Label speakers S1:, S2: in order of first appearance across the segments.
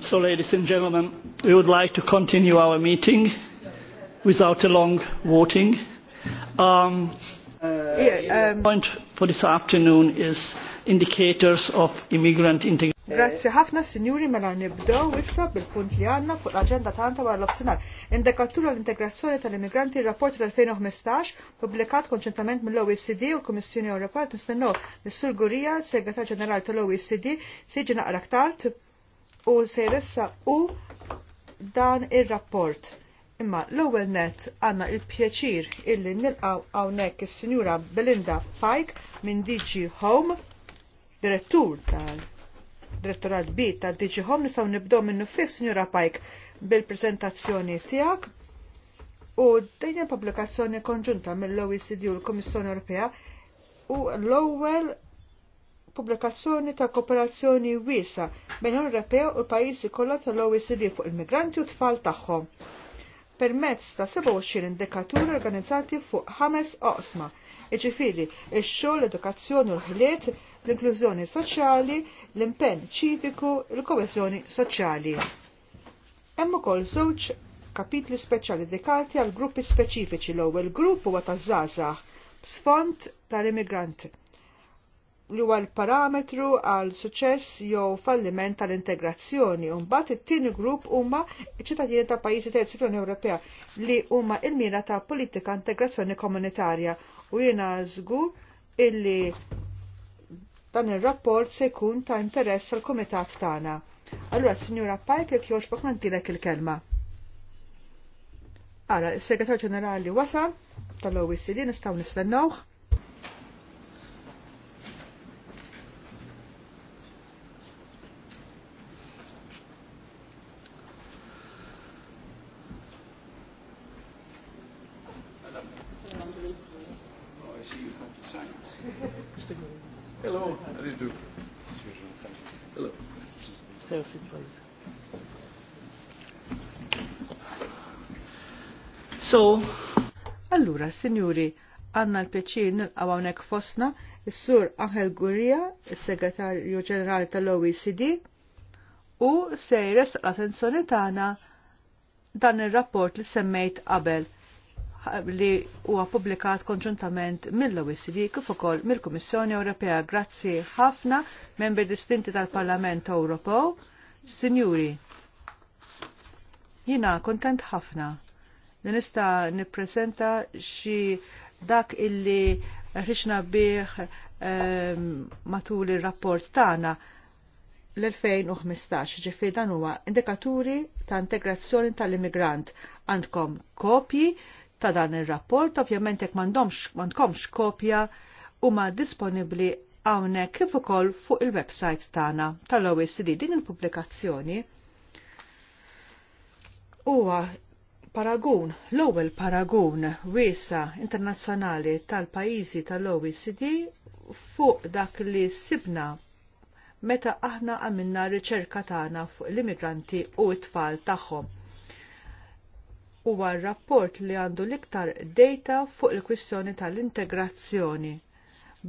S1: so, ladies and gentlemen, we would like to continue our meeting without a long voting. Um, uh, yeah, um, point for this afternoon is indicators of immigrant integration.
S2: Grazie ħafna sinjuri mela nibdew issa bil-punt li għandna fuq l-aġenda tagħna wara l-opsinar. Indikatur l-integrazzjoni tal-immigranti rapport tal 2015 publikat konċentament mill-OECD u l-Kummissjoni Ewropea tistennew mis-Sur Gurija, Segretar Ġenerali tal-OECD, siġi naqra ktart u se u dan ir-rapport. Imma l-ewwel net għandna il-pjaċir illi nilqgħu hawnhekk is-Sinjura Belinda Pike minn DG Home, direttur tal direttorat B ta' DG Home nistgħu nibdew minnu fih Sinjura Pike bil-preżentazzjoni tiegħek u dejjem pubblikazzjoni konġunta mill-OECD u l-Kummissjoni Ewropea u l-ewwel pubblikazzjoni ta' kooperazzjoni wiesa bejn Ewropew u l-pajjiżi kollha tal-OECD fuq il-migranti u tfal tagħhom permezz ta' 27 indikaturi organizzati fuq ħames oqsma, iġifiri ix-xogħol, edukazzjoni u l-ħiliet, l-inklużjoni soċjali, l-impenn ċiviku, l-koesjoni soċjali. Hemm ukoll żewġ kapitli speċjali dedikati għal gruppi speċifiċi l-ewwel grupp huwa taż-żgħażagħ b'sfond tal-immigranti li huwa l-parametru għal suċess jew falliment tal-integrazzjoni. Mbagħad it-tieni grupp huma ċittadini ta' pajjiżi terzi fl Ewropea li huma l-mira ta' politika integrazzjoni komunitarja u jiena żgur illi dan ir-rapport se jkun ta' interess għal kumitat tagħna. Allura, Sinjura Pajk, jekk jogħġbok nantilek il-kelma. Ara, il-Segretar Ġenerali wasa tal-OECD nistgħu nistennewh. So, allura, signori, għanna l-peċir nilqaw hawnhekk fosna s sur Angel Guria, il segretarju Ġenerali tal-OECD, u sejres l-attenzjoni tagħna dan ir-rapport li semmejt qabel li huwa pubblikat konġuntament mill-OECD kif ukoll mill-Kummissjoni Ewropea. Grazzi ħafna membri distinti tal-Parlament Ewropew. Sinjuri, jina kontent ħafna nista nipresenta xi dak illi ħriċna bih ehm, matul ir-rapport tagħna l-2015 ġifi dan huwa indikaturi ta' integrazzjoni tal-immigrant. Għandkom kopji ta' dan ir-rapport, ovvjament jekk m'għandkomx kopja huma disponibbli hawnhekk kif ukoll fuq il-website tagħna tal-OECD din il-pubblikazzjoni huwa paragun, l-ewwel paragun wiesa internazzjonali tal-pajjiżi tal-OECD fuq dak li sibna meta aħna għamilna riċerka tagħna fuq l-immigranti u t-tfal tagħhom. Huwa rapport li għandu l-iktar data fuq il-kwistjoni tal-integrazzjoni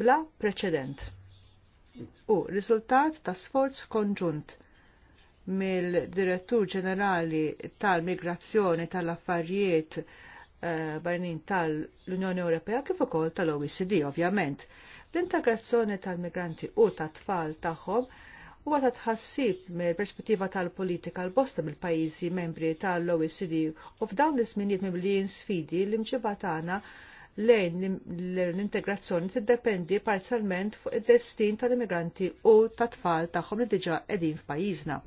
S2: bla preċedent. U riżultat ta' sforz konġunt mill-Direttur Ġenerali tal-Migrazzjoni tal-Affarijiet eh, Barnin tal-Unjoni Ewropea kif ukoll tal-OECD ovvjament. L-integrazzjoni tal-migranti u tat-tfal tagħhom huwa ta' tħassib mill-perspettiva tal-politika l-bosta mill-pajjiżi membri tal-OECD u f'dawn l-isminijiet mimlijin sfidi l-imġiba tagħna lejn l-integrazzjoni tiddependi parzialment fuq id-destin tal-immigranti u tat-tfal tagħhom li diġà qegħdin f'pajjiżna.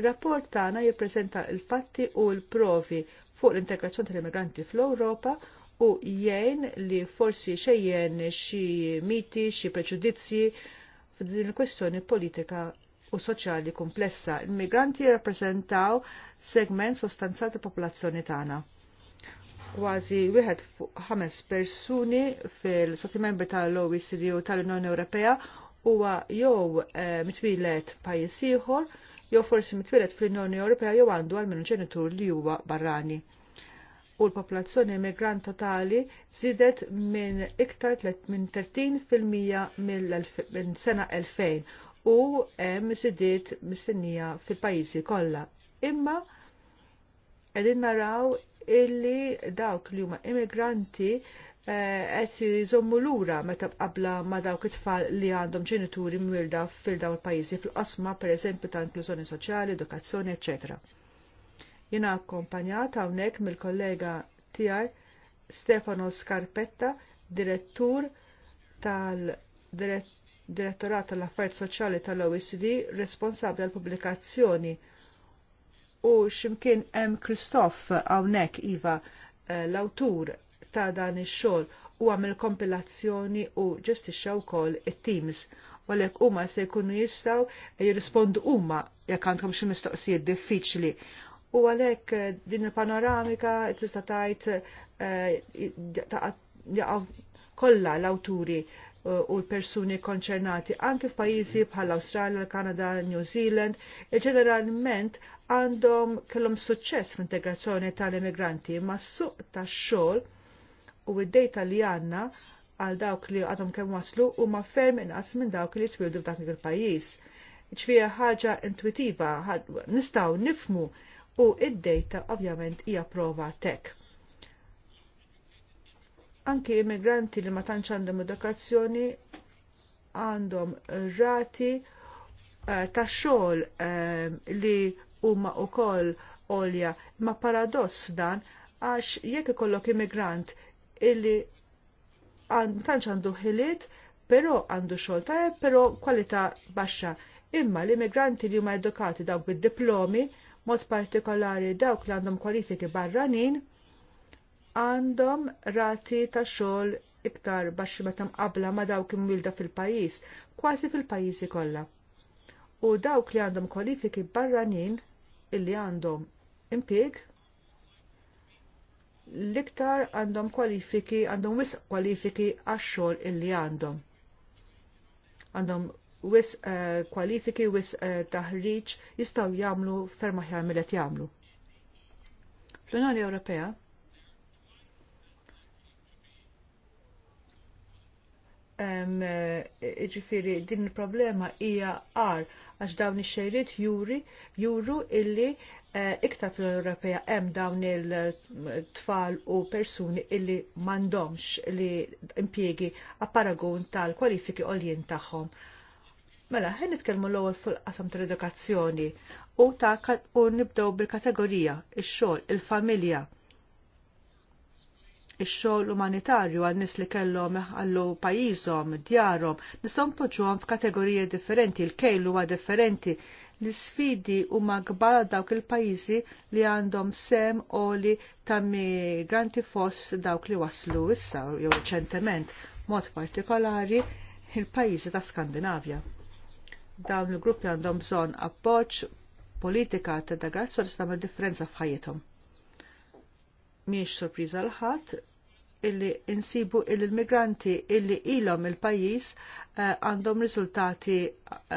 S2: Il-rapport tagħna jippreżenta l-fatti u l-provi fuq l-integrazzjoni tal-immigranti fl-Ewropa u jgħin li forsi xejjen xi miti, xi preġudizzji f'din il-kwestjoni politika u soċjali komplessa. Il-migranti jirrappreżentaw segment sostanzjal tal-popolazzjoni tagħna. Kważi wieħed fuq ħames persuni fil-Stati Membri tal-OECD u tal-Unjoni Ewropea huwa jew eh, mitwilet pajjiż ieħor jew forsi mitwilet fl-Unjoni Ewropea jew għandu għalmenu ġenitur li huwa barrani. U l-popolazzjoni immigrant totali zidet minn iktar minn 30% mill sena 2000 u hemm zidiet mistennija fil-pajjiżi kollha. Imma qegħdin naraw illi dawk li huma immigranti qed jżommu lura meta qabla ma dawk it-tfal li għandhom ġenituri mwilda fil-daw pajjiżi fil-qosma pereżempju ta' inklużjoni soċjali, edukazzjoni, ecc. Jiena akkompanjat hawnhekk mill-kollega tiegħi Stefano Scarpetta, direttur tal-Direttorat tal-Affarijiet Soċjali tal-OECD, responsabbli għall pubblikazzjoni u ximkien M. Kristoff hawnhekk iva eh, l-awtur ta' dan ix-xogħol u għamil kompilazzjoni u ġestixxa wkoll it-teams. Għalhekk huma se jkunu jistgħu jirrispondu huma jekk għandhom xi mistoqsijiet diffiċli. U għalhekk eh, din il-panoramika tista' tgħid eh, kollha l-awturi eh, u l-persuni konċernati anke f'pajjiżi bħal Awstralja, Kanada, New Zealand, ġeneralment għandhom kellhom suċċess f'integrazzjoni integrazzjoni tal-immigranti ma' suq tax-xogħol u id-dejta li għanna għal dawk li għadhom kemm waslu u ma ferm inqas minn dawk li twildu f'dak il-pajjiż. Ġvija ħaġa intuitiva, nistgħu nifmu u id-dejta ovvjament hija prova tek. Anki immigranti li ma tantx għandhom edukazzjoni għandhom rati eh, ta' xogħol eh, li huma wkoll olja, ma paradoss dan għax jekk ikollok immigrant illi tantx għandu ħiliet, però għandu xogħol tajjeb, però kwalità baxxa. Imma l-immigranti li huma edukati dawk bid-diplomi, mod partikolari dawk li għandhom kwalifiki barranin, għandhom rati ta' xogħol iktar baxxi meta qabla ma dawk imwilda fil-pajjiż, kważi fil-pajjiżi kollha. U dawk li għandhom kwalifiki barranin illi għandhom impieg l-iktar għandhom kwalifiki, għandhom wis kwalifiki għax-xogħol illi għandhom. Għandhom wis uh, eh, kwalifiki, wis uh, eh, taħriġ jistgħu jagħmlu ferm aħjar millet jagħmlu. Fl-Unjoni Ewropea um, eh, ġifiri din il-problema hija għar għax dawn ix xejrid juri juru illi Eh, iktar fl Ewropea hemm dawn il-tfal u persuni illi m'għandhomx li impjiegi paragon tal-kwalifiki għoljien tagħhom. Mela, ħen nitkellmu l-ewwel fil-qasam tal-edukazzjoni u ta' u nibdew bil-kategorija ix-xogħol, il-familja. Ix-xogħol umanitarju għan-nies li kellhom ħallu pajjiżhom, djarhom, nistgħu npoġġuhom f'kategoriji differenti, l kejlu huwa differenti, L-sfidi huma kbar dawk il-pajjiżi li għandhom sem oli ta' migranti fost dawk li waslu issa jew reċentement, mod partikolari il-pajjiżi ta' Skandinavja. Dawn il-gruppi għandhom bżonn appoġġ politika ta' integrazzjoni tagħmel differenza f'ħajjithom. Mhijiex sorpriża l ħadd illi insibu illi l-migranti illi ilhom il-pajjiż eh, għandhom riżultati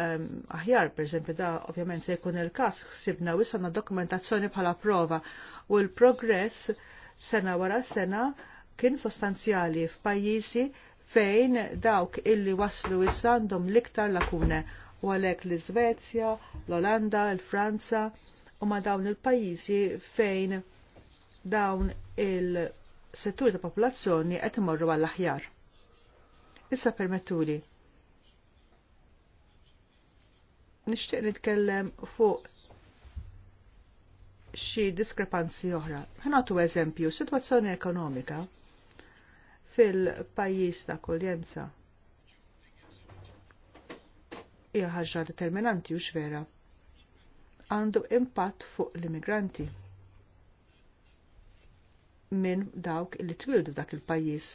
S2: ehm, aħjar, per da ovvjament se jkun il-każ ħsibna u issa dokumentazzjoni bħala prova u l-progress sena wara sena kien sostanzjali f'pajjiżi fejn dawk illi waslu issa għandhom l-iktar lakune u għalhekk l-Iżvezja, l-Olanda, l-Franza u ma dawn il-pajjiżi fejn dawn il- setturi ta' popolazzjoni qed imorru għall aħjar Issa permettuli. Nixtieq nitkellem fuq xi diskrepanzi oħra. Ħanatu eżempju, sitwazzjoni ekonomika fil-pajjiż ta' kuljenza. hija ħaġa determinanti u xvera. Għandu impatt fuq l-immigranti minn dawk li twildu dak il-pajjiż.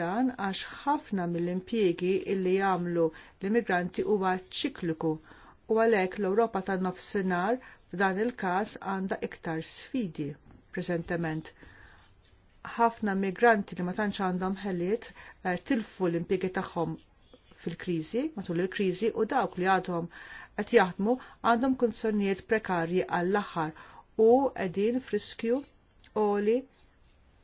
S2: Dan għax ħafna mill-impjiegi illi jagħmlu l-immigranti huwa ċikliku u għalhekk l-Ewropa tan nofsinhar f'dan il-każ għandha iktar sfidi preżentement. Ħafna migranti li ma tantx għandhom ħeliet eh, tilfu l-impjiegi tagħhom fil-kriżi, matul il-kriżi u dawk li għadhom qed jaħdmu għandhom kunzjonijiet prekarji għall-aħħar u qegħdin friskju oli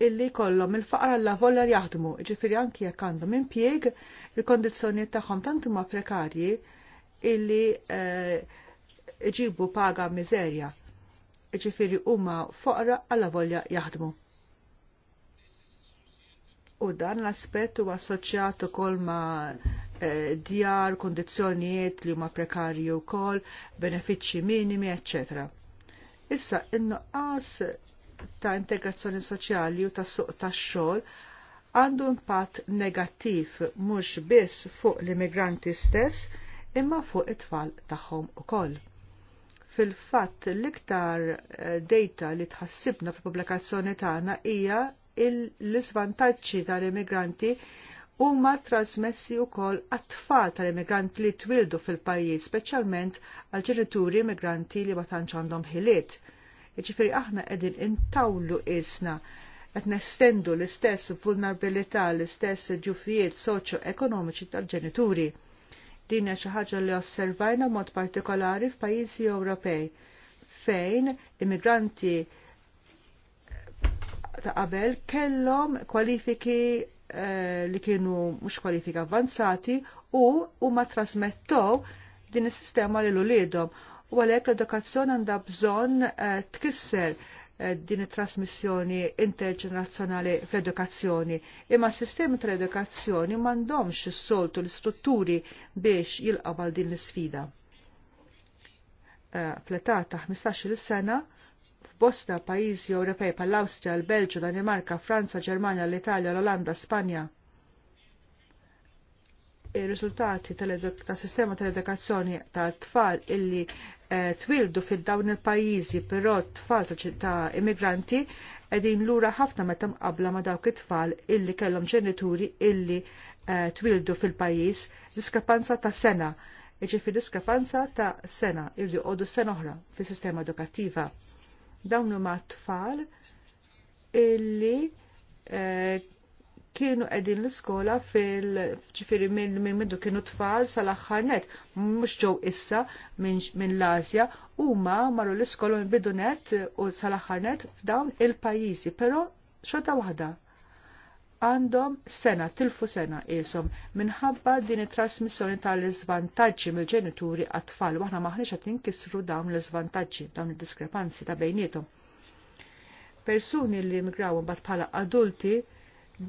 S2: illi kollom il-faqra l volla jaħdmu, ġifiri anki jekk għandhom impieg, il kondizjoni tagħhom tant huma prekarji illi eh, ġibu paga miżerja. Ġifiri huma foqra alla volja jaħdmu. U dan l-aspett huwa assoċjat ukoll ma' eh, djar, kondizzjonijiet li huma prekarji wkoll, benefiċċji minimi, eccetera. Issa, in-nuqqas ta' integrazzjoni soċjali u ta' suq tax-xogħol għandu impatt negattiv mhux biss fuq l-immigranti stess imma fuq it-tfal tagħhom ukoll. Fil-fatt l-iktar eh, data li tħassibna fil-pubblikazzjoni tagħna hija l-isvantaġġi tal-immigranti huma trasmessi wkoll għat-tfal tal-immigranti li twildu fil-pajjiż, speċjalment għal ġenituri immigranti li ma tantx għandhom ħiliet Ġifiri aħna qegħdin intawlu isna qed nestendu l-istess vulnerabilità, l-istess ġufijiet soċjo-ekonomiċi tal-ġenituri. Din hija xi ħaġa li osservajna mod partikolari f'pajjiżi Ewropej fejn immigranti ta' qabel kellhom kwalifiki eh, li kienu mhux kwalifika avanzati u huma trasmettow din is-sistema lil uliedhom u għalhekk l-edukazzjoni għandha bżonn eh, tkisser eh, din it-trasmissjoni interġenerazzjonali fl-edukazzjoni. Imma s-sistemi tal-edukazzjoni mandomx s-soltu l-istrutturi biex jilqabal din l-sfida. Eh, F'letata età ta' 15 sena, f'bosta pajjiżi Ewropej pal-Awstrija, l-Belġu, Danimarka, Franza, Ġermanja, l-Italja, l-Olanda, Spanja, ir riżultati tas sistema tal-edukazzjoni tal tfal illi Eh, twildu fil-dawn il-pajjiżi però tfal ta' immigranti qegħdin lura ħafna meta qabla ma' dawk it-tfal illi kellhom ġenituri illi eh, twildu fil-pajjiż diskrepanza ta' sena. Iġifi diskrepanza ta' sena irri għodu sena oħra fis-sistema edukattiva. Dawn huma tfal illi eh, kienu edin l-iskola fil-ċifiri minn min middu kienu tfal sal-axħar net, mux ġew issa minn l-Asja, u ma marru l-iskola minn bidu net u sal net f'dawn il-pajjiżi, pero xorta waħda. Għandhom sena, tilfu sena jisom, minħabba din it-trasmissjoni tal izvantagġi mill-ġenituri għat-tfal, u aħna maħniċ għat dawn l izvantagġi dawn il-diskrepanzi ta' bejnietom. Persuni li migraw bat bħala adulti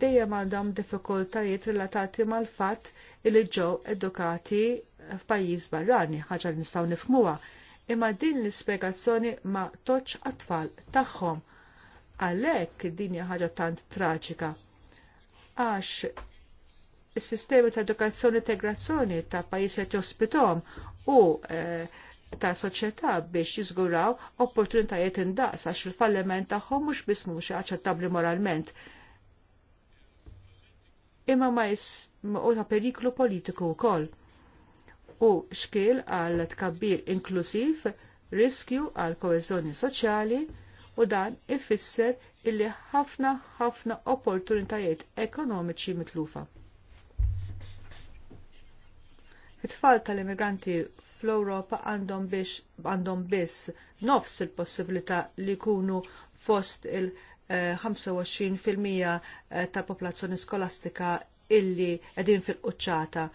S2: dejjem għandhom diffikultajiet relatati mal-fatt li ġew edukati f'pajjiż barrani, ħaġa li nistgħu nifhmuha, imma din l-ispjegazzjoni ma toċ għat-tfal tagħhom. Għalhekk din hija ħaġa tant traġika. Għax is-sistemi ta' edukazzjoni integrazzjoni ta' pajjiż qed jospitom u eh, ta' soċjetà biex jiżguraw opportunitajiet indaqs għax il-falliment tagħhom mhux biss mhux aċċettabbli moralment imma ma ta' periklu politiku wkoll. U xkiel għal tkabbir inklusiv, riskju għal koeżjoni soċjali u dan ifisser illi ħafna ħafna opportunitajiet ekonomiċi mitlufa. It-tfal tal-immigranti fl-Ewropa għandhom biex għandhom biss nofs il-possibilità li jkunu fost il- 25% eh, eh, ta' popolazzjoni skolastika illi edin fil-qċata.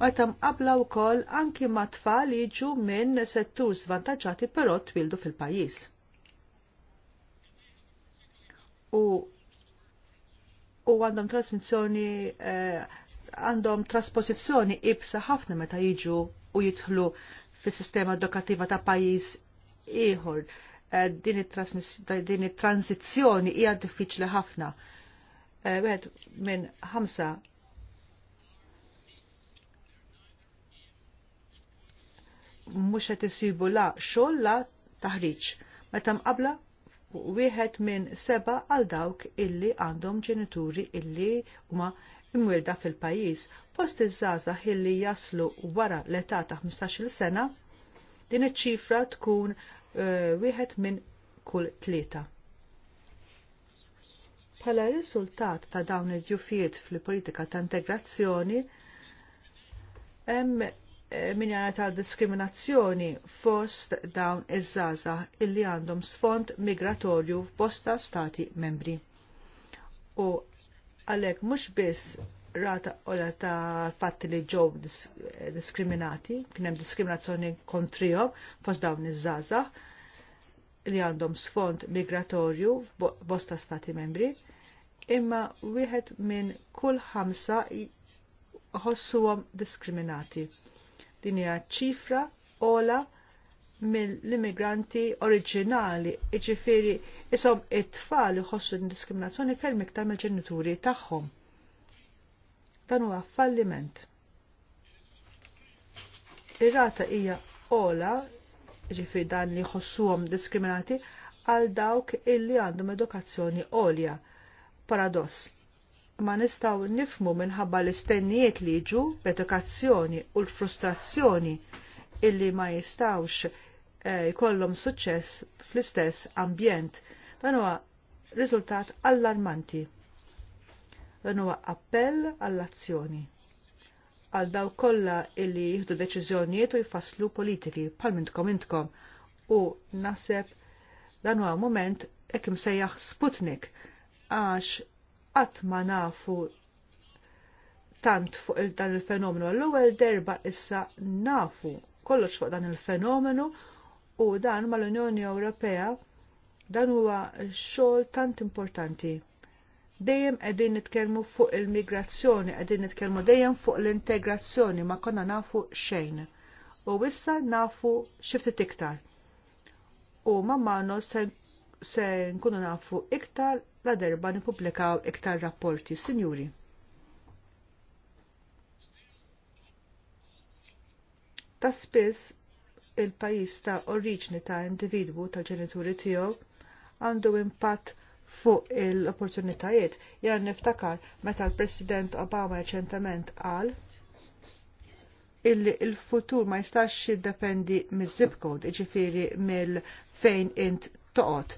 S2: Għatam qabla u koll anki ma' tfal jiġu minn settur svantagġati però twildu fil-pajis. U u għandhom trasmissjoni eh, għandhom eh, trasposizzjoni ibsa ħafna meta jiġu u jidħlu fis-sistema edukattiva ta' pajjiż ieħor Eh, din it-tranzizzjoni hija diffiċli ħafna. Eh, wieħed minn ħamsa mhux qed isibu la xogħol la taħriġ. Meta mqabla wieħed minn seba għal dawk illi għandhom ġenituri illi huma imwilda fil-pajjiż. Fost iż-żgħażagħ illi jaslu wara l-età ta' 15-il sena, din iċ-ċifra tkun Eh, wieħed minn kull tlieta. Bħala riżultat ta' dawn il-ġufijiet fil-politika ta' integrazzjoni, hemm eh, minjana ta' diskriminazzjoni fost dawn iż-żaza illi għandhom sfond migratorju f'bosta stati membri. U għalhekk mhux biss rata ola ta' fatti li ġew eh, diskriminati, kien hemm diskriminazzjoni kontrihom fost dawn iż-żgħażagħ li għandhom sfond migratorju bosta stati membri, imma wieħed minn kull ħamsa ħossuhom diskriminati. Din hija ċifra ola mill-immigranti oriġinali, iġifiri, isom it-tfal ħossu diskriminazzjoni ferm iktar mill-ġenituri tagħhom. Dan huwa falliment. Ir-rata hija ola, ġifir dan li jħossuhom diskriminati, għal dawk illi għandhom edukazzjoni għolja. Paradoss. Ma nistaw nifmu minħabba l-istennijiet li jiġu b'edukazzjoni u l-frustrazzjoni illi ma jistawx eh, jkollhom eh, suċċess fl-istess ambjent. Dan huwa riżultat allarmanti dan huwa appell għall-azzjoni għal daw kollha illi jieħdu deċiżjonijiet u jfasslu politiki bħal mintkom intkom u naħseb dan huwa moment hekk imsejjaħ Sputnik għax qatt ma nafu tant fuq dan il-fenomenu għall-ewwel derba issa nafu kollox fuq dan il-fenomenu u dan mal-Unjoni Ewropea dan huwa xogħol tant importanti dejjem qegħdin nitkellmu fuq il-migrazzjoni, qegħdin nitkellmu dejjem fuq l-integrazzjoni ma konna nafu xejn. U issa nafu xifti iktar. U ma se, se nkunu nafu iktar la derba nipublikaw iktar rapporti, sinjuri. Ta' spiss il-pajis ta' oriġni ta' individwu ta' ġenituri tiegħu għandu impatt fuq il-opportunitajiet. Jan niftakar meta l-President Obama reċentament qal illi il-futur ma jistax jiddependi mill-zip code, iġifiri mill-fejn int toqot.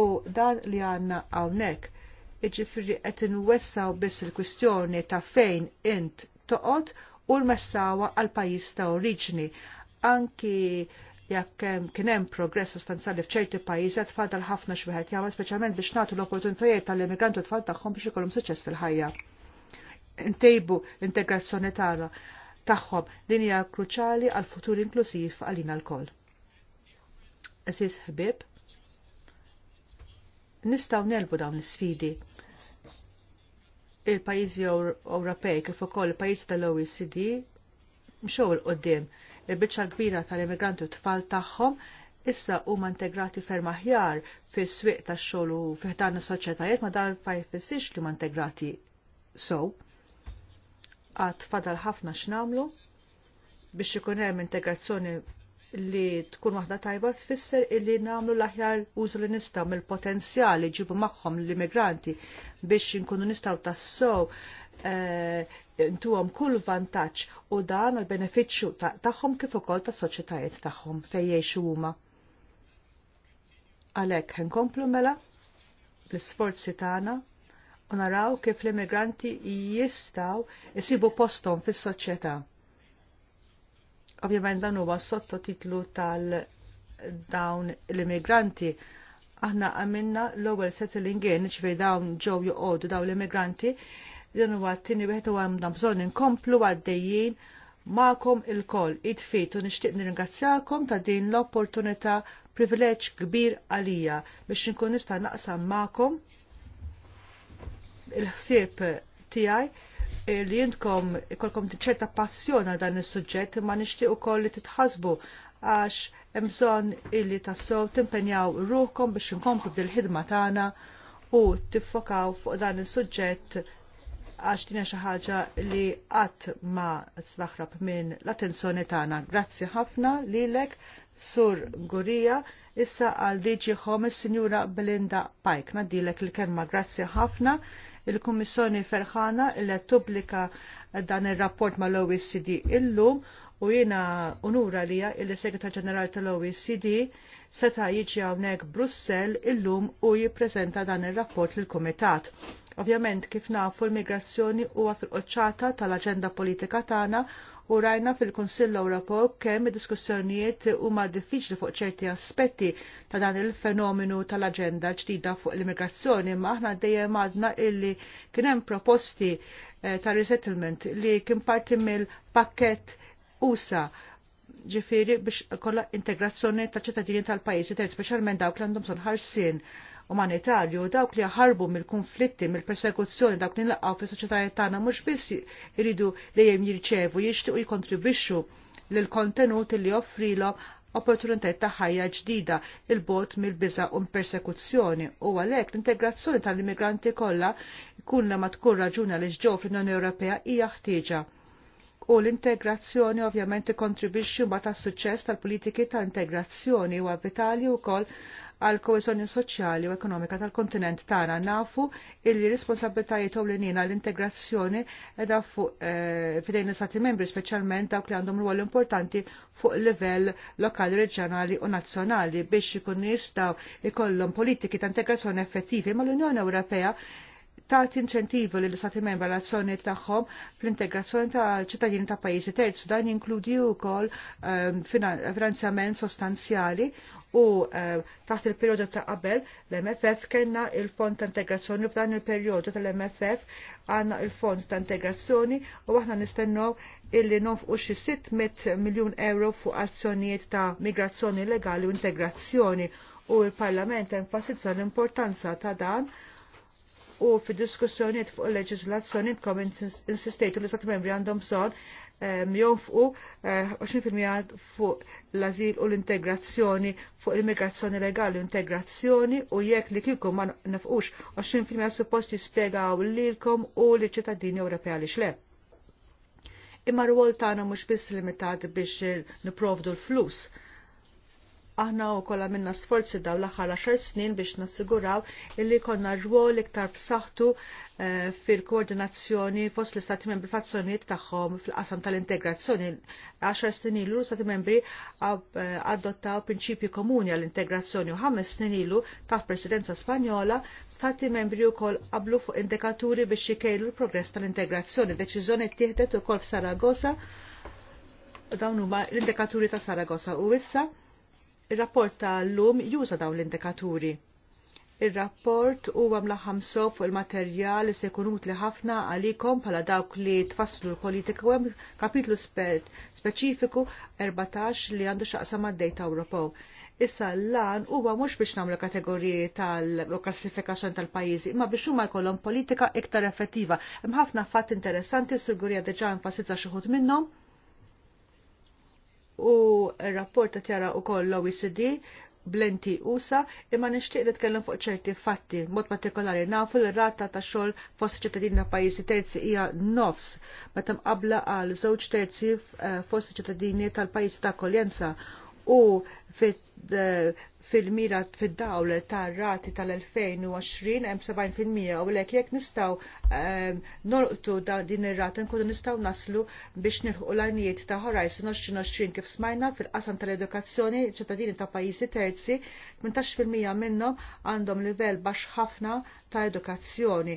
S2: U dan li għanna għawnek, iġifiri qed inwessaw biss il-kwistjoni ta' fejn int toqot u l-messawa għal pajis ta' oriġni. Anki jekk kien hemm progress sostanzjali f'ċerti pajjiżi qed tfadal ħafna x'wieħed jagħmel speċjalment biex nagħtu l-opportunitajiet tal-immigranti tfal tagħhom biex ikollhom suċċess fil-ħajja. Intejbu l-integrazzjoni tagħna tagħhom din hija kruċjali għal futur inklusiv għalina lkoll. Eżis ħbib, nistgħu nelbu dawn l-sfidi il pajjiżi Ewropej kif ukoll il-pajjiżi tal-OECD mxew il qudiem il bicċa kbira tal-immigranti u tfal tagħhom issa huma integrati ferm aħjar fis-swieq tax-xogħol u fiħdan is-soċjetajiet ma ma jfissirx li ma integrati sow. Għad fadal ħafna x'namlu biex ikun hemm integrazzjoni li tkun waħda tajba tfisser illi namlu l-aħjar użu li nistaw mill-potenzjali ġibu magħhom l-immigranti biex nkunu nistaw tassow Eh, intuhom kull vantaġġ u dan u l-benefiċċju tagħhom kif ukoll tas-soċjetajiet tagħhom fejn jgħixu huma. Għalhekk ħinkomplu mela l-isforzi tagħna u naraw kif l-immigranti jistaw jisibu posthom fis-soċjetà. Ovvjament dan huwa sottotitlu tal dawn l-immigranti aħna għamilna l-ewwel settling in ċvej dawn ġew joqogħdu dawn l-immigranti Dan huwa t-tieni wieħed u għandna bżonn inkomplu għaddejjin ma'kom il-koll id-fit u nixtieq nirringrazzjakom ta' din l-opportunità privileġġ kbir għalija biex nkun nista' naqsam ma'kom il-ħsieb tiegħi li jintkom ikolkom ċerta passjona dan is-suġġett ma nixtieq ukoll li titħasbu għax hemm bżonn illi tassew timpenjaw ruhkom biex inkomplu bil-ħidma tagħna u tiffokaw fuq dan is-suġġett għax tina xi ħaġa li qatt ma s-laħrab minn l-attenzjoni tagħna. Grazzi ħafna lilek Sur Gurija issa għal DG Home Sinjura Belinda Pajk. Nadilek il kerma grazzi ħafna il-Kummissjoni Ferħana il tubblika dan ir-rapport mal-OECD illum u jiena unura li il segretar ġenerali tal-OECD seta' jiġi hawnhekk Brussell illum u jippreżenta dan ir-rapport lil kumitat Ovvjament kif nafu l-migrazzjoni huwa fil-qoċċata tal-aġenda politika tagħna u rajna fil-Kunsill Ewropew kemm id-diskussjonijiet huma diffiċli fuq ċerti aspetti ta' dan il-fenomenu tal-aġenda ġdida fuq l-immigrazzjoni, ma aħna dejjem għadna illi kien hemm proposti eh, ta' resettlement li kien parti mill-pakket usa ġifiri biex kolla integrazzjoni ta' ċittadini tal-pajjiżi terz, speċjalment dawk li għandhom son ħarsin umanitarju, dawk li ħarbu mill-konflitti, mill-persekuzzjoni, dawk li nlaqgħu fis-soċjetajiet tagħna mhux biss iridu dejjem jirċevu, jixtiequ jikontribwixxu lill kontenut li offrilhom opportunitajiet ta' ħajja ġdida il-bot mill-biża u persekuzzjoni u għalhekk l-integrazzjoni tal-immigranti kollha jkun ma tkun raġuna li ġew fl-Unjoni Ewropea hija ħtieġa u l-integrazzjoni ovvjament kontribwixxu ma ta' suċċess tal-politiki ta' integrazzjoni u vitali wkoll għal koesjoni soċjali u ekonomika tal-kontinent tagħna nafu illi responsabbiltajiet ewlenin għall integrazzjoni edha fuq eh, fidejn l-istati membri speċjalment dawk li għandhom rwol importanti fuq livell lokali, reġjonali u nazzjonali biex ikun jistgħu ikollhom politiki ta' integrazzjoni effettivi mal-Unjoni Ewropea tagħti li l istati membra l-azzjoni tagħhom fl-integrazzjoni ta' ċittadini ta' pajjiżi terzi dan jinkludi wkoll ehm, finanzjament sostanzjali u ehm, taħt il-perjodu ta' qabel l-MFF kellna il-fond ta' integrazzjoni f'dan il-perjodu tal-MFF għandna il-fond ta' integrazzjoni u aħna nistennew illi nofqu xi 600 miljun euro fuq azzjonijiet ta' migrazzjoni legali u integrazzjoni u l-Parlament enfasizza l-importanza ta' dan u fi diskussjoniet fuq il-leġizlazzjoni tkom insistejtu li sat membri għandhom bżon ehm, jonfqu 20% eh, fuq l-azil u l-integrazzjoni fuq l-immigrazzjoni legali u integrazzjoni u jekk li kiku ma nafqux 20% suppost l lilkom u li ċittadini Ewropea li xle. Imma r-wol tagħna mhux biss limitat biex niprovdu l-flus Aħna u kolla minna sforzi daw l-axar 10 snin biex nassiguraw illi konna rwol iktar b'saħħtu eh, fil-koordinazzjoni fost l-Istati membri fazzjoniet tagħhom fil-qasam tal-integrazzjoni. 10 snin ilu l-Istati membri eh, adottaw prinċipji komuni għall-integrazzjoni u 5 snin ilu taħt Presidenza Spanjola Stati membri wkoll qablu fuq indikaturi biex jikejlu l-progress tal-integrazzjoni. Deċiżjoni tieħdet ukoll f'Saragosa dawn huma l-indikaturi ta' Saragossa u issa Il-rapport l lum juża dawn l-indikaturi. Il-rapport huwa mlaħam sof fuq il-materjal li se jkun utli ħafna għalikom bħala dawk li tfasslu l-politika u hemm kapitlu speċifiku 14 li għandu x'aqsam mad-dejta Ewropew. Issa l-lan huwa mhux biex nagħmlu kategoriji tal-klassifikazzjoni tal-pajjiżi, imma biex huma jkollhom politika iktar effettiva. Hemm ħafna fatt interessanti, sigurija diġà enfasizza xi ħud minnhom u rapport ta' tjara u koll l-OECD blenti usa imma nixtieq li tkellem fuq ċerti fatti mod partikolari nafu l rata ta' xogħol fost ċittadin ta' pajjiżi terzi hija nofs meta qabla għal żewġ terzi eh, fost ċittadini tal-pajjiżi ta' akkoljenza u fit eh, fil-mira fid-dawl ta' rati tal-2020 hemm 70% u lek jekk nistgħu ehm, norqtu din ir rat nkunu nistgħu naslu biex nilħu l-għanijiet ta' Horizon 2020 kif smajna fil-qasam tal-edukazzjoni ċittadini ta' pajjiżi terzi 18% minnhom għandhom livell baxx ħafna ta' edukazzjoni.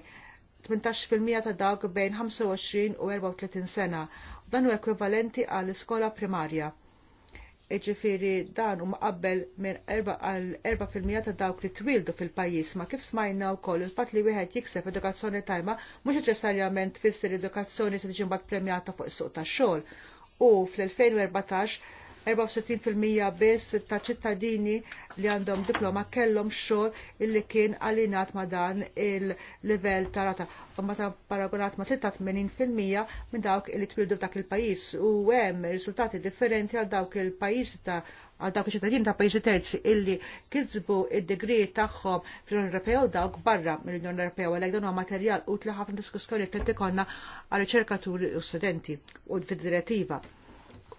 S2: 18% ta' dawk bejn 25 u 34 sena. Dan u ekwivalenti għall-iskola primarja Iġifiri dan u maqabbel minn 4% ta' dawk li twildu fil-pajis ma kif smajna u koll il-fat li wieħed jikseb edukazzjoni tajma mhux neċessarjament tfisser edukazzjoni se tiġi mbagħad premjata fuq is-suq tax-xogħol u fl-2014 64% biss ta' ċittadini li għandhom diploma kellhom xogħol illi kien għalinat ma' dan il-livell ta' rata. U meta paragonat ma' 83% minn dawk li twildu dak il-pajjiż u hemm riżultati differenti għal dawk il-pajjiż ta' għal dawk iċ-ċittadini ta' pajjiżi terzi illi kisbu id-degree tagħhom fl-Unjoni Ewropea u dawk barra mill-Unjoni Ewropea u għalhekk dan huwa materjal utli ħafna diskussjoni li konna għal riċerkaturi u studenti u fid-direttiva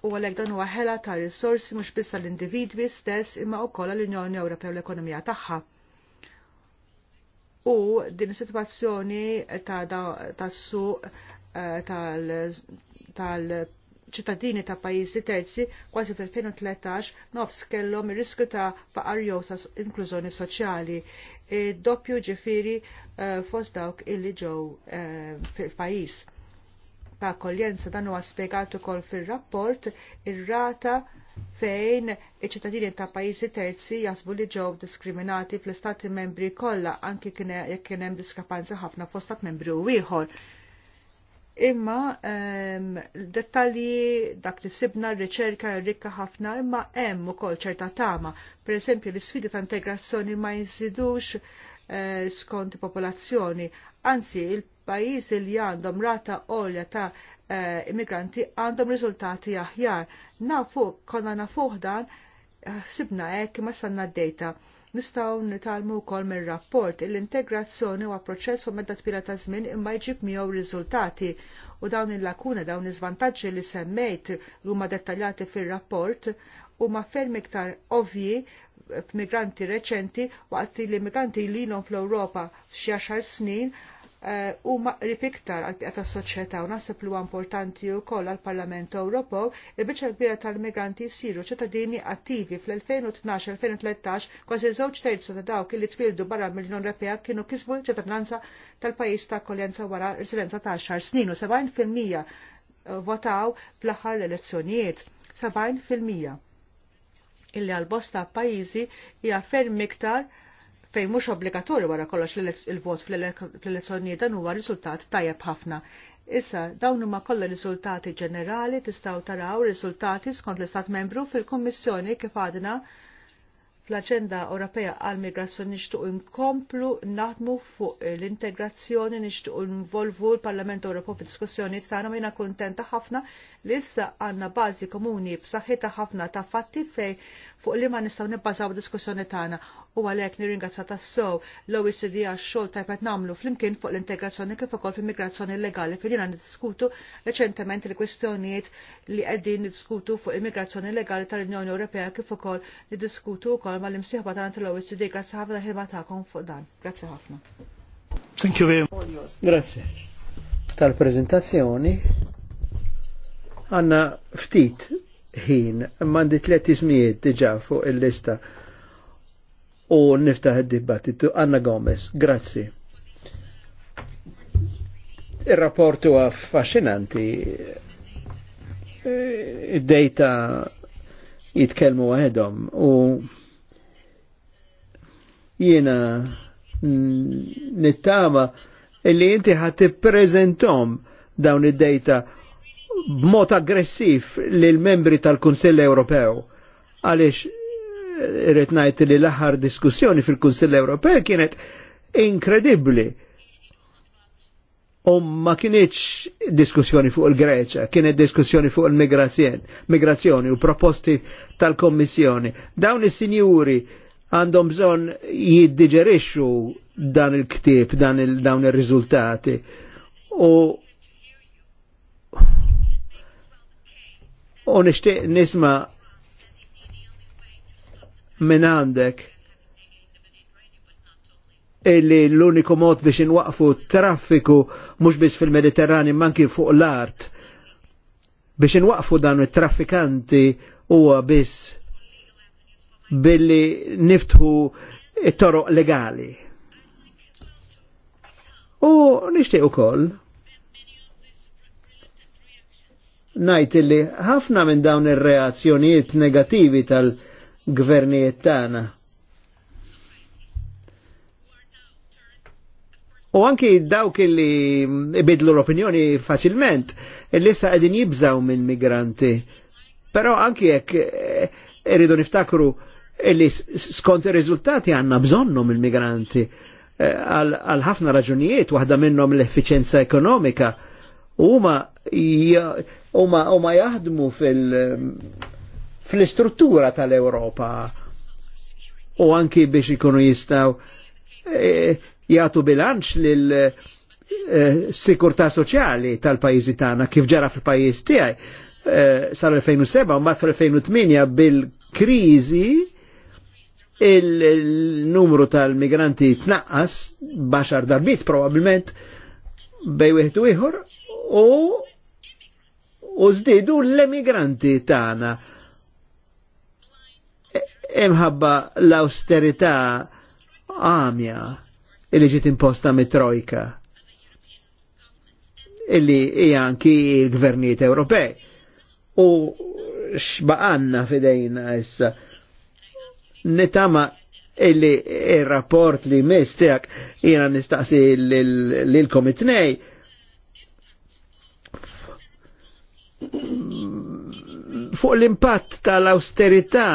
S2: u għalhekk dan huwa ħela ta' risorsi mhux biss l individwi stess imma wkoll għall-Unjoni Ewropea u l-ekonomija tagħha. U din is-sitwazzjoni ta' suq eh, tal-ċittadini ta' pajjiżi terzi kważi fil-2013 nofs kellhom ir-riskju ta' faqar jew ta' inklużjoni soċjali doppju ġifiri eh, fost dawk illi ġew eh, fil-pajjiż ta' akkoljenza dan huwa spjegat ukoll fir-rapport ir-rata fejn iċ-ċittadini ta' pajjiżi terzi jasbu li ġew diskriminati fl-istati membri kollha anki jekk kien hemm diskrepanza ħafna fost stat membri u ieħor. Imma um, dettalji dak li sibna r-riċerka rikka ħafna imma hemm ukoll ċerta tama. Per esempio, l-isfidi ta' integrazzjoni ma uh, skont popolazzjoni. Anzi, pajjiżi li għandhom rata għolja ta' uh, immigranti għandhom riżultati aħjar. Nafu, konna nafuh dan, eh, sibna hekk ma sanna d-dejta. Nistgħu nitalmu wkoll mir-rapport l-integrazzjoni u proċess u medda twila ta' żmien imma jġib miegħu riżultati u dawn il-lakuna dawn iż-vantaġġi li semmejt li huma dettaljati fir-rapport huma ferm iktar ovvji f'migranti reċenti waqt li migranti li ilhom fl-Ewropa f'xi snin Eh, u maqrib iktar għal pjata soċjetà u nasib li huwa importanti wkoll għall Parlament Ewropew il-biċċa kbira tal-migranti jsiru ċittadini attivi fl-2012-2013 kważi żewġ terza ta' dawk li twildu barra mill-Unjoni Ewropea kienu kisbu ċittadinanza tal-pajjiż ta' akkoljenza wara residenza ta' 10 snin u 70% eh, votaw fl-aħħar elezzjonijiet. 70% illi għal-bosta pajjiżi hija ferm iktar fejn mhux obbligatorju wara kollox il-vot fl-elezzjonijiet dan huwa riżultat tajjeb ħafna. Issa dawn huma kollha riżultati ġenerali tistgħu taraw riżultati skont l-Istat Membru fil-Kummissjoni kif għadna fl-Aġenda Ewropea għal Migrazzjoni nixtuq inkomplu naħdmu fuq l-integrazzjoni nixtuq involvu l-Parlament Ewropew fid-diskussjoni tagħna jiena kuntenta ħafna li issa għandna bażi komuni b'saħħitha ħafna ta' fatti fej fuq li ma nistgħu nibbażaw diskussjoni tagħna u għalhekk nirringrazza sow l-OECD għax-xogħol tajb qed nagħmlu flimkien fuq l-integrazzjoni kif ukoll fl-immigrazzjoni illegali fil-jiena niddiskutu reċentement il kwestjonijiet li qegħdin niddiskutu fuq immigrazzjoni migrazzjoni legali tal-Unjoni Ewropea kif ukoll niddiskutu wkoll mal-imsieħba tagħna tal-OECD grazzi ħafna ħilma tagħkom fuq dan. Grazzi ħafna. Thank you very much. Grazie.
S1: Tal-prezentazzjoni għanna ftit ħin mandi tlet iżmijiet diġa fuq il-lista u niftaħ id-dibattitu. Anna Gomez, grazzi. il rapportu affascinanti. Eh, id-dejta jitkelmu għedhom u jiena nittama illi inti ħat prezentom dawn id-dejta b'mod aggressiv lil membri tal-Kunsill Ewropew għaliex irrit ngħid li l-aħħar diskussjoni fil-Kunsill Ewropej kienet inkredibbli. U ma kienieċ diskussjoni fuq il-Greċa, kienet diskussjoni fuq il-migrazzjoni u proposti tal-Kommissjoni. Dawn is-sinjuri għandhom bżon jiddiġerixxu dan il-ktib, dan il dawn ir-riżultati. U u nisma' minn għandek illi l-uniku mod biex inwaqfu traffiku mhux biss fil-Mediterrani manki fuq l-art biex inwaqfu dan it-traffikanti huwa biss billi niftħu it-toroq legali. U nixtieq ukoll ngħid illi ħafna minn dawn ir-reazzjonijiet negativi tal- gvernijiet tagħna. U anki dawk li ibidlu l-opinjoni faċilment, li sa qegħdin jibżaw minn migranti. Pero anki jekk eh, irridu niftakru li skont ir-riżultati għandna bżonnhom il-migranti eh, għal ħafna raġunijiet, waħda minnhom l-effiċenza ekonomika, huma huma jaħdmu fil fl-istruttura tal-Europa u anki biex ikunu jistaw e, jgħatu bilanċ lil eh, sikurta soċjali tal-pajizi tagħna kif ġara fil-pajjiż tiegħi e, sal-2007 u mbagħad fil-2008 bil-kriżi il-numru tal-migranti tnaqqas baxar darbit probabbilment bej wieħed u ieħor u żdiedu l-emigranti tagħna imħabba l-austerità għamja illi ġiet imposta mit-trojka illi hija anki l-gvernijiet Ewropej. U xbaqanna fidejna issa nitama illi il-rapport li mistijak jina nistaqsi l-kom it-nej fuq l-impatt tal-austerità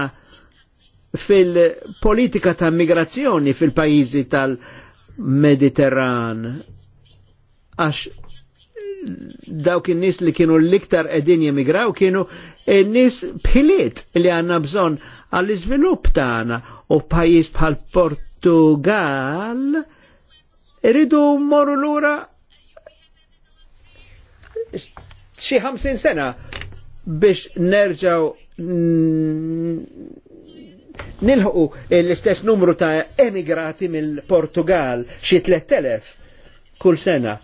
S1: fil-politika ta' migrazzjoni fil-pajizi tal-Mediterran. Għax dawk in nis li kienu l-iktar edin jemigraw kienu n nis pilit li għanna bżonn għall-iżvilupp tagħna u pajjiż bħal Portugal iridu morru lura xi 50 sena biex nerġaw nilħu l-istess numru ta' emigrati mill-Portugal xi 3000 kull sena.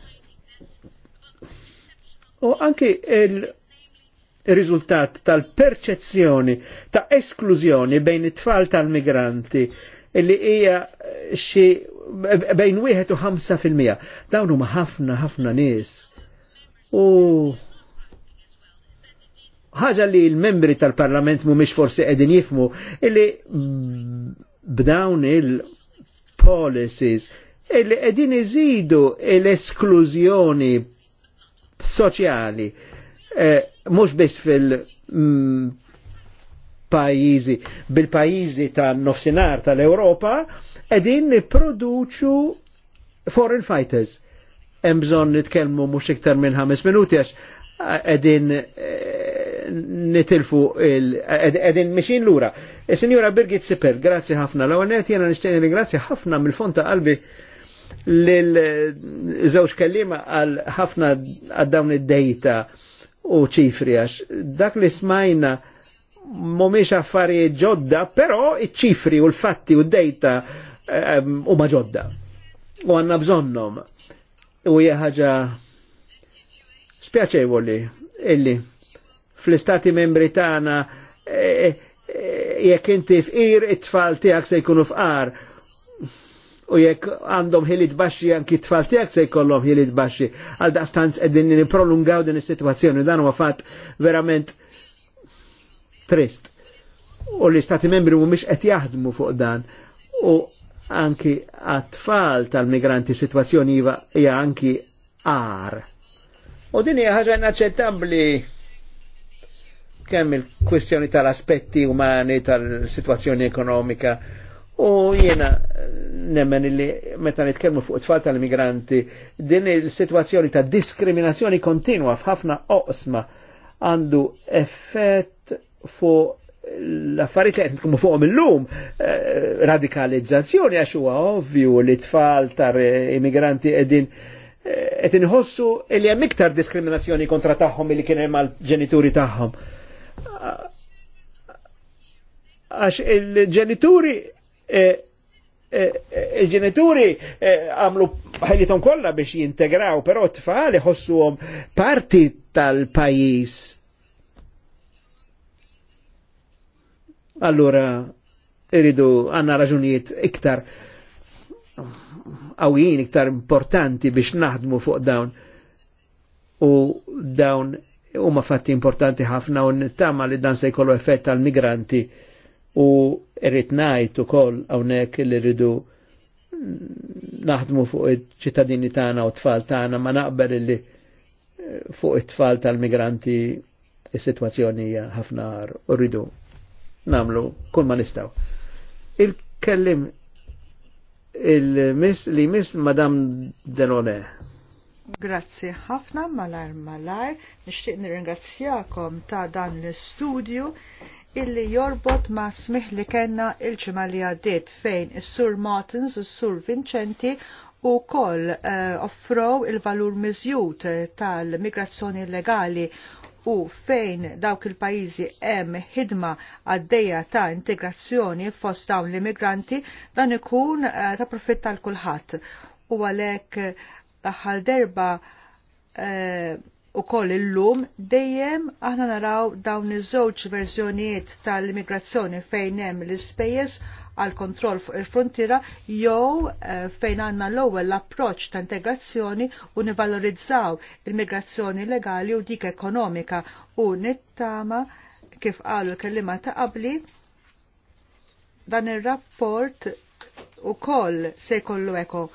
S1: U anki il- riżultat tal-perċezzjoni ta' esklużjoni bejn it-tfal tal-migranti li hija xi bejn wieħed u ħamsa fil-mija. Dawn huma ħafna ħafna nies. U ħaġa li l-membri tal-Parlament mhumiex forsi qegħdin jifmu illi b'dawn il-policies illi qegħdin iżidu l-esklużjoni soċjali mux eh, mhux biss fil- mm, pajizi, bil-pajizi ta' nofsinar tal-Europa, edin produċu foreign fighters. Hemm bżonn nitkellmu mhux iktar minn ħames minuti għax eh, eh, nitilfu edin mixin lura. E, signora Birgit Siper, grazie ħafna. La għonet jena nishtieni ringrazzi ħafna mill-fonta qalbi l-żewġ eh, kellima għal ħafna għad dawn id-dejta u ċifri għax dak li smajna momiex affarijiet ġodda, però iċ-ċifri u l-fatti u d-dejta eh, huma ġodda. U għanna bżonnom. U hija ħaġa illi fl-istati membri tagħna e, e, e, jekk inti fqir it-tfal tiegħek se jkunu fqar u jekk għandhom ħilit baxxi anki t-tfal tiegħek se jkollhom ħilit baxxi għal daqstanz qegħdin nipprolungaw din is-sitwazzjoni dan huwa fatt verament trist. U l-istati membri mhumiex qed jaħdmu fuq dan u anki għat-tfal tal-migranti sitwazzjoni iva hija anki għar. U din hija ħaġa inaċċettabbli kemm il-kwestjoni tal-aspetti umani, tal-situazzjoni ekonomika. U jiena eh, nemmen li meta nitkellmu fuq tfal tal-migranti, din il-situazzjoni ta' diskriminazzjoni kontinua f'ħafna oqsma għandu effett fuq l-affarijiet qed qed fuqhom illum eh, radikalizzazzjoni għax huwa ovvju li tfal tal immigranti qegħdin eh, qed inħossu li hemm iktar diskriminazzjoni kontra tagħhom li kien hemm mal ġenituri tagħhom għax il-ġenituri eh, eh, eh, il-ġenituri għamlu ħajlitom kollha biex jintegraw, però t-tfal għom parti tal-pajis. Allura, iridu għanna raġunijiet iktar għawin, iktar importanti biex naħdmu fuq dawn u dawn huma fatti importanti ħafna u nittama li dan se jkollu effett tal migranti u irrit ngħid ukoll hawnhekk li rridu naħdmu fuq iċ-ċittadini tagħna u tfal tagħna ma naqbel li eh, fuq it-tfal tal-migranti is-sitwazzjoni hija ħafna u rridu nagħmlu kull ma nistaw. Il-kellim il-miss li miss Madame Delonè.
S2: Grazzi ħafna malar malar, nixtieq nirringrazzjakom ta' dan l-istudju illi jorbot ma' smih li kenna il-ġimgħa li għaddiet fejn is-Sur Martins, is-Sur Vincenti u koll uh, offrow il-valur miżjut tal-migrazzjoni illegali u fejn dawk il-pajizi hemm ħidma għaddejja ta' integrazzjoni fost dawn l-immigranti dan ikun uh, ta' profitt tal kulħadd u għalhekk uh, Taħħal aħħal derba eh, u koll illum dejjem aħna naraw dawn iż-żewġ verżjonijiet tal-immigrazzjoni fejn hemm l-ispejjeż għal kontroll fuq il-frontiera jew eh, fejn għandna l-ewwel l-approċċ ta' integrazzjoni u nivalorizzaw il-migrazzjoni legali u dik ekonomika u nittama kif qalu l-kellima ta' qabli dan ir-rapport ukoll se jkollu eko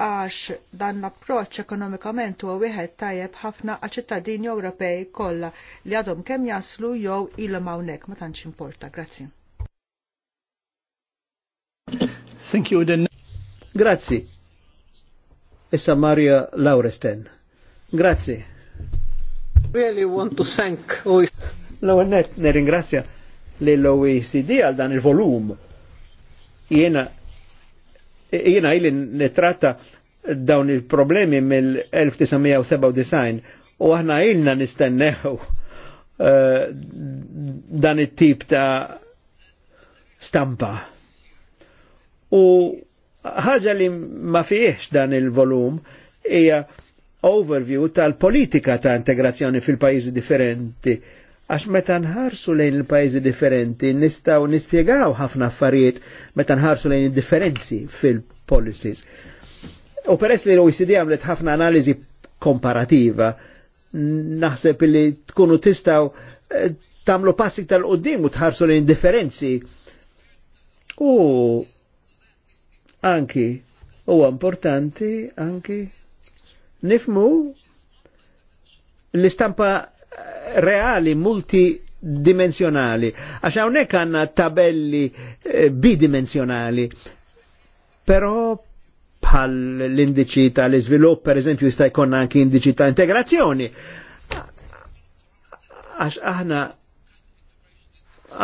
S2: għax dan l-approċ ekonomikament huwa wieħed tajjeb ħafna għal ċittadini Ewropej kollha li għadhom kemm jaslu jew ilhom hawnhekk ma tantx importa. Grazzi.
S1: Thank you. Then... Grazzi. Issa Maria Lauresten. Grazzi. Really want to thank OECD. L-ewwel net nirringrazzja l oecd għal dan il-volum. Jena Jina illi nitratta dawn il-problemi mill-1997 u aħna ilna nistenneħu eh, dan it-tip ta' stampa. U ħaġa li ma fiex dan il-volum hija overview tal-politika ta' integrazzjoni fil-pajjiżi differenti Għax meta nħarsu lejn il-pajzi differenti, nistaw nispiegaw ħafna affarijiet meta nħarsu lejn il-differenzi fil-policies. U peress li l-OECD għamlet ħafna analizi komparativa, naħseb li tkunu tistaw eh, tamlu passi tal-qoddim u tħarsu lejn differenzi. U anki, u importanti anki, nifmu l-istampa reali multidimensjonali. Għax hawnhekk għandna tabelli eh, bidimensionali, Però bħal l-indiċi tal-iżvilupp, per eżempju, jista' jkollna anki indiċi ta' integrazzjoni. Għax aħna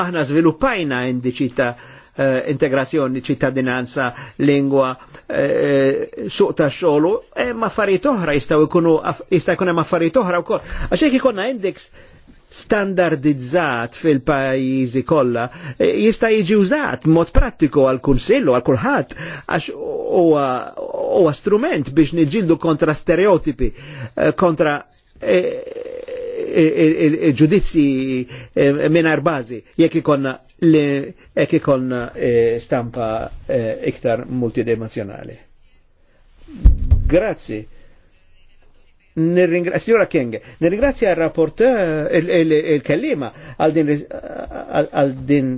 S1: aħna żviluppajna indiċi ta' uh, integrazzjoni, ċittadinanza, lingwa, uh, suq ta' xogħol, hemm eh, affarijiet oħra jistgħu ikunu jista' jkun hemm affarijiet oħra wkoll. Għax jekk ikolna index standardizzat fil-pajizi kollha jista' jiġi użat mod prattiku għal kunsillu għal kulħadd għax huwa strument biex niġildu kontra stereotipi, kontra ġudizzi minar bażi jekk ikonna li ek ikonna e, stampa e, iktar multidimensionali. Grazzi. Nirringrazzja, signora Kenge, nirringrazzja il-rapporteur, il-kellima, għal din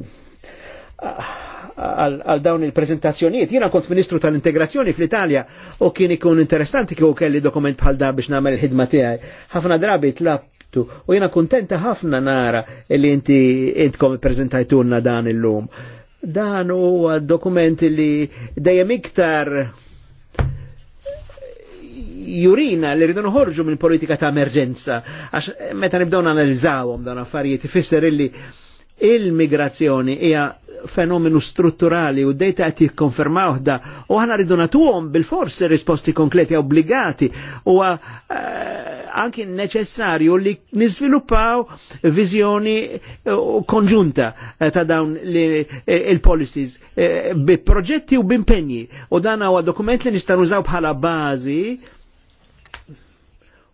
S1: għal dawn il-prezentazzjonijiet. Jiena kont ministru tal-integrazzjoni fl-Italja u kien ikun interessanti kieku kelli dokument bħal da biex nagħmel il-ħidma tiegħi. Ħafna drabi tlab għamiltu. U jena kontenta ħafna nara li inti intkom prezentajtunna dan il-lum. Dan huwa dokument li dejjem iktar jurina li rridu nħorġu minn politika ta' emerġenza, għax meta nibdew analizzawhom dawn affarijiet ifisser illi il-migrazzjoni hija fenomenu strutturali u dejta għati konferma uħda u għana ridu natuħom bil forsi risposti konkreti obbligati u uh, eh, anki neċessarju li nizviluppaw vizjoni eh, konġunta eh, ta' dawn il-policies bi proġetti u b'impegni u dan għu dokument li nistanużaw bħala bazi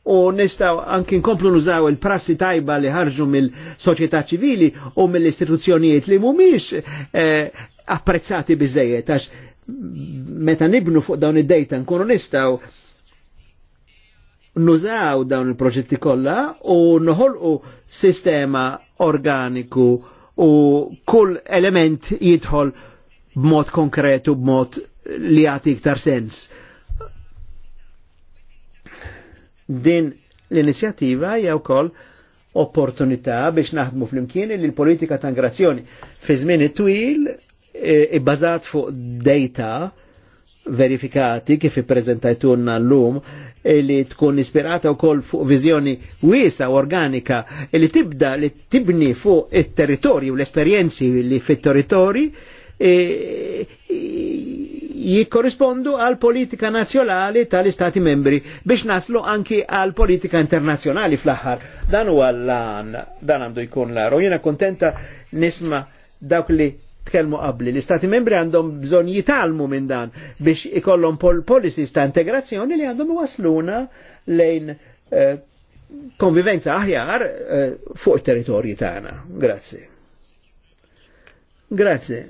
S1: u nistaw anki nkomplu nużaw il-prassi tajba li ħarġu mill-soċjetà ċivili u mill-istituzzjonijiet li mhumiex eh, apprezzati biżejjed għax meta nibnu fuq dawn id-dejta nkunu nistaw nużaw dawn il-proġetti kollha u noħolqu sistema organiku u kull element jidħol b'mod konkretu, b'mod li jagħti iktar sens. Din l-inizjattiva hija wkoll opportunità biex naħdmu fl-imkien li l-politika ta' ingrazzjoni fi żmien twil ibbażat e, e, fuq data verifikati kif ippreżentajtunna l-lum e, li tkun ispirata wkoll fuq viżjoni wiesa u organika li tibda li tibni fuq it-territorju u l-esperjenzi li fit-territorju E, e, e, jikkorrispondu għal politika nazjonali tal-Istati membri biex naslu anki għal politika internazjonali fl-aħħar. Dan huwa l dan għandu jkun l-għar. Jena kontenta nisma dawk li tkellmu qabli. L-Istati membri għandhom bżon jitalmu minn dan biex ikollhom pol policies ta' integrazzjoni li għandhom wasluna lejn eh, konvivenza aħjar eh, fuq it-territorji tagħna. Grazzi. Grazie.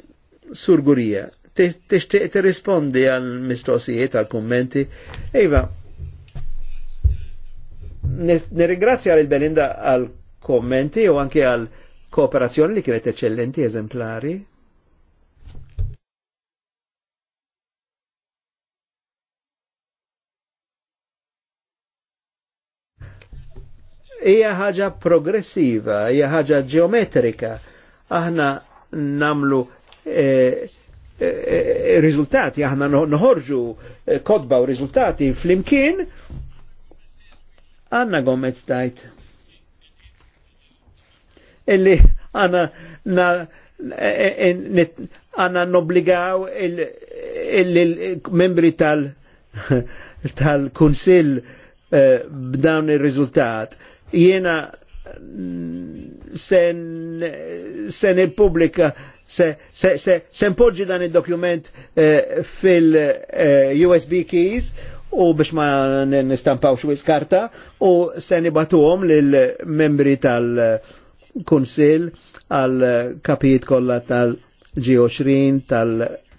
S1: Surgurija, tixtieq tirrispondi għal mistoqsijiet għal kummenti. Iva, nirringrazzja għal il Belinda għal kommenti u anke għal kooperazzjoni li kienet eccellenti eżemplari. Ija ħaġa progressiva, ija ħaġa geometrika. Aħna namlu E, e, e, rizultati aħna noħorġu kodba u rizultati fl-imkien, għanna Gomez stajt Illi għanna na għanna nobligaw il-membri tal tal-kunsil b'dawn il-rizultat. Jena sen, sen il-publika se, se, se, se mporġi dan il-dokument eh, fil-USB eh, keys u biex ma nistampaw xwiz karta u se nibatuhom lill-membri tal-Kunsil għal kapijiet kollha tal-G20 tal-Unjoni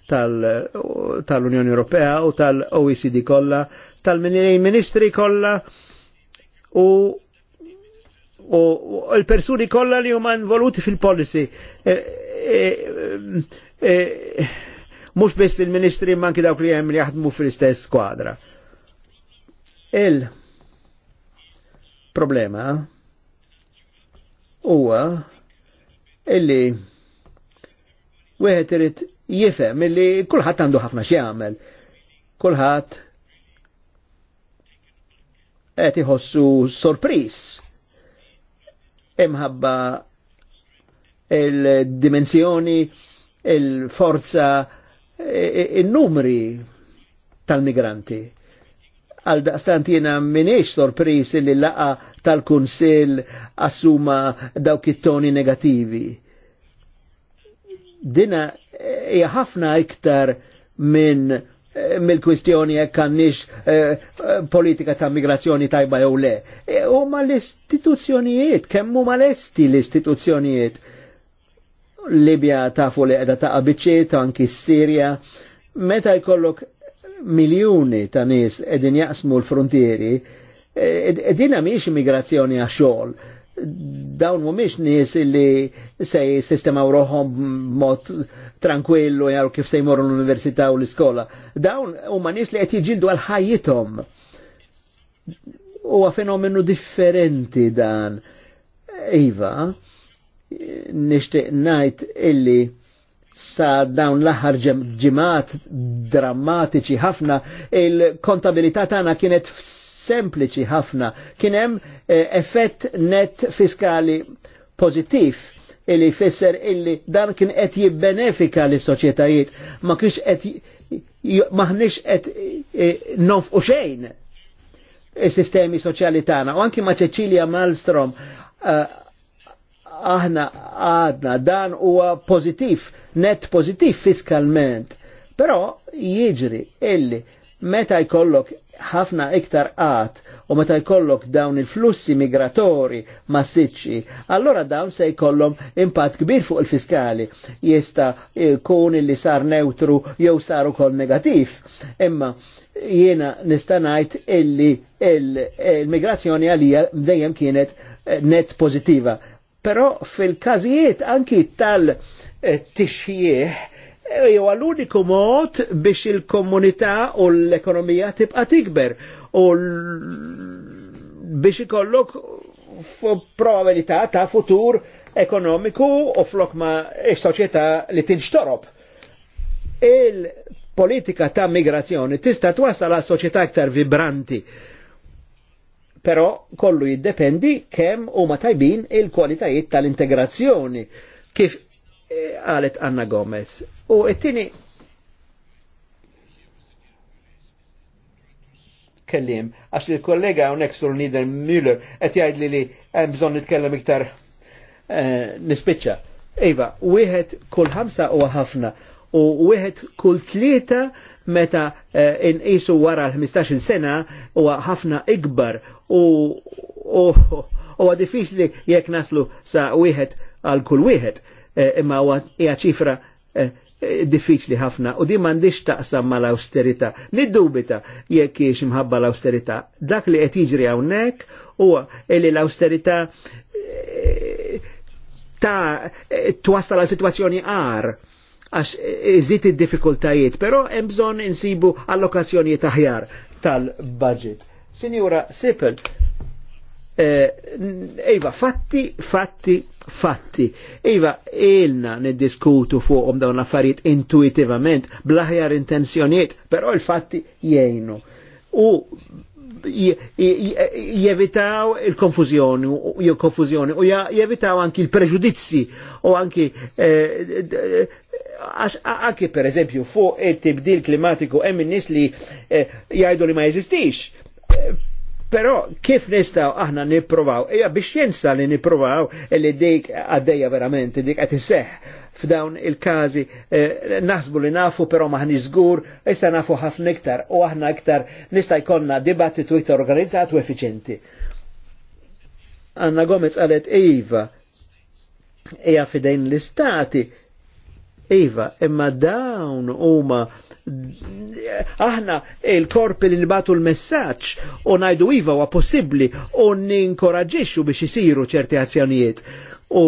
S1: tal tal Ewropea u tal-OECD kollha tal-Ministri kollha u u l-persuni kollha li huma involuti fil-policy. E, e, e, mhux biss il-ministri manki dawk li hemm li jaħdmu fl-istess skwadra. Il-problema huwa illi wieħed irid jifhem illi kulħadd għandu ħafna x'jagħmel. Kulħadd qed iħossu sorpriż imħabba il-dimensjoni, il-forza, il-numri tal-migranti. Għal daqstant jena minnex sorpris li laqa tal-kunsil assuma dawk it-toni negativi. Dina hija ħafna iktar minn Eh, mill-kwistjoni jekk għandix eh, eh, politika ta' migrazzjoni tajba jew le. ma l-istituzzjonijiet, kemm huma lesti l-istituzzjonijiet. Libja tafu li qiegħda ta' qabiċiet, anki s-Sirja. Meta jkollok miljuni ta' nies qegħdin jaqsmu l-frontieri, edina miex migrazzjoni għax xogħol dawn mumiex nies li se sistemaw roħom mod tranquillu jaru kif se jmorru l-università u l-iskola. Dawn huma nis li qed jġildu għal ħajjithom. Huwa fenomenu differenti dan. Iva, nixtieq ngħid illi sa dawn l-aħħar ġimgħat drammatiċi ħafna il-kontabilità tagħna kienet sempliċi ħafna. Kien hemm eh, effett net fiskali pozittiv illi jfisser illi dan kien qed jibbenefika l soċjetajiet ma kienx qed maħniex qed eh, nofqu xejn is-sistemi soċjali tagħna. U anki ma' Ċeċilja Malmstrom eh, aħna għadna dan huwa pożittiv, net pożittiv fiskalment. Però jiġri illi meta jkollok ħafna iktar qat u meta jkollok dawn il-flussi migratori massiċċi, allora dawn se jkollhom impatt kbir fuq il-fiskali. Jista' jkun li sar neutru jew sar ukoll negativ. Imma jiena nista' ngħid illi il-migrazzjoni għalija dejjem kienet eh, net pożittiva. Però fil-każijiet anki tal-tixjieħ Eh, jew l-uniku mod biex il-komunità u l-ekonomija tibqa tikber u biex ikollok probabilità ta' futur ekonomiku u flok ma' soċjetà li tinxtorob. Il-politika ta' migrazzjoni tista' twasal la soċjetà aktar vibranti però kollu jiddependi kemm huma tajbin il-kwalitajiet tal-integrazzjoni kif għalet Anna Gomez. U it-tini kellim, għax li kollega unek sur Nider Müller qed jgħid li li għem bżon nitkellem iktar eh, nispicċa. Iva, u wieħed kull ħamsa u ħafna u wieħed kull tlieta meta eh, in isu wara l-15 sena u ħafna ikbar u u għadifix li jek naslu sa wieħed għal kull wieħed Eh, imma hija ċifra eh, diffiċli ħafna u di m'għandix taqsam ma l Niddubita jekk jiex imħabba l austerità Dak li qed jiġri hawnhekk huwa li l austerità eh, ta' twassal għal situazzjoni għar għax iżid id-diffikultajiet, però hemm bżonn insibu allokazzjonijiet aħjar tal-budget. Sinjura Sipel, Eh, iva, fatti, fatti, fatti. Iva, ilna niddiskutu fuqhom dawn affarijiet intuitivament, blaħjar intenzjoniet, però il fatti jgħinu. U jevitaw il-konfuzjoni u konfuzjoni u jevitaw anki il-preġudizzi u anki eh, eh, anki per eżempju fuq il-tibdil klimatiku emminis li jgħidu li ma jesistix. Pero kif nistaw aħna niprovaw? Eja biex jensa li niprovaw eh, li dik għaddeja verament, dik għati seħ f'dawn il-kazi eh, naħsbu li nafu, pero maħni zgur, issa nafu ħafna iktar u aħna iktar nista' jkollna dibattitu iktar organizzat u effiċenti. Anna Gomez għalet Iva, eja fidejn l-istati, Iva, imma dawn huma aħna il-korp li nibatu l-messaġġ u ngħidu iva u possibbli u ninkoraġġixxu biex isiru ċerti azzjonijiet u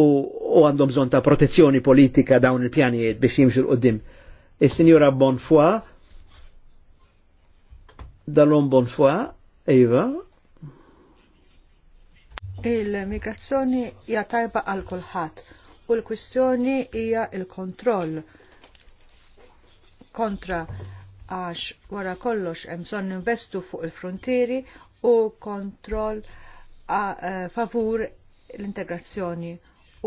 S1: għandhom bżonn ta' protezzjoni politika dawn il-pjanijiet biex jimxu l-qoddim. il sinjura Bonfoy, dal Bonfoy, Iva,
S2: Il-migrazzjoni hija tajba għal kulħadd u l-kwistjoni hija il-kontroll. il kontroll kontra għax wara kollox hemm bżonn investu fuq il-frontieri u kontroll eh, favur l-integrazzjoni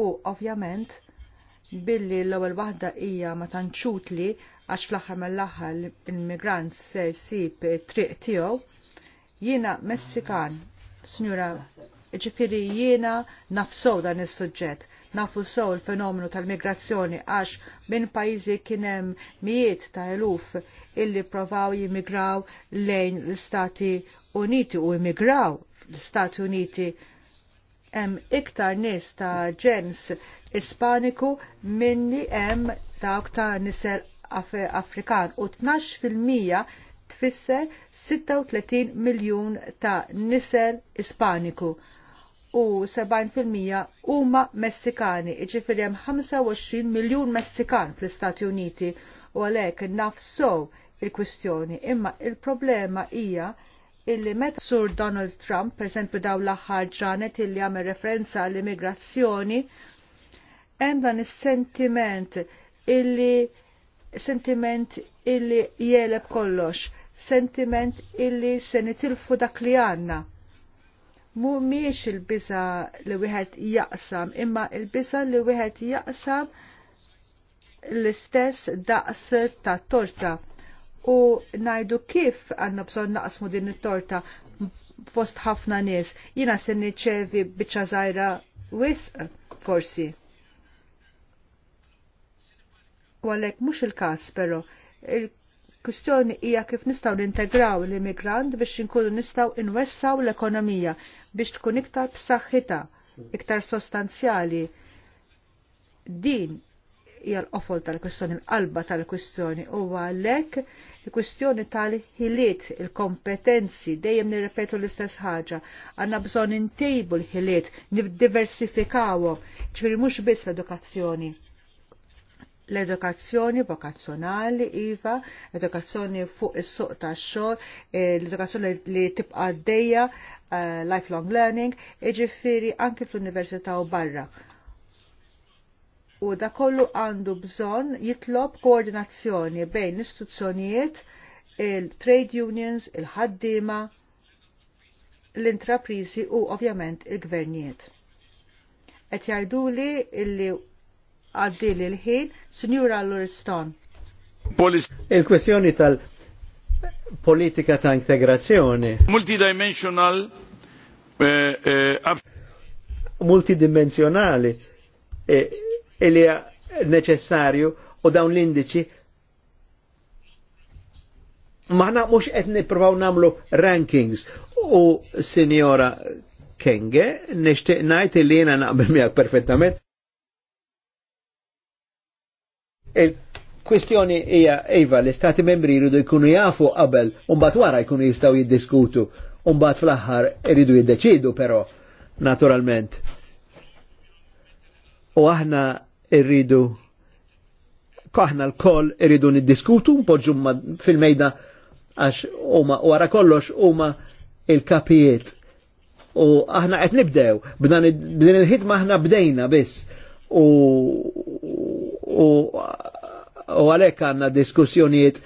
S2: u ovvjament billi l-ewwel waħda hija ma tantxutli għax fl-aħħar mill-aħħar l-immigrant se jsib triq tiegħu jiena Messikan, Signora, ġifiri jiena nafsow dan is-suġġett nafu sew il-fenomenu tal-migrazzjoni għax minn pajjiżi kien hemm mijiet ta' eluf illi provaw jimmigraw lejn l-Istati Uniti u immigraw l-Istati Uniti hemm iktar nies ta' ġens Ispaniku minni hemm ta' ta' nisel af Afrikan u 12% tfisser 36 miljun ta' nisel Ispaniku u 70% huma Messikani, iġifieri hemm 25 miljun Messikan fl-Istati Uniti u għalhekk nafsow il-kwistjoni. Imma il-problema hija illi meta Sur Donald Trump, per esempio daw l-aħħar ġranet illi għamel referenza għall-immigrazzjoni, hemm dan is-sentiment illi sentiment illi jeleb kollox, sentiment illi se nitilfu dak li għandna miex il-biża li wieħed jaqsam, imma il-biża li wieħed jaqsam l-istess daqs ta' torta. U najdu kif għanna bżon naqsmu din it-torta fost ħafna nies. Jina se nirċevi biċċa żgħira wisq forsi. U għalhekk mhux il-każ però Kustjoni hija kif nistgħu nintegraw l-immigrant biex inkunu nistgħu inwessaw l-ekonomija biex tkun iktar b'saħħitha, iktar sostanzjali. Din hija l-qofol tal-kwistjoni, l-qalba tal-kwistjoni u għalhekk il-kwistjoni tal-ħiliet, il-kompetenzi, dejjem nirrepetu l-istess ħaġa. Għandna bżonn intejbu l-ħiliet, niddiversifikawhom, ġifieri mhux biss l-edukazzjoni l-edukazzjoni vokazzjonali iva, edukazzjoni fuq is-suq tax-xogħol, eh, l-edukazzjoni li tibqa' għaddejja eh, lifelong learning, iġifieri anke fl-università u barra. U da kollu għandu bżonn jitlob koordinazzjoni bejn l-istituzzjonijiet, il-trade unions, il-ħaddiema, l-intraprizi u ovvjament il-gvernijiet. Et jajdu li illi għaddil il-ħin, Signora Luriston.
S1: Il-kwestjoni tal-politika ta' integrazzjoni. Multidimensional. Eh, eh, Multidimensionali. Eh, li neċessarju u dawn l indici maħna mux etni niprofaw namlu rankings u Signora Kenge nishtiq najt li jena naqbel miegħek perfettament il kwestjoni hija Eva, l-istati membri jridu jkunu jafu qabel u mbagħad wara jkunu jistgħu jiddiskutu u mbagħad fl-aħħar iridu jiddeċidu però naturalment. U aħna rridu kaħna l-koll irridu niddiskutu mpoġġu fil-mejda għax huma wara kollox huma il-kapijiet. U aħna qed nibdew b'dan il-ħidma aħna bdejna biss. U u għalek għanna diskussjonijiet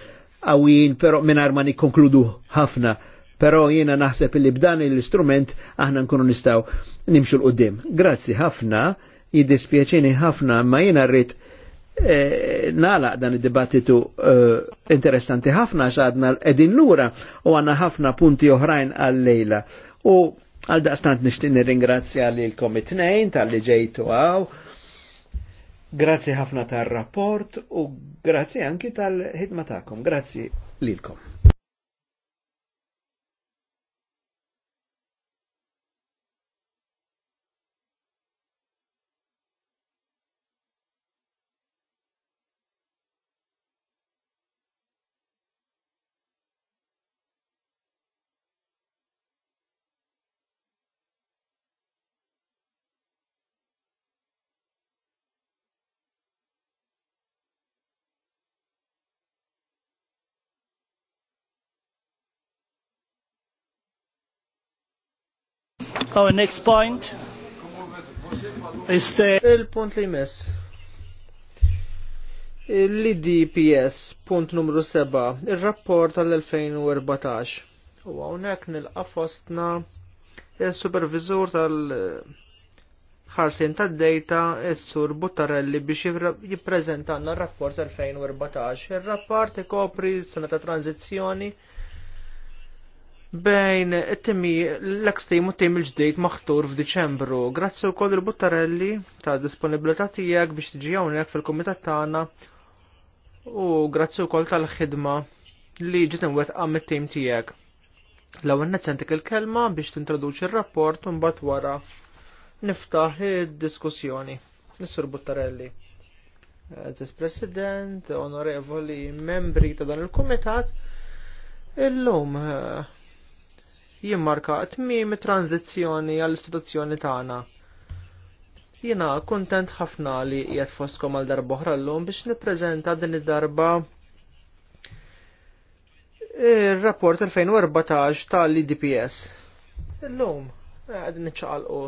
S1: għawin, pero minn ma nikkonkludu ħafna. Pero jiena naħseb li b'dan l-istrument aħna nkunu nistaw nimxu l-qoddim. Grazzi ħafna, jiddispjaċini ħafna, ma jiena rrit e, nalaq dan id-dibattitu e, interessanti ħafna xadna edin lura u għanna ħafna punti oħrajn għal-lejla. U għal daqstant nishtin nirringrazzja li l-komitnejn tal-li ġejtu għaw Grazzi ħafna tar-rapport u grazzi anki tal-ħidma tagħkom. Grazzi
S2: lilkom.
S3: Our next point is the... Il-punt li jmiss. L-IDPS, punt numru 7, il-rapport tal-2014. U għawnek nil-qafostna il-supervizur tal-ħarsien tad-data, il-sur Buttarelli biex jiprezentanna il-rapport tal-2014. Il-rapport ikopri s-sena ta' tranzizjoni bejn it-timi l ekstim tim u tim il-ġdejt maħtur f'Diċembru. Grazzi wkoll il-Buttarelli ta' disponibilità tiegħek biex tiġi hawnhekk fil-kumitat tagħna u grazzi wkoll tal-ħidma li ġiet imwettqa mit-tim tiegħek. L-ewwel netsentik il-kelma biex tintroduċi r-rapport u mbagħad wara niftaħ id-diskussjoni. Nissur Buttarelli. Aziz President, onorevoli membri ta' dan il-Kumitat, illum eh, jimmarka tmiem tranzizzjoni għall-istituzzjoni tagħna. Jiena kuntent ħafna li qiegħed foskom għal darba oħra llum biex nippreżenta din id-darba ir-rapport 2014 tal-IDPS. Illum qegħdin niċċaqalqu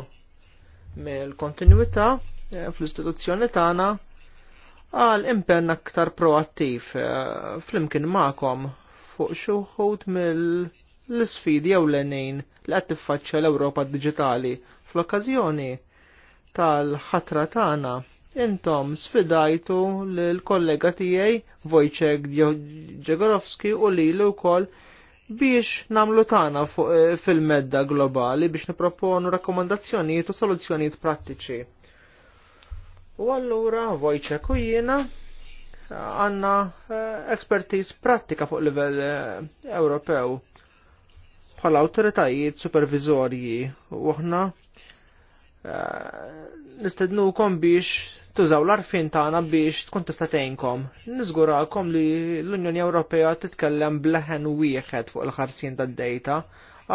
S3: mill-kontinwità eh, fl-istituzzjoni tagħna għal impenn aktar proattiv eh, flimkien magħkom fuq xuħut mill l-sfidi jew l enejn li qed tiffaċċja l-Ewropa Digitali. Fl-okkażjoni tal-ħatra tagħna intom sfidajtu l-kollega tiegħi Wojciech Djegorowski u lilu wkoll biex namlu tagħna eh, fil-medda globali biex niproponu rakkomandazzjonijiet u soluzzjonijiet prattiċi. U allura Wojciech u jiena eh, għanna ekspertiż eh, prattika fuq livell Ewropew bħala awtoritajiet supervizorji u aħna eh, nistednukom biex tużaw l-arfin tagħna biex tkun tista' tgħinkom. li l-Unjoni Ewropea titkellem bleħen wieħed fuq il-ħarsien tad-dejta.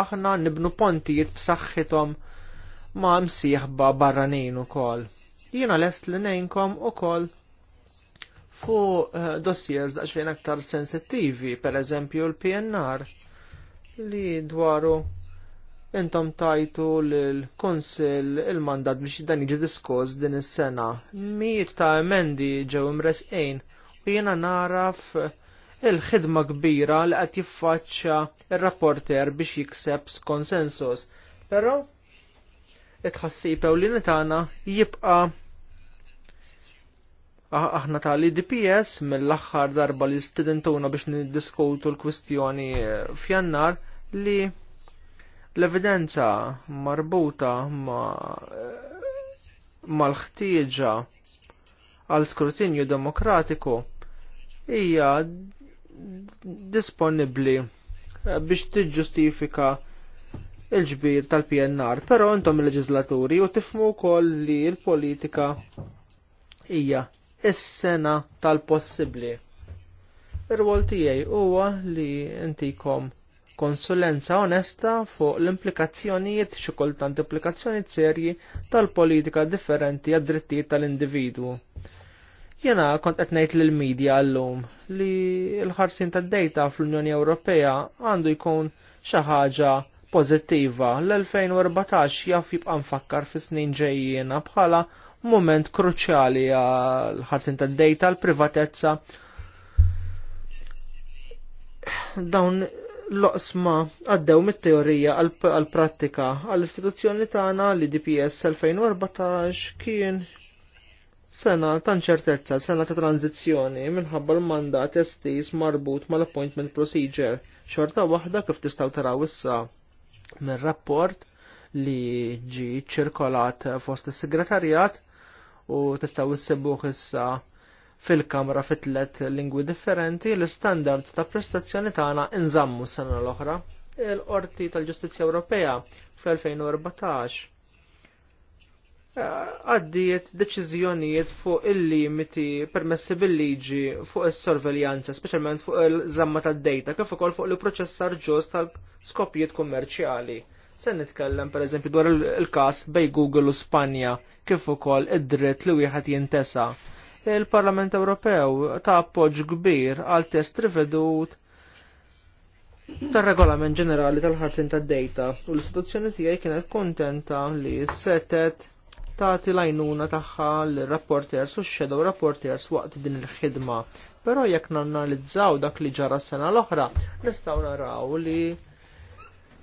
S3: Aħna nibnu pontijiet b'saħħithom ma' msieħba barranin ukoll. Jiena lest li ngħinkom ukoll fuq eh, dossiers daqsxejn aktar sensittivi, per eżempju l-PNR li dwaru intom tajtu l-Konsil il-mandat biex dan jiġi diskos din is-sena. Mir ta' emendi ġew imresqin. u jiena naraf il-ħidma kbira li qed jiffaċċja ir-rapporter biex jikseb konsensus. Però it-ħassib ewlieni tagħna jibqa' Ah, aħna tal-IDPS mill-aħħar darba li stidentuna biex niddiskutu l-kwistjoni eh, f'jannar li l-evidenza marbuta eh, mal-ħtieġa għal skrutinju demokratiku hija disponibbli eh, biex tiġġustifika il-ġbir tal-PNR, però intom il-leġislaturi u tifmu wkoll li l-politika hija is-sena tal-possibbli. Ir-rwol tiegħi huwa li intikom konsulenza onesta fuq l-implikazzjonijiet xi kultant implikazzjonijiet serji tal-politika differenti għad-drittijiet tal-individwu. Jena kont qed ngħid lill midja llum li l-ħarsin tad-dejta fl-Unjoni Ewropea għandu jkun xi ħaġa pożittiva l-2014 jaf jibqa' nfakkar fis-snin ġejjiena bħala moment kruċjali għal ħarsin ta' data, l privatezza dawn l-oqsma għaddew mit-teorija għal prattika għall istituzzjoni tagħna li DPS 2014 kien sena ta' ċertezza, sena ta' tranzizzjoni minħabba l-mandat estis marbut mal-appointment procedure. Xorta waħda kif tistgħu taraw issa mir-rapport li ġi ċirkolat fost is-segretarjat u tistaw issibuh issa fil-kamra fit tlet lingwi differenti l-standards ta' prestazzjoni tagħna inżammu sena l-oħra. Il-Qorti tal-Ġustizzja Ewropea fl-2014 eh, għaddiet deċiżjonijiet fuq il-limiti permessi bil-liġi fuq is-sorveljanza, speċjalment fuq il-żamma tad-dejta, kif ukoll fuq il-proċessar ġust tal-skopijiet kummerċjali. Se nitkellem pereżempju dwar il-każ bej Google u Spanja kif ukoll id-dritt li wieħed jintesa. Il-Parlament Ewropew ta' appoġġ kbir għal test rivedut tar-regolament ġenerali tal-ħarsin tad-dejta u l-istituzzjoni tiegħi kienet kontenta li setet tagħti lajnuna tagħha l-rapporters u x-shadow rapporters waqt din il-ħidma. Però jekk nanalizzaw dak li ġara s-sena l-oħra, nistgħu naraw li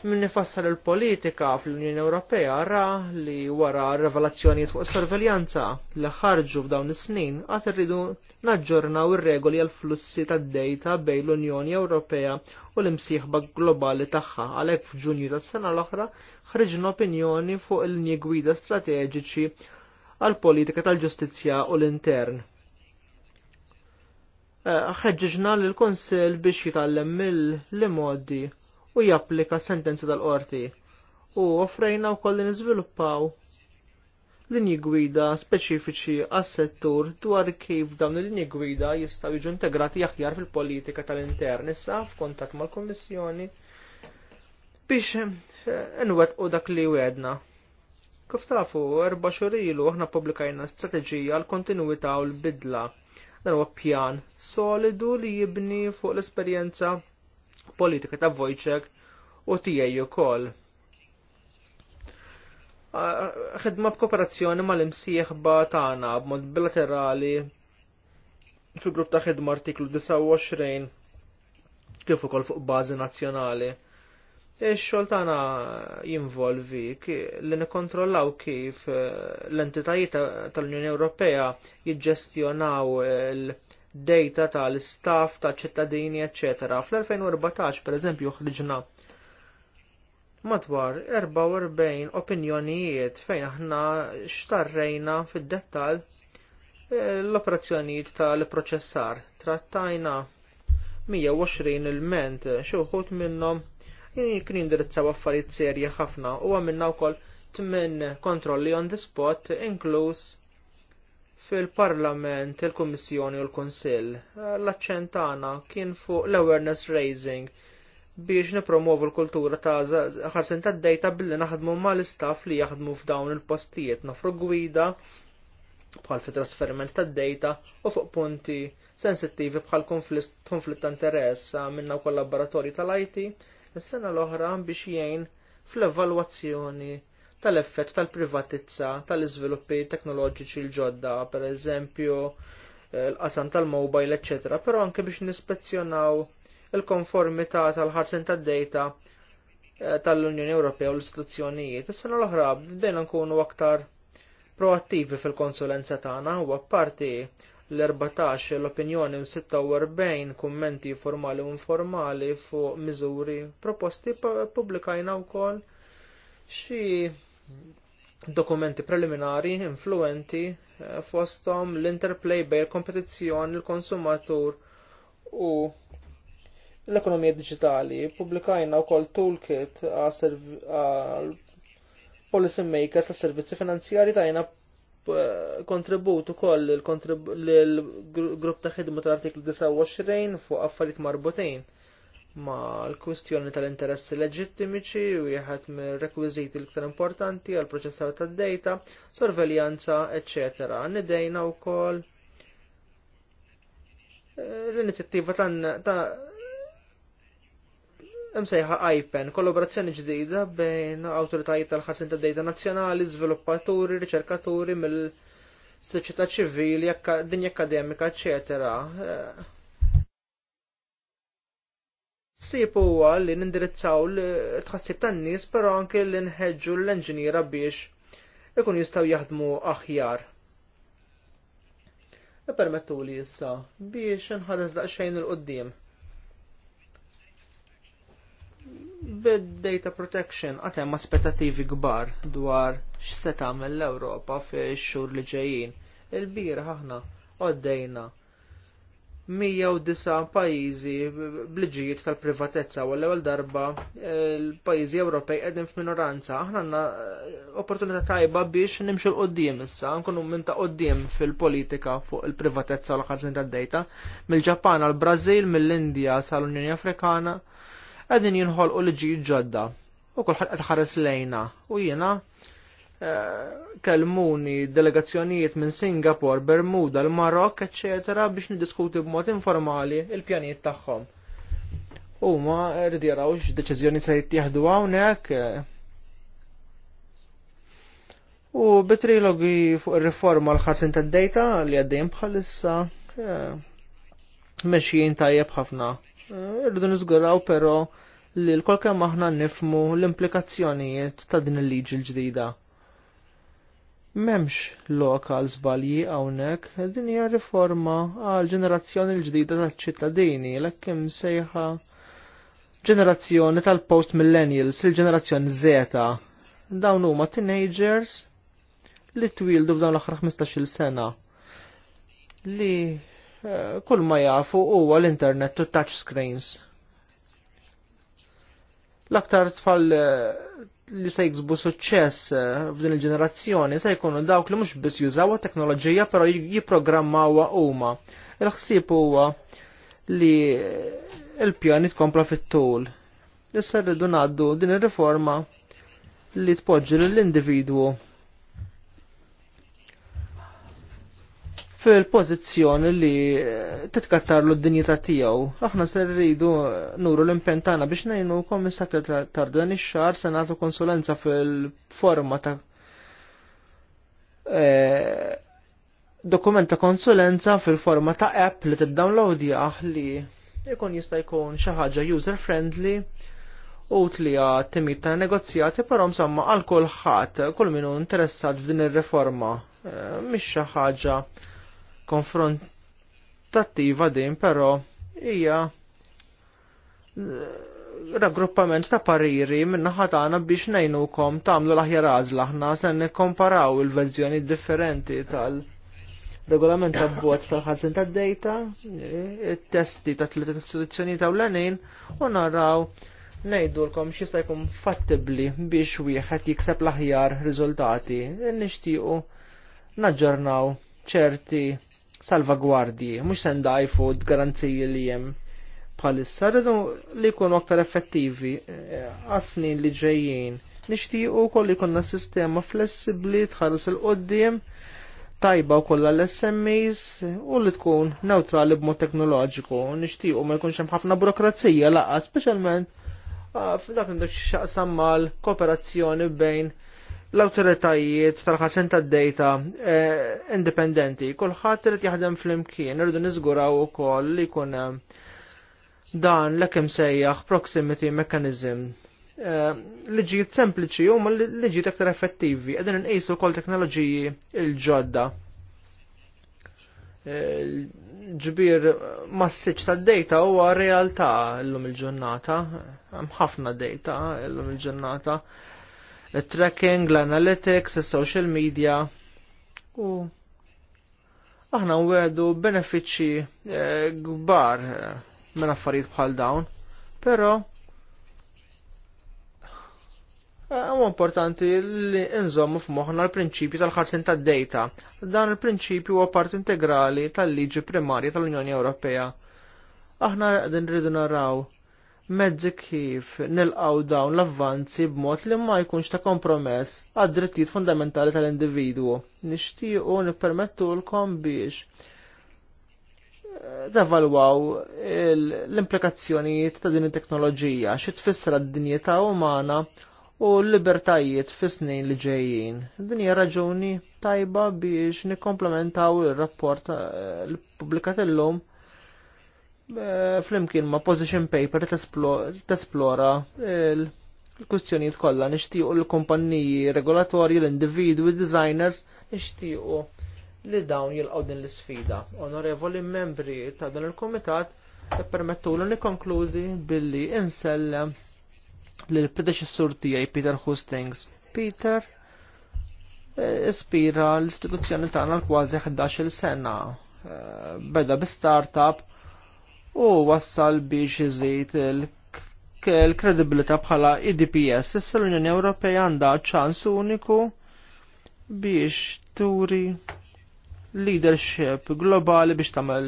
S3: Min nifassal il-politika fl-Unjoni Ewropea ra li wara revelazzjonijiet fuq sorveljanza li ħarġu f'dawn is-snin għad irridu naġġornaw ir-regoli għal flussi tad-dejta bejn l-Unjoni Ewropea u l-imsieħba globali tagħha għalhekk f'Ġunju tas-sena l-oħra ħriġna opinjoni fuq il-linji gwida strateġiċi għal politika tal-ġustizzja u l-intern. Eh, Ħeġġiġna l-Konsil biex jitgħallem mill-modi u japplika sentenzi tal-qorti u offrejna u li niżviluppaw linji gwida speċifiċi għas-settur dwar kif dawn il-linji gwida jistgħu jiġu integrati aħjar fil-politika tal-intern issa f'kuntatt mal-Kummissjoni biex eh, nwettqu dak li wedna. Kif tafu, erba xhur ilu aħna pubblikajna strateġija l kontinuità u l-bidla. Dan huwa pjan solidu li jibni fuq l-esperjenza politika ta' Vojċek u tiegħi ukoll. Ħedma f'kooperazzjoni mal-imsieħba tagħna b'mod bilaterali fil-grupp ta' ħidma artiklu 29 kif ukoll fuq bażi nazzjonali. Ix-xogħol tagħna jinvolvi li nikkontrollaw kif eh, l-entitajiet tal-Unjoni Ewropea jiġġestjonaw il- data tal-staff, ta' ċittadini ecc. Fl-2014, per eżempju, uħriġna madwar 44 opinjonijiet fejn aħna xtarrejna fid-dettal eh, l-operazzjonijiet tal-proċessar. Trattajna 120 il-ment, xuħut minnom kien indirizzaw affarijiet serji ħafna u għamilna wkoll tmien kontrolli on the spot, inkluż fil-Parlament, il-Kummissjoni u l-Kunsill. L-aċċent kien fuq l-awareness raising biex nipromovu l-kultura ta' ħarsin ta' dejta billi naħdmu ma' l-istaff li jaħdmu f'dawn il-postijiet nafru gwida bħal fi trasferiment ta' dejta u fuq punti sensittivi bħal konflitt ta' interess minna kollaboratori tal-IT is-sena l-oħra biex jgħin fl-evalwazzjoni tal-effett tal-privatizza tal-iżviluppi teknoloġiċi l-ġodda, per eżempju l-qasam tal-mobile, ecc. Però anke biex nispezzjonaw il-konformità tal-ħarsin tad-data eh, tal-Unjoni Ewropea u l-istituzzjonijiet. Is-sena l-oħra bdejna nkunu aktar proattivi fil-konsulenza tagħna u apparti l-14 l-opinjoni u 46 kummenti formali u informali fuq miżuri proposti pubblikajna wkoll xi dokumenti preliminari influenti eh, fosthom l-interplay bejn kompetizzjoni l-konsumatur u l-ekonomija digitali. Publikajna wkoll toolkit għal policy makers ta' servizzi finanzjari tajna kontributu koll l-grupp ta' eh, ħidmu tal-artiklu 29 fuq affarijiet marbutin ma l-kwistjoni tal-interessi leġittimiċi u jħat mir-rekwiżiti l-iktar importanti għal proċessar tad data sorveljanza, ecc. Nidejna wkoll eh, l-inizjattiva ta' msejħa IPEN, kollaborazzjoni ġdida bejn awtoritajiet tal-ħarsin tad data nazzjonali, żviluppaturi, riċerkaturi mill-soċjetà ċivili, dinja akademika, eccetera Sip huwa li nindirizzaw l-tħassib tan-nies però anke li nħeġġu l-enġiniera biex ikun jistgħu jaħdmu aħjar. Ipermettu li issa biex nħares daqsxejn il-qoddim. Bid-data protection għatem aspettativi kbar dwar x'se tagħmel l-Ewropa x xhur li ġejjin. il bir ħahna għoddejna 109 pajjiżi bliġijiet tal-privatezza u l-ewwel darba eh, l-pajjiżi Ewropej qegħdin f'minoranza. Aħna għandna eh, opportunità tajba biex nimxu l-qoddim issa, nkunu minn ta' qoddim fil-politika fuq il-privatezza u l ħażin tad-dejta mill-Ġapan għal brażil mill-Indja sal-Unjoni Afrikana qegħdin jinħolqu liġijiet ġodda u kulħadd qed ħares lejna u jiena Eh, kelmuni delegazzjonijiet minn Singapore, Bermuda, l-Marok, etc. biex nidiskuti b'mod informali il-pjanijiet tagħhom. Huma rrid jaraw x'deċiżjoni se jittieħdu hawnhekk. U bitrilogi fuq ir-riforma l-ħarsin tad-dejta li għaddejn bħalissa eh, mexjin tajjeb ħafna. Irridu eh, niżguraw però li l-kol aħna nifmu l-implikazzjonijiet ta' din il-liġi l-ġdida. Memx lokal zbalji għawnek, din hija riforma għal ġenerazzjoni l-ġdida tal-ċittadini, l kem sejħa ġenerazzjoni tal-post millennials, il-ġenerazzjoni Z. Dawn huma teenagers li twildu f'dawn l-aħħar 15-il sena. Li eh, kull ma jafu huwa l-internet u touch screens. L-aktar tfal eh, li se jiksbu suċċess eh, f'din il-ġenerazzjoni se jkunu dawk li mhux biss jużaw teknoloġija però jipprogrammawha huma. Il-ħsieb huwa li il-pjani tkompla fit-tul. Issa rridu ngħaddu din ir-riforma li tpoġġi lill individwu fil-pozizjoni li eh, titkattarlu d-dinjità tiegħu. Aħna se rridu eh, nuru l-impentana biex ngħinu kommissar tar dan ix-xahar se nagħtu konsulenza fil-forma ta' eh, dokumenta konsulenza fil-forma ta' app li tiddownloadja li ikun jista' jkun xi ħaġa user friendly u għat-timit ta' negozjati, però msamma għal kulħadd kull hu interessat f'din ir-reforma mhix xi ħaġa konfrontattiva din, però hija eh, raggruppament ta' pariri minnaħa tagħna biex ngħinukom tagħmlu l-aħjar għażla aħna se nikkomparaw il-verżjoni differenti tal- regolament ta' bot tal-ħazin ta' data, testi ta' tliet istituzzjoni ta' l-għanin, u naraw nejdulkom xista' jkun fattibli biex wieħed jikseb l-aħjar riżultati. Nixtiequ naġġornaw ċerti salvagwardji, mux sendajfu d-garanziji li jem bħalissa, rridu li jkunu aktar effettivi eh, għasnin li ġejjin. Nixtiequ koll li kunna sistema flessibli tħarris il-qoddim tajba u kolla l-SMEs u li tkun neutrali b'mod teknoloġiku. Nixtiequ ma jkunx hemm ħafna burokrazija laqqa, speċjalment ah, f'dak indux xaqsam mal kooperazzjoni bejn l-autoritajiet tal-ħaċen ta' data eh, indipendenti, kulħadd irid jaħdem fl-imkien, irridu niżguraw ukoll li jkun eh, dan l-ekem sejjaħ proximity mechanism. Eh, liġijiet sempliċi huma liġijiet aktar effettivi, qegħdin inqisu wkoll teknoloġiji l-ġodda. Ġbir massiċ ta' data huwa realtà llum il-ġurnata, hemm ħafna data llum il-ġurnata. il ġurnata l tracking l-analytics, l social media u aħna għedu benefiċi eh, gbar eh, minn affarijiet bħal dawn, pero Għu eh, importanti li nżommu f'moħna l-prinċipju tal-ħarsin tad-data. Dan il-prinċipju huwa part integrali tal-liġi primarja tal-Unjoni Ewropea. Aħna għedin rridu naraw mezzi kif nilqaw dawn l-avvanzi b'mod li ma jkunx ta' kompromess għad drittijiet fundamentali tal-individwu. Nixtiequ kom biex davalwaw eh, l-implikazzjonijiet ta' din it-teknoloġija xi tfisser d-dinjità umana u l-libertajiet fis-snin li ġejjin. Din hija raġuni tajba biex nikkomplementaw ir-rapport eh, l-pubblikat illum Eh, flimkien ma' position paper tesplora il-kustjonijiet kollha nixtiequ l-kumpanniji regolatorji, l-individwi, designers nixtiequ li dawn jilqgħu din l-isfida. Onorevoli membri ta' dan il-kumitat permettu li nikkonkludi billi insellem lill predeċessur tiegħi Peter Hustings. Peter eh, ispira l-istituzzjoni tagħna l-kważi 11-il sena. Eh, beda bi startup u wassal biex iżid il-kredibilità bħala IDPS. Issa l-Unjoni Ewropea għandha ċans uniku biex turi leadership globali biex tagħmel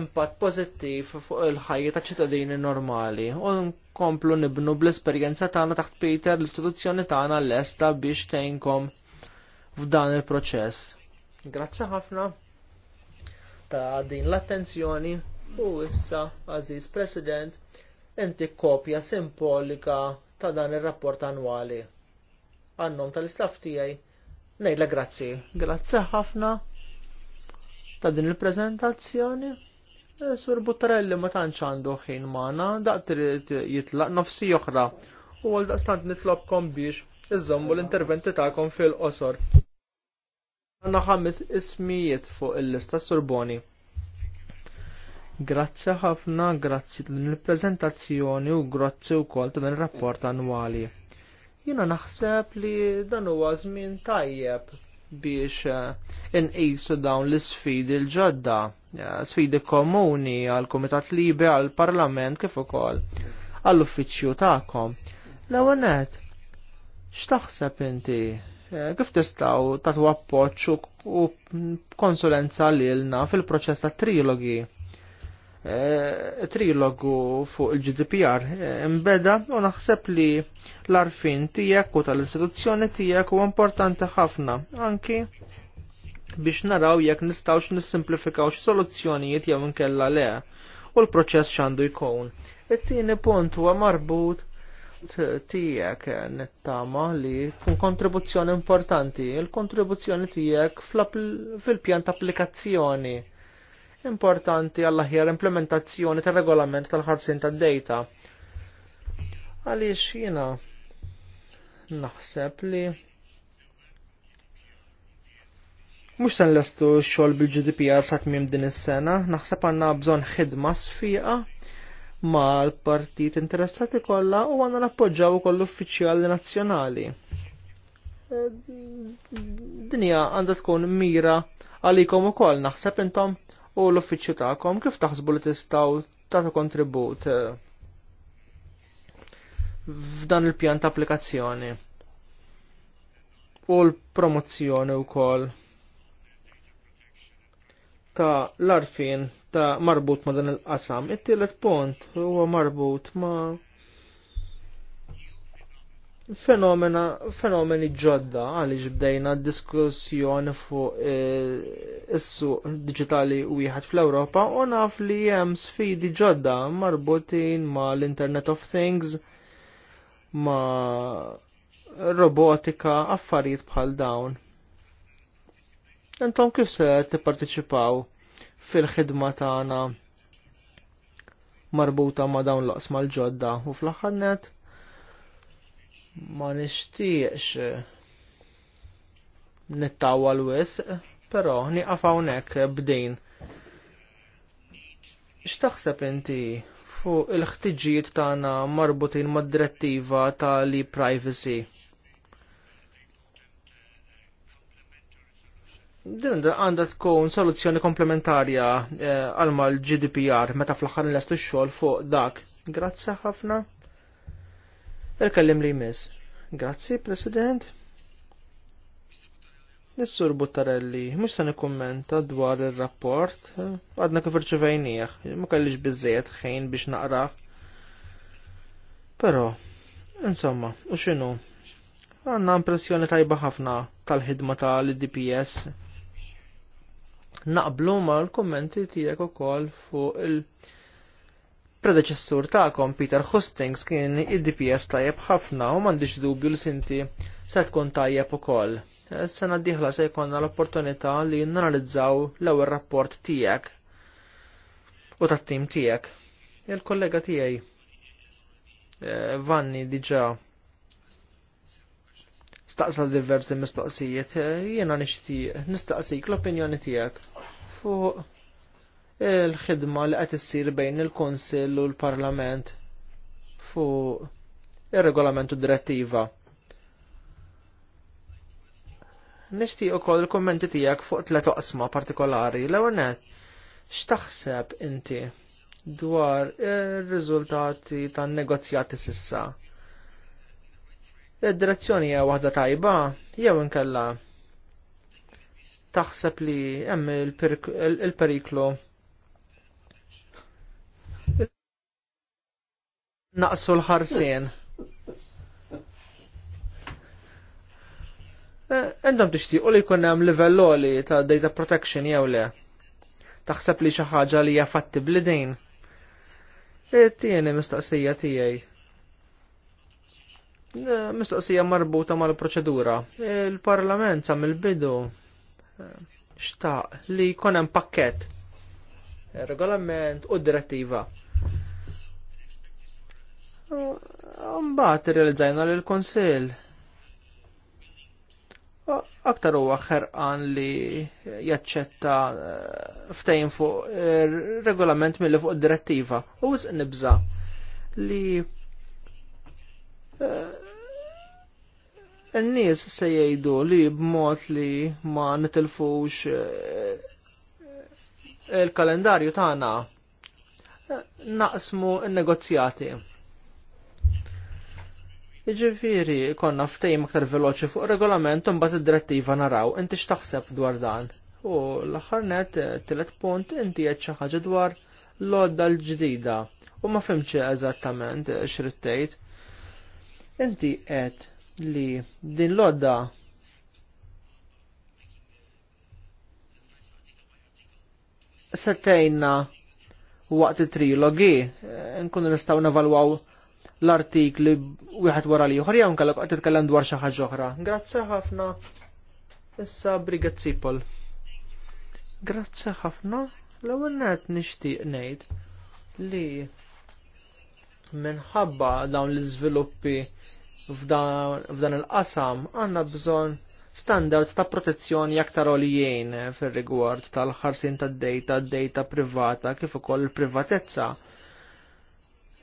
S3: impatt pożittiv fuq il-ħajja ta' ċittadini normali. U nkomplu nibnu bl-esperjenza tagħna taħt Peter l-istituzzjoni tagħna lesta biex tgħinkom f'dan il-proċess. Grazzi ħafna ta' din l-attenzjoni. U issa, Aziz President, inti kopja simbolika ta' dan ir-rapport annwali. Għannom tal-istaff tiegħi Nejla grazzi. Grazzi ħafna ta' din il-prezentazzjoni. E, Sur Buttarelli ma tantx għandu ħin magħna, daqt trid jitlaq nofsi oħra. U għal daqstant nitlobkom biex iżommu l-interventi tagħkom fil-qosor. Għanna ħames ismijiet fuq il-lista Surboni. Grazzi ħafna, grazzi din il-prezentazzjoni u grazzi wkoll ta' din ir-rapport annwali. Jiena naħseb li dan huwa żmien tajjeb biex eh, inqisu dawn l-sfidi l-ġodda, eh, sfidi komuni għal Kumitat Libi għal Parlament kif ukoll għall-uffiċċju tagħkom. L-ewwel x'taħseb inti? Eh, kif tistgħu tagħtu appoġġ u konsulenza lilna fil-proċess ta' trilogi? Eh, trilogu fuq il-GDPR eh, imbeda u naħseb li l-arfin tijek u tal-istituzzjoni tijek u importanti ħafna anki biex naraw jekk nistawx nissimplifikaw xi soluzzjonijiet jew inkella le u l-proċess x'għandu jkun. It-tieni punt huwa marbut tijek eh, nittama li tkun kontribuzzjoni importanti, il-kontribuzzjoni tijek fil-pjan ta' applikazzjoni importanti għall-aħjar implementazzjoni tal regolament tal-ħarsin tad data Għaliex jiena naħseb li mhux se nlestu x-xogħol bil-GDPR sa tmiem din is-sena, naħseb għandna bżonn ħidma sfiqa mal partit interessati kollha u għandna nappoġġaw ukoll l-uffiċjali nazzjonali. Eh, Dinja għandha tkun mira għalikom ukoll naħseb intom u l-uffiċċju tagħkom kif taħsbu li tistgħu tagħtu kontribut eh, f'dan il-pjan ta' applikazzjoni u l-promozzjoni wkoll ta' l-arfin ta' marbut ma' dan il-qasam. It-tielet punt huwa marbut ma' fenomena, fenomeni ġodda għaliex bdejna diskussjoni fuq eh, issu digitali wieħed fl-Ewropa u naf li hemm sfidi ġodda marbutin ma' l-Internet of Things ma' robotika affarijiet bħal dawn. Intom kif se tipparteċipaw fil-ħidma tagħna marbuta ma' dawn l-oqsma l-ġodda u fl-aħħar ma nishtiqx eh, nittawa l-wisq, però nieqaf hawnhekk eh, bdejn. X'taħseb inti fuq il-ħtiġijiet tagħna marbutin mad-direttiva tali privacy? Din għandha tkun soluzzjoni komplementarja eh, għal l-GDPR meta fl-aħħar nlestu x-xogħol fuq dak. Grazzi ħafna il li jmiss. Grazzi, President. Nissur Buttarelli, mux san kommenta dwar il-rapport, għadna kif irċivejnieħ, ma kellix bizziet ħin biex naqra. Pero, insomma, u xinu, għanna impressjoni tajba ħafna tal-ħidma tal-DPS. Naqblu ma l-kommenti tijek u kol fuq il- predeċessur ta'kom Peter Hustings kien id-DPS tajjeb ħafna u m'għandix dubju li sinti se tkun tajjeb ukoll. Sena diħla se jkollna l-opportunità li nanalizzaw l-ewwel rapport tiegħek u tat-tim tiegħek. Il-kollega tiegħi eh, Vanni diġà staqsal diversi mistoqsijiet, eh, jiena nixtieq nistaqsik l-opinjoni tiegħek fuq il-ħidma li qed issir bejn il-Kunsill u l-Parlament fuq ir-regolament u direttiva. Nixtieq ukoll il-kummenti tiegħek fuq tliet oqsma partikolari. L-ewwel x'taħseb inti dwar ir-riżultati tan-negozjati sissa? Id-direzzjoni hija waħda tajba jew inkella taħseb li hemm il-periklu il periklu naqsu l-ħarsien. Endom eh, u li jkun hemm ta' data protection jew le. Taħseb li xi ħaġa li hija fattibbli din. Eh, tieni mistaqsija tiegħi. Eh, mistoqsija marbuta mal-proċedura. Il-Parlament sa mill-bidu xtaq li jkun hemm pakkett regolament u direttiva Mbagħad irrealizzajna lil konsil Aktar huwa ħerqan li jaċċetta eh, ftejn fuq eh, regolament mill fuq direttiva. U wisq nibża li eh, n-nies se jgħidu li b'mod li ma nitilfux il-kalendarju tagħna naqsmu n-negozjati. Iġifiri, konna ftejm aktar veloċi fuq regolament un bat id-direttiva naraw, inti xtaħseb dwar dan. U l-axar net, eh, tillet punt, inti xi ħaġa dwar l-odda l-ġdida. U ma fimċi eżattament eh, xrittejt. Inti qed li din l-odda settejna waqt trilogi, eh, nkunu nistaw nevalwaw l-artikli wieħed wara li oħra jew nkellek titkellem dwar xi ħaġa oħra. Grazzi ħafna. Issa Brigat Sipol. Grazzi ħafna. L-ewwel net nixtieq ngħid li minħabba dawn l-iżviluppi f'dan il-qasam għandna bżonn standards ta' protezzjoni aktar olijien fir rigward tal-ħarsin tad-data, data privata, kif ukoll il-privatezza. il privatezza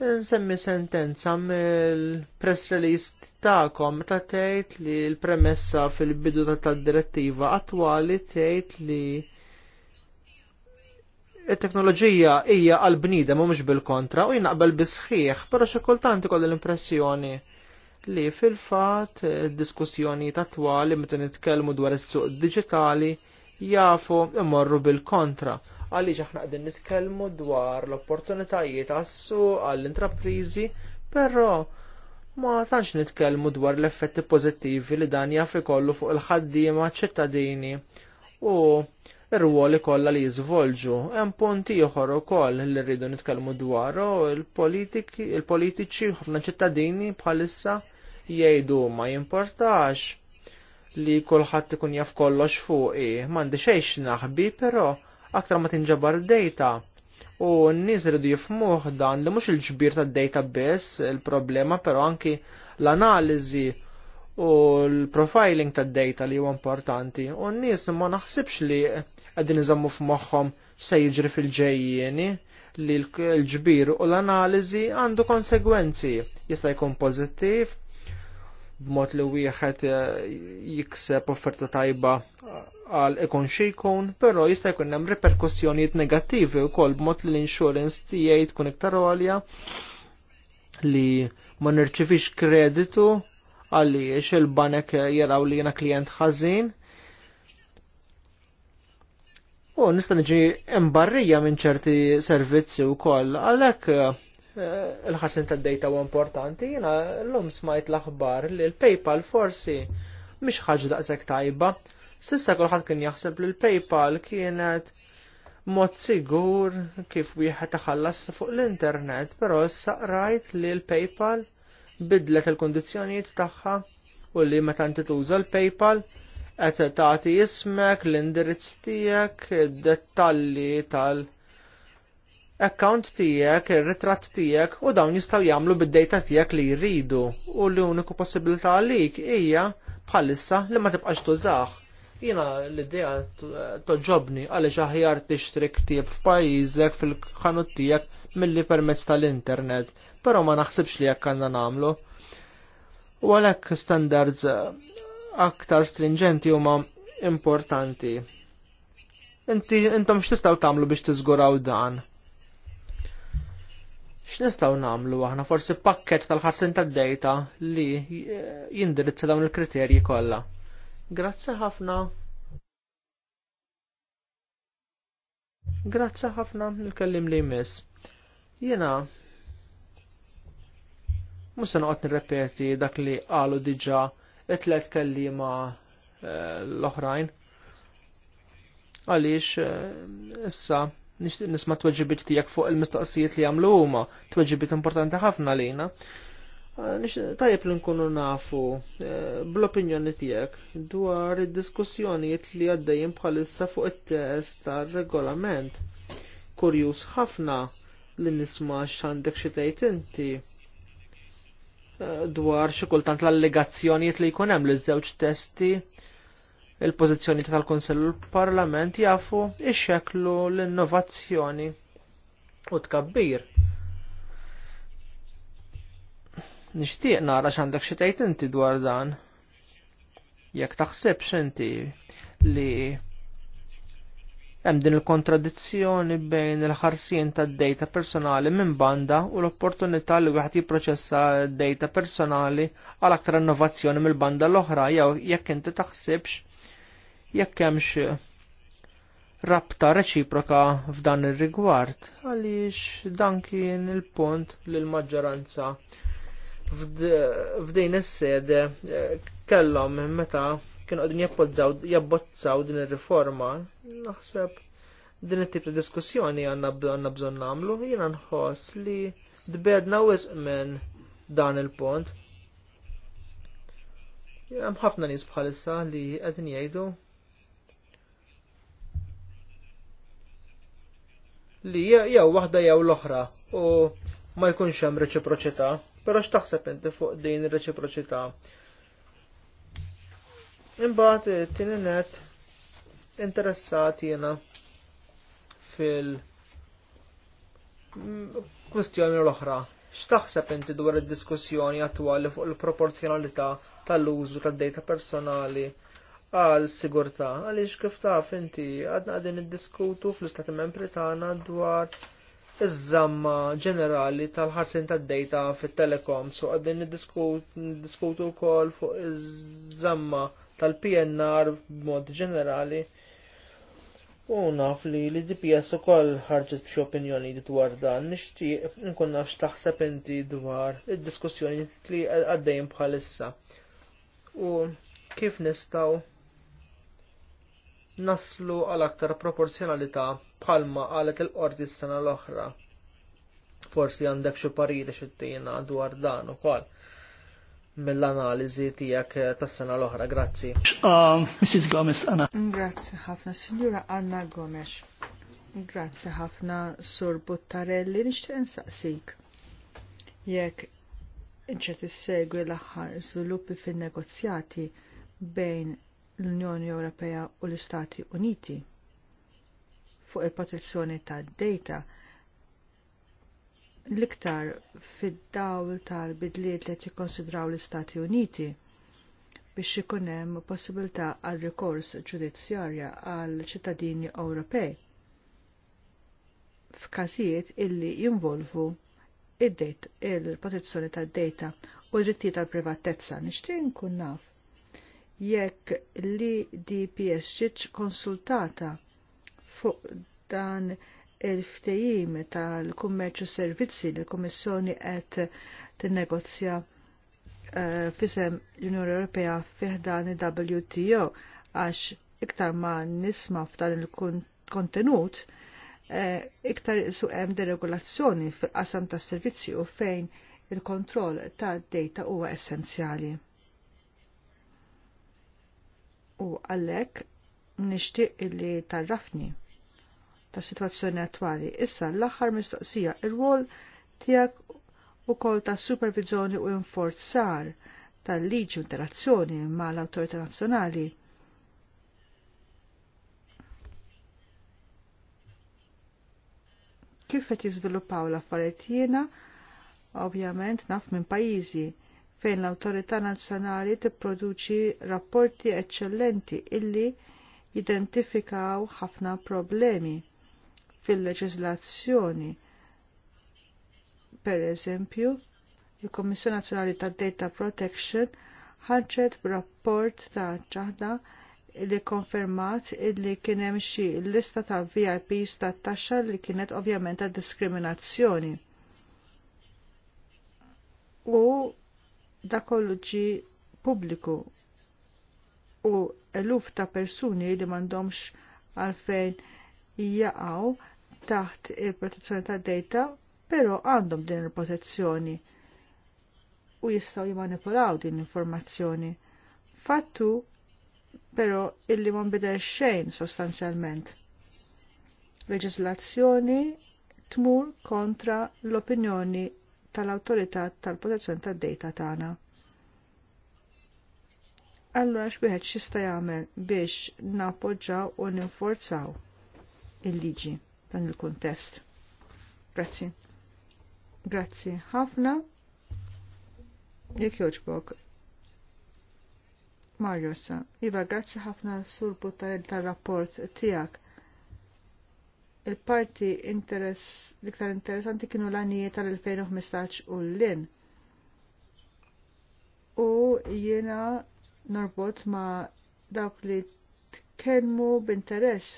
S3: Nsemmi sentenza mill-press release ta'kom ta' tgħid li l-premessa fil-bidu ta' tad-direttiva attwali tgħid li it-teknoloġija hija għal bniedem u mhux bil-kontra u jinaqbel bisħieħ, però xi kultant ikolli l-impressjoni li fil-fatt id-diskussjoni attwali meta nitkellmu dwar is-suq diġitali jafu imorru bil-kontra għalli aħna għadin nitkellmu dwar l-opportunitajiet għassu għall-intraprizi, però ma tantx nitkellmu dwar l-effetti pożittivi li dan jaf ikollu fuq il-ħaddiema ċittadini u ir-ruoli kollha li jiżvolġu. Hemm punti ieħor ukoll li rridu nitkellmu dwar il-politiċi ħafna ċittadini bħalissa jgħidu ma jimportax li kulħadd ikun jaf kollox fuqi, m'għandi xejn naħbi, però aktar ma tinġabar data u n-nies iridu jifmuħ dan li mhux il-ġbir tad-data biss il-problema però anki l analizi u l-profiling tad-data li huwa importanti u n-nies ma naħsibx li qegħdin iżammu f'moħħom se jiġri fil-ġejjieni li l-ġbir u l-analiżi għandu konsegwenzi jista' jkun pożittiv, b'mod li wieħed eh, jikseb offerta tajba għal ikun xejkun, però jista' jkun hemm reperkussjonijiet negattivi wkoll b'mod li l-insurance tiegħi tkun iktar għolja li ma nirċifix kreditu għaliex il-banek jaraw li jena klient ħażin. U nista' niġi imbarrija minn ċerti servizzi wkoll għalhekk Eh, il-ħarsin tad data u importanti, jina l-lum smajt l-aħbar li l-PayPal forsi mish ħagġa daqsek tajba. Sissa kolħat kien jaħseb li l-PayPal kienet mod sigur kif wieħed taħallas fuq l-internet, però issa rajt li l-PayPal bidlet il-kondizzjonijiet tagħha u li meta inti tuża l-PayPal qed tagħti ismek, l-indirizz tiegħek, id-dettalli tal-, -tal account tijek, il-ritrat tijek u dawn jistaw jamlu bid-data tijek li jridu u l-uniku possibilità għalik hija bħalissa li ma tibqax tużax. Jina l-idea toġobni għaliex aħjar tixtri ktieb f'pajjiżek fil-ħanut tijek milli permezz tal-internet, però ma naħsibx li jekk għandna nagħmlu. U għalhekk standards aktar stringenti huma importanti. Inti intom x'tistgħu tagħmlu biex tiżguraw dan? X'nistgħu nagħmlu aħna forsi pakkett tal-ħarsin tad-dejta li jindirizza dawn il-kriterji kollha. Grazzi ħafna. Grazzi ħafna nkellim li jmiss. mhux musa noqgħod nirrepeti dak li qalu diġà it-tlet kellima eh, l-oħrajn. Għaliex eh, issa nixtieq nisma' tweġibit tiegħek fuq il-mistoqsijiet li għamlu huma, tweġibiet importanti ħafna lejna. Ah, tajjeb li nkunu nafu eh, bl-opinjoni tiegħek dwar id-diskussjonijiet li għaddejjin bħalissa fuq it-test tar-regolament. Kurjuż ħafna li nisma' x'għandek xi tgħid inti eh, dwar xi kultant l-allegazzjonijiet li jkun hemm li żewġ testi il-pożizzjoni tal konsellu u l-Parlament jafu ixxeklu l-innovazzjoni u tkabbir. Nixtieq nara x'għandek xi tgħid inti dwar dan. Jekk taħsibx inti li hemm din il-kontradizzjoni bejn il-ħarsien tad-data personali minn banda u l-opportunità li wieħed jipproċessa data personali għal aktar innovazzjoni mill-banda l-oħra jew jekk inti taħsibx jekk hemmx rabta reċiproka f'dan ir-rigward għaliex dan kien il-punt li l-maġġoranza f'din is-sede eh, kellhom meta kienu qegħdin jappoġġaw jabbozzaw din ir-riforma naħseb din it-tip ta' diskussjoni għandna bżonn nagħmlu jiena nħoss li dbedna wisq minn dan il-pont. Hemm ħafna nies bħalissa li qegħdin jgħidu li jew waħda jew l-oħra u ma jkunx hemm reċiproċità, però x'taħseb inti fuq din ir-reċiproċità. Imbagħad eh, tieni net interessat jiena fil kwistjoni l-oħra. X'taħseb inti dwar id-diskussjoni attwali fuq il-proporzjonalità tal-użu tad-data personali għal sigurtà għaliex kif taf inti għadna għadin id-diskutu fl-istati membri tagħna dwar iż-żamma ġenerali tal-ħarsin tad-dejta fit-telekom, so għadin niddiskutu wkoll fuq iż-żamma tal-PNR b'mod ġenerali. U naf li li DPS ukoll ħarġet bċi opinjoni dwar dan, nixtieq nkun nafx taħseb inti dwar id-diskussjoni li għaddejn bħalissa. U kif nistgħu naslu għal aktar proporzjonalità bħalma qalet il-qorti s-sena l-oħra. Forsi għandek xi pariri xittina dwar dan ukoll mill-analiżi tiegħek tas-sena l-oħra. Grazzi.
S1: Uh, Mrs. Gomez, Anna.
S2: Grazzi ħafna, Sinjura Anna Gomes. Grazzi ħafna, Sur Buttarelli, nixtieq insaqsik. Jekk inċet issegwi l-aħħar sviluppi fin-negozjati bejn l-Unjoni Ewropea u l-Istati Uniti fuq il-protezzjoni tad data l-iktar fid-dawl tal-bidliet li jikkonsidraw l-Istati Uniti biex ikun hemm possibilità għal rikors ġudizzjarja għal ċittadini Ewropej f'każijiet illi jinvolvu id-dejt il-protezzjoni tad-data u d-drittijiet tal-privatezza. Nixtieq nkun naf jekk li DPS konsultata fuq dan il-ftejim tal-kummerċu servizzi li l-Kommissjoni qed tinnegozja eh, fisem l-Unjoni Ewropea fiħdan il-WTO għax iktar ma nisma f'dan il-kontenut eh, iktar su hemm deregolazzjoni fil-qasam tas-servizzi u fejn il-kontroll tad-data huwa essenzjali u għallek nishtiq illi tarrafni ta' situazzjoni attwali. Issa l-aħħar mistoqsija il-wol tijak tiegħek ukoll ta' supervizjoni u inforzar tal-liġi u interazzjoni mal awtorità nazzjonali. Kif qed jiżviluppaw l-affarijiet jiena, ovvjament naf minn pajjiżi fejn l-Awtorità Nazzjonali tipproduċi rapporti eċċellenti illi jidentifikaw ħafna problemi fil-leġislazzjoni. Per eżempju, il-Kommissjoni Nazzjonali tad Data Protection ħarġet b'rapport ta' ġahda li konfermat illi kien hemm xi lista ta' VIPs ta' taxxa li kienet ovvjament ta' diskriminazzjoni. U da kollu ġi pubbliku u eluf ta' persuni li mandomx għalfejn jaqaw taħt il-protezzjoni ta' data, pero għandhom din il-protezzjoni u jistaw jimanipulaw din l-informazzjoni. Fattu, pero illi ma bida xejn sostanzjalment. Leġislazzjoni tmur kontra l-opinjoni tal-Awtorità tal-Protezzjoni tad-Dejta tagħna. Allura x'wieħed xista jagħmel biex nappoġġaw u ninforzaw il-liġi dan il-kuntest. Grazzi. Grazzi ħafna. Jekk joġbok. Marjosa, iva grazzi ħafna sur buttarell tal-rapport tijak il-parti interess, l-iktar interessanti kienu l-għanijiet tal-2015 u l-lin. U jiena norbot ma dawk li tkellmu b'interess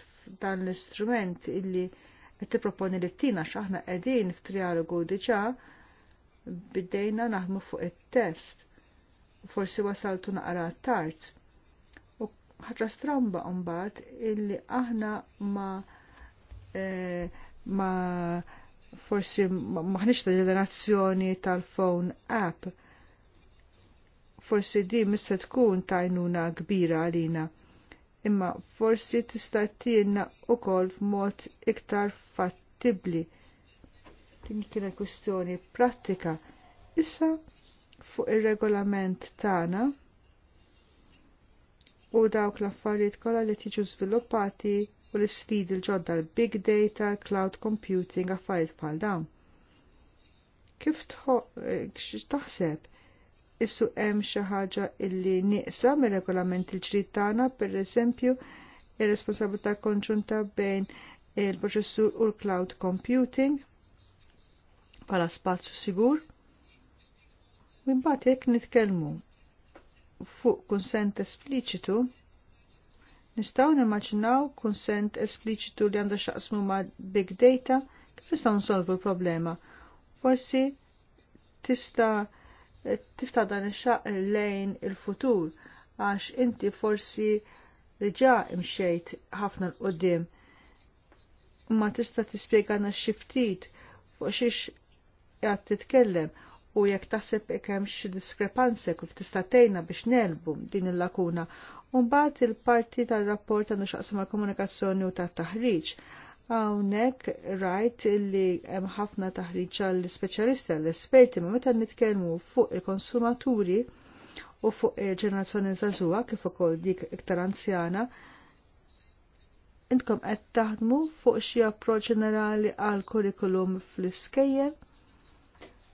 S2: dan l-istrument illi qed tipproponi li tina x'aħna qegħdin f'trialogu diġà bidejna naħdmu fuq it-test. Forsi wasaltu naqra tard. U ħaġa stramba mbagħad illi aħna ma' ma forsi maħniex ta' ġenerazzjoni tal-phone app. Forsi di mista tkun tajnuna kbira għalina imma forsi tista' tienna ukoll f'mod iktar fattibbli. Din kienet kwistjoni prattika. Issa fuq ir-regolament tagħna u dawk l-affarijiet kollha li tiġu żviluppati u l-sfidi l-ġodda l-big data, cloud computing, affarijiet bħal dawn. Kif eh, taħseb issu hemm xi ħaġa illi nieqsa mir-regolament il ġrid tagħna, pereżempju ir-responsabilità konġunta bejn il-proċessur u l-cloud computing bħala spazju sigur. Imbagħad jekk nitkellmu fuq kunsent espliċitu Nistaw nimmaġinaw konsent espliċitu li għandha xaqsmu ma' big data kif nistgħu nsolvu l-problema. Forsi tista' tifta' dan ix-xaq lejn il-futur għax inti forsi diġà imxejt ħafna l-qoddim ma tista' tispjegana xi ftit fuq xiex qed titkellem u jekk taħseb jekk hemm xi diskrepanzi kif tista' tgħinna biex nelbu din il-lakuna. Mbagħad il-parti tar-rapport għandu x'aqsam mal-komunikazzjoni u tat-taħriġ. Hawnhekk rajt li hemm ħafna taħriġ għall-speċjalisti għall-esperti ma meta nitkellmu fuq il-konsumaturi u fuq ġenerazzjoni żagħżugħa kif ukoll dik iktar anzjana, intkom qed taħdmu fuq xi approċċ ġenerali għal kurrikulum fl-iskejjel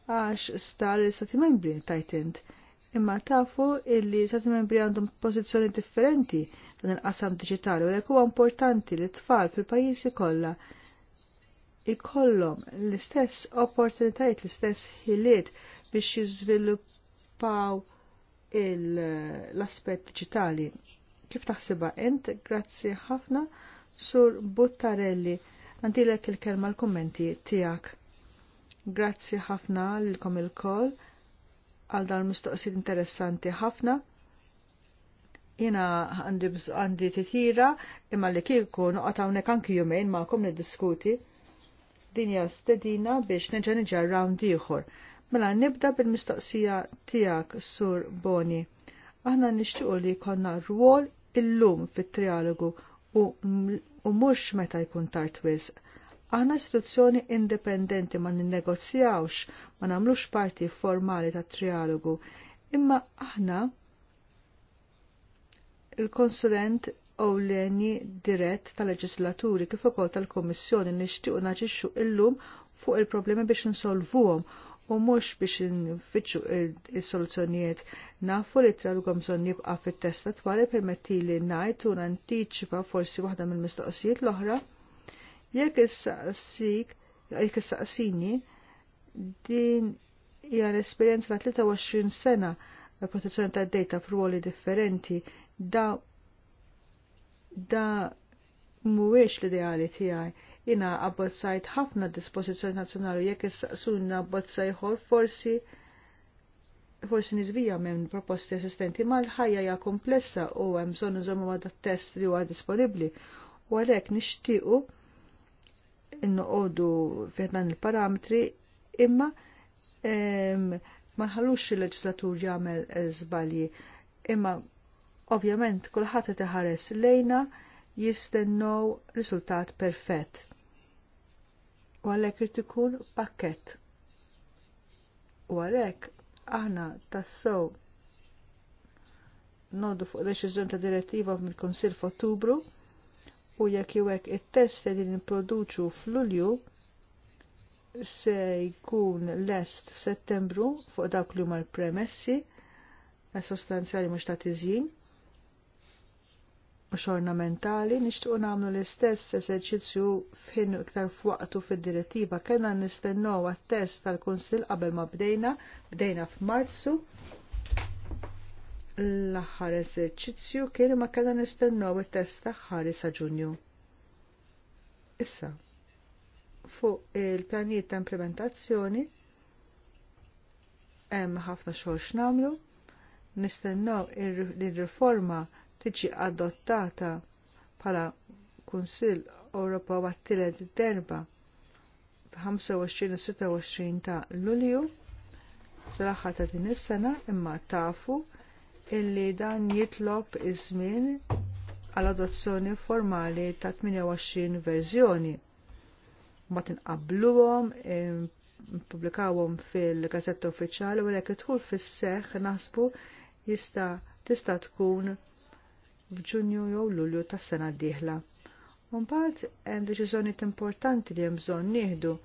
S2: għax stal l-Stati Membri tajtint. Imma tafu illi Stati Membri għandhom pożizzjoni differenti dan il-qasam diġitali u huwa importanti li tfal fil-pajjiżi kollha ikollhom l-istess opportunitajiet, l-istess ħiliet biex jiżviluppaw l-aspett digitali. Kif taħsibha int? Grazzi ħafna sur Buttarelli. Għandilek il-kelma l-kommenti tiegħek. Grazzi ħafna lilkom il-koll għal dan mistoqsijiet interessanti ħafna. Jena għandi għandi titira imma li kieku noqgħod hawnhekk anki jumejn magħkom niddiskuti. diskuti dinja stedina biex neġa' niġa' round ieħor. Mela nibda bil-mistoqsija tiegħek sur Boni. Aħna nixtiequ li jkollna rwol illum fit-trialogu u mhux meta jkun tard wisq Aħna istituzzjoni indipendenti ma ninnegozjawx, ma nagħmlux parti formali ta' trialogu, imma aħna il-konsulent ewleni dirett tal-leġislaturi kif ukoll tal-Kommissjoni nixtiequ naġixxu illum fuq il-problemi biex insolvuhom u mhux biex nfittxu il-soluzzjonijiet. Nafu li traluga bżonn jibqa' fit-testa twali permetti li ngħid u nantiċipa forsi waħda mill-mistoqsijiet l-oħra Jekk issaqsik, jekk issaqsini, din hija l-esperjenza ta' 23 sena protezzjoni ta' data f'ruoli differenti da da mhuwiex l-ideali tiegħi. Jina abbozzajt ħafna dispożizzjoni nazzjonali jekk issaqsuni abbozzaj ieħor forsi forsi nizvija minn proposti assistenti ma l-ħajja hija komplessa u hemm bżonn nżommu ma test li huwa disponibbli u għalhekk nixtiequ innu noqodu fiħdan il-parametri imma ma il-leġislatur jagħmel żbalji. Imma ovvjament kulħadd qed iħares lejna jistennu riżultat perfett. U għalek irid ikun pakkett. U għalhekk aħna tassew noddu fuq deċiżjoni ta' direttiva mill-Kunsill f'Ottubru u jekk jwek it-test li nipproduċu f'Lulju se jkun lest f'Settembru fuq dawk li huma l-premessi e sostanzjali mhux ta' tiżjin mhux ornamentali nixtiequ nagħmlu l-istess eżerċizzju f'ħin iktar f'waqtu fid-direttiva kellna nistennew għat-test tal-Kunsill qabel ma bdejna bdejna f'Marzu l-aħħar eżerċizzju kien ma kellha nistennew it-test aħħari sa' Ġunju. Issa, fuq il-pjanijiet ta' implementazzjoni hemm ħafna xogħol x'namlu, nistennew r riforma tiġi adottata bħala Kunsill Ewropa għat-tielet derba 25-26 ta' Lulju sal-aħħar ta' din is-sena imma tafu illi dan jitlob iż-żmien għall-adozzjoni formali ta' 28 verżjoni. Ma tinqabluhom, publikawhom fil-gazzetta uffiċjali u lekk idħul fis-seħħ naħsbu jista' tista' tkun f'Ġunju jew Lulju tas-sena d-dieħla. Mbagħad hemm deċiżjonijiet importanti li hemm bżonn nieħdu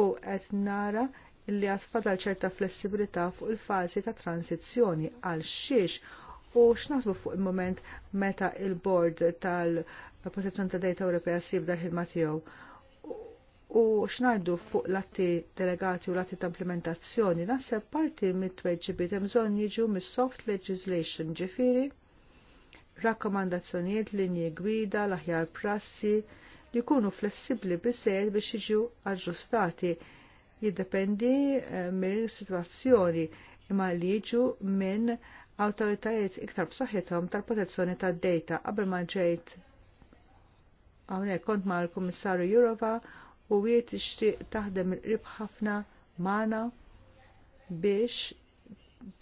S2: u qed nara illi għatfadal ċerta flessibilità fuq il-fazi ta' transizjoni għal xiex u x'naħsbu fuq il-moment meta il-bord tal-Protezzjoni ta' dejta Ewropea sib dal-ħidma tiegħu u x'ngħidu fuq l-atti delegati u l-atti ta' implementazzjoni naħseb parti mit-tweġibiet hemm bżonn jiġu mis-soft legislation ġifieri rakkomandazzjonijiet linji gwida l-aħjar prassi li jkunu flessibbli biżejjed biex jiġu aġġustati jiddependi eh, mill-situazzjoni imma li jiġu minn awtoritajiet iktar b'saħħithom tal-protezzjoni tad-dejta qabel ma ġejt hawnhekk kont mal kummissarju Jurova u wiet tixtieq taħdem il-qrib ħafna magħna biex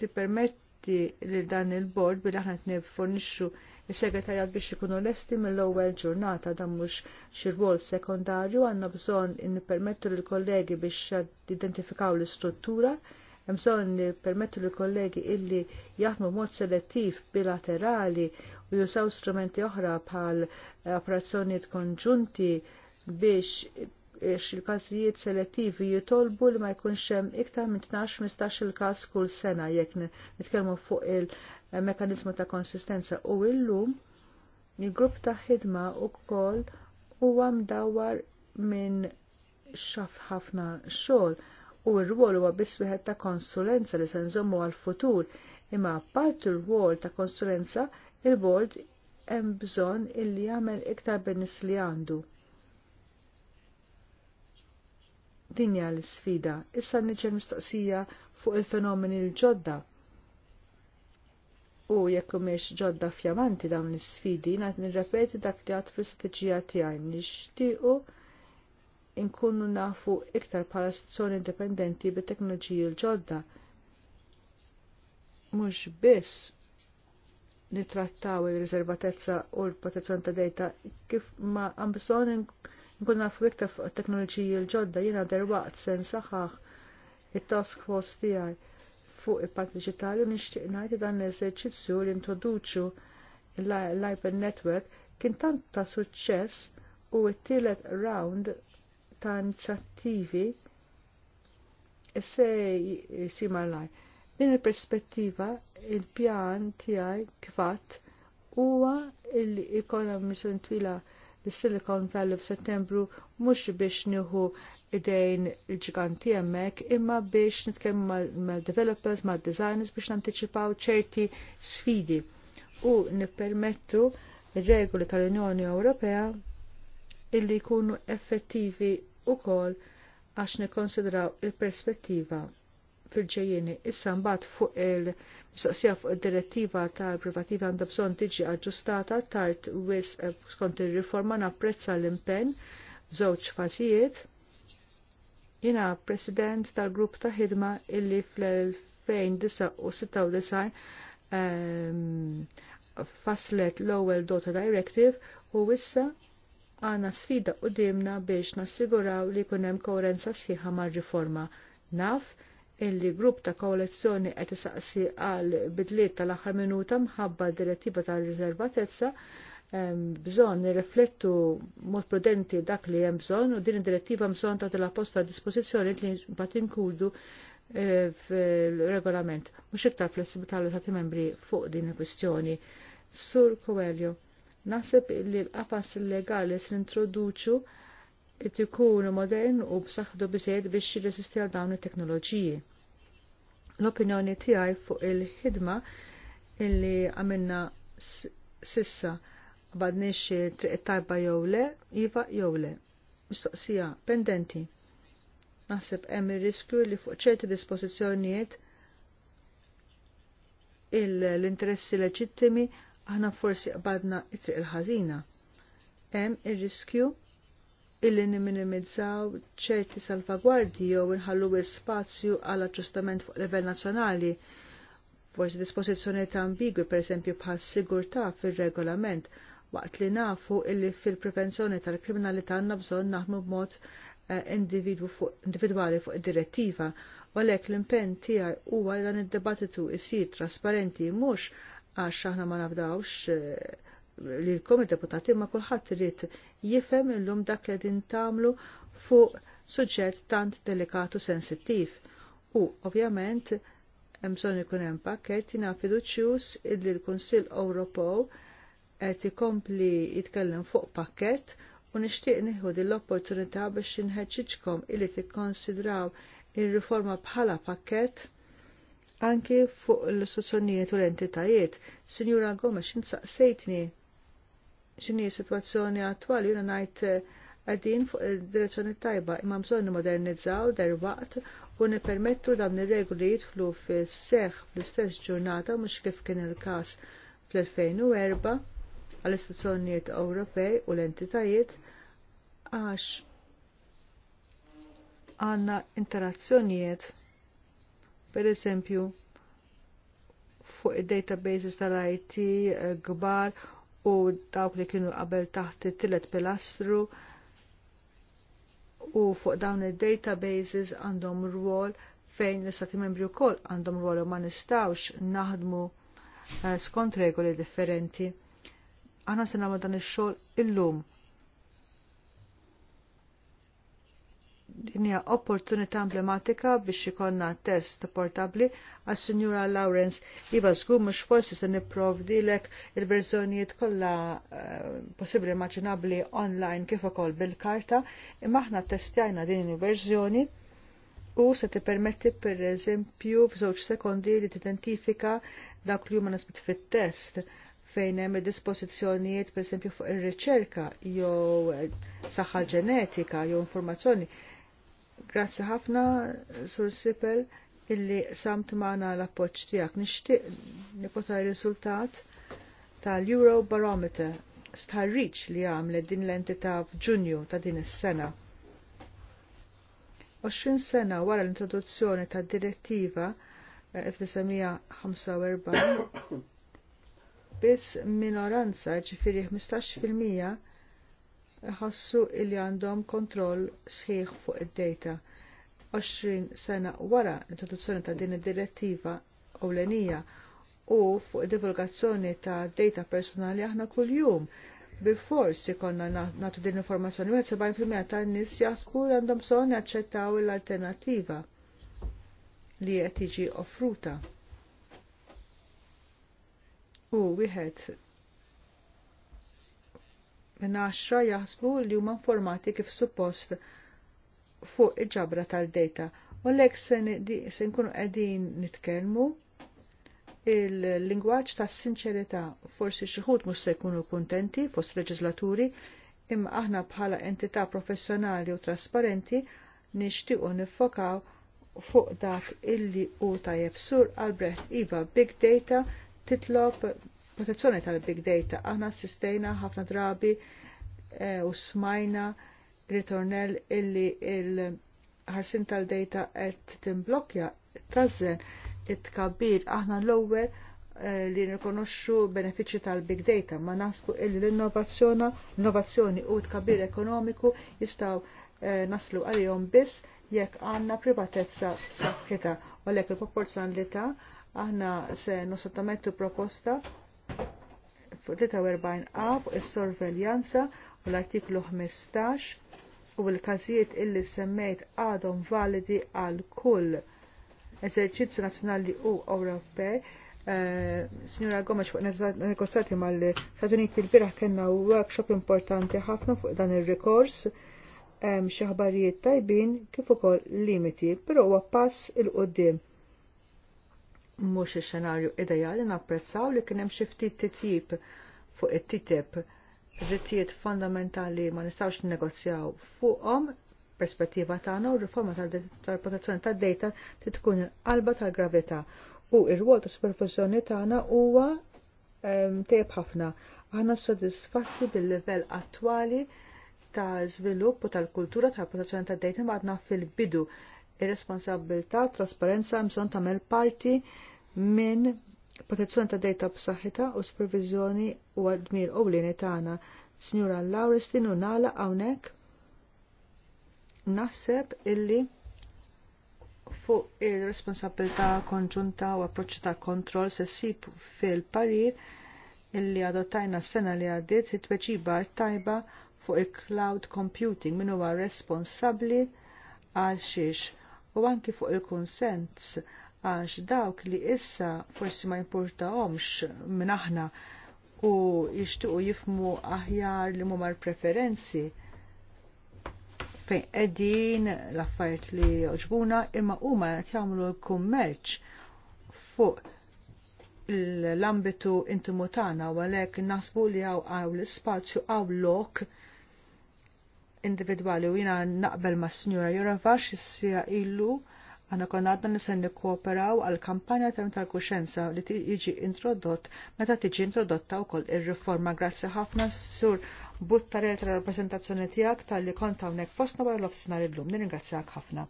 S2: tippermetti li dan il-bord billi aħna tniffornixxu Is-segretarjat biex ikunu lesti mill-ewwel ġurnata dan mhux xi rwol sekondarju għandna bżonn nippermettu lill kollegi biex identifikaw l-istruttura, hemm bżonn nippermettu lill kollegi illi jaħdmu mod selettiv bilaterali u jusaw strumenti oħra bħal eh, operazzjonijiet konġunti biex eh, il-każijiet selettivi jitolbu li ma jkunx hemm iktar minn 12-15 il-każ kull sena jekk nitkellmu fuq il-just mekanizmu ta' konsistenza u illum il-grupp ta' ħidma wkoll huwa mdawwar minn xaf ħafna xogħol u r-rwol huwa biss wieħed ta' konsulenza li se nżommu għall-futur imma apparti r-rwol ta' konsulenza il-bord hemm bżonn illi jagħmel iktar bin-nies li għandu. Dinja l-sfida, issa niġġel mistoqsija fuq il-fenomeni l-ġodda u jekk mhix ġodda fjamanti dawn is sfidi ngħid nirrepeti dak li għad fil-strateġija tiegħi nixtiequ inkunu nafu iktar bħala sezzjoni indipendenti bit-teknoloġiji l-ġodda. Mhux biss nitrattaw ir riservatezza u l-protezzjoni ta' dejta kif ma għam bżonn nkun nafu iktar fuq teknoloġiji l-ġodda jiena derwaqt sen saħaħ it-task force tiegħi fuq il-parti digitali u nixtieq ngħid dan l-eżerċizzju li introduċu l-Ipen Network kien tant ta' suċċess u t-tielet round ta' inizjattivi se Sima lajn. Din il-perspettiva il-pjan tiegħi kvat huwa li ikolla mission twila l-Silicon Valley f'Settembru mhux biex nieħu id-dejn il-ġiganti hemmhekk imma biex nitkem mal-developers, mal-designers biex nanticipaw ċerti sfidi u nippermettu regoli tal-Unjoni Ewropea illi jkunu effettivi wkoll għax nikkonsidraw il-perspettiva fil-ġejjeni. Issa mbagħad fuq il-mistoqsija fuq id-direttiva tal-privativa għandha bżonn tiġi aġġustata tard wis eh, skont ir-riforma napprezza l-impenn żewġ fażijiet Jina president tal-grupp ta' ħidma illi fl-2096 um, ehm, faslet l-ewwel Dota Directive u issa għana sfida quddiemna biex nassiguraw li kunem koerenza sħiħa mar-riforma. Naf, illi grupp ta' koalizzjoni qed isaqsi għal bidliet tal-aħħar minuta mħabba d-direttiva tal-riservatezza bżon nirriflettu mod prudenti dak li hemm bżonn u din id-direttiva bżonn ta' la posta dispożizzjoni li mbagħad inkludu eh, fil-regolament. Mhux iktar flessibilità li tagħti membri fuq din il-kwistjoni. Sur Coelho, naħseb li l-qafas legali s-introduċu ikun modern u b'saħħdu biżejjed biex jirreżisti għal dawn it-teknoloġiji. L-opinjoni tiegħi fuq il-ħidma illi għamilna sissa badniex triq tajba jew le, iva jew le. Mistoqsija, pendenti. Naħseb hemm ir-riskju li fuq ċerti dispożizzjonijiet l-interessi leġittimi aħna forsi qbadna it-triq il-ħażina. Hemm ir-riskju illi niminimizzaw ċerti salvagwardi jew inħallu spazju għal aġġustament fuq livell nazzjonali. Forsi dispożizzjoni ambigwi, per esempio, bħal sigurtà fir-regolament waqt li nafu illi fil-prevenzjoni tal-kriminalità għandna bżonn naħmu b'mod eh, individwali fuq id direttiva u għalhekk l-impenn tiegħi huwa li dan id debattitu jsir trasparenti mhux għax aħna ma nafdawx eh, li l deputati ma kulħadd irid jifhem illum dak li din tagħmlu fuq suġġett tant delikatu sensittiv. U ovvjament hemm bżonn ikun hemm fiduċjus jingħad li l-Kunsill Ewropew qed ikompli jitkellem fuq pakket u nixtieq nieħu din l-opportunità biex inħeġġiġkom illi tikkonsidraw ir-riforma bħala pakket anki fuq l-istituzzjonijiet u l-entitajiet. Sinjura Gomes, insaqsejtni x'inhi s-sitwazzjoni attwali jiena ngħid eh, għadin fuq il-direzzjoni tajba imma bżonn modernizzaw darwaqt u nipermettu dawn ir-regoli jitflu fis-seħħ fl-istess ġurnata mhux kif kien il-każ fl-2004 għall-istazzjonijiet Ewropej u l-entitajiet għax għanna interazzjonijiet per eżempju fuq id-databases tal-IT eh, gbar u dawk li kienu qabel taħt it-tillet pilastru u fuq dawn id-databases għandhom rwol fejn l-istati membri wkoll għandhom rwol u ma nistawx naħdmu eh, skont regoli differenti Aħna se nagħmlu dan ix-xogħol illum. Din hija opportunità emblematika biex ikonna test portabli għas sinjura Lawrence iva żgur mhux forsi se nipprovdilek il-verżjonijiet kollha uh, possibbli immaġinabbli online kif ukoll bil-karta, imma aħna testjajna din il-verżjoni u se permetti per eżempju f'żewġ sekondi li t-identifika dak li huma nisbit fit-test fejn hemm dispożizzjonijiet pereżempju fuq ir-riċerka jew saħħa ġenetika jew informazzjoni. Grazzi ħafna Sur Sipel illi samt magħna l-appoġġ tiegħek nixtieq nipota r-riżultat tal-Eurobarometer starriċ li għamlet din l-entità f'Ġunju ta' din is-sena. 20 sena wara l-introduzzjoni tad direttiva 1945 eh, biss minoranza ġifiri 15% ħassu li għandhom kontroll sħiħ fuq id-data. 20 sena wara l-introduzzjoni ta' din id-direttiva ewlenija u fuq divulgazzjoni ta' data personali aħna kuljum bil-forsi konna natu din informazzjoni, 70% ta' nis jasbu għandhom bżonn jaċċettaw l-alternativa li qed offruta u wieħed minn għaxra jaħsbu li huma informati kif suppost fuq il-ġabra tal-data. U l-ek se nkunu qegħdin nitkellmu il-lingwaġġ tas sinċerità forsi xi ħud mhux se jkunu kuntenti fost leġislaturi imma aħna bħala entità professjonali u trasparenti nixtiequ niffokaw fuq dak illi u tajjeb sur għal-breħt Iva Big Data titlob protezzjoni tal-big data. Aħna sistejna ħafna drabi eh, u smajna ritornell illi il-ħarsin tal-data qed timblokja tazzen it kabir Aħna l-ewwel eh, li nirkonoxxu benefiċċji tal-big data ma nasbu illi l-innovazzjoni innovazzjoni u tkabbir ekonomiku jistgħu eh, naslu għalihom biss jekk għandna privatezza saħħita u għalhekk il-proporzjonalità il proporzjonalità Aħna se nosottomettu proposta fuq 43a fuq is-sorveljanza u l-artiklu 15 u l-każijiet illi semmejt għadhom validi għal kull eżerċizzju nazzjonali u Ewropej. Eh, Signora Gomes, fuq negozjati mal-Stati Uniti l-biraħ kellna workshop importanti ħafna fuq dan ir-rikors eh, xi tajbin kif ukoll limiti, però huwa pass il qoddim mhux ix-xenarju ideali napprezzaw li kien hemm xi ftit titjib fuq it-titib rittijiet fondamentali ma nistgħux negozjaw fuqhom perspettiva tagħna u riforma tal-protezzjoni tad-dejta tkun il-qalba tal-gravità u ir-rwol ta' supervizjoni tagħna huwa ehm, tejb ħafna. Aħna sodisfatti bil-livell attwali ta' żvilupp u tal-kultura tal-protezzjoni tad-dejta għadna fil-bidu ir-responsabilità, trasparenza mson tagħmel parti minn protezzjoni ta' data b'saħħitha u supervizjoni u għadmir u l tagħna. Signora Laurestin u nala hawnhekk naħseb illi fuq il-responsabilità konġunta u approċċ ta' kontroll se ssib fil-parir illi adottajna s-sena li għaddiet it-tweġiba tajba fuq il-cloud computing min huwa responsabbli għal xiex u anki fuq il-konsens għax dawk li issa forsi ma jimportahomx minn aħna u jixtiequ jifmu aħjar li mumar preferenzi fejn qegħdin l-affarijiet li oġbuna imma huma qed jagħmlu l-kummerċ fuq l-ambitu intimu tagħna u għalhekk naħsbu li għaw hawn l-ispazju hawn lok individwali u jina naqbel ma' Sinjura Jorova jissija illu għanna konnadna nisen nikkooperaw għal kampanja term tal-kuxenza li tiġi introdott meta tiġi introdotta wkoll ir-riforma. Grazzi ħafna sur Buttare tal-rappresentazzjoni tiegħek tal-li kont hawnhekk fostna wara l-ofsinhar illum. Nirringrazzjak ħafna.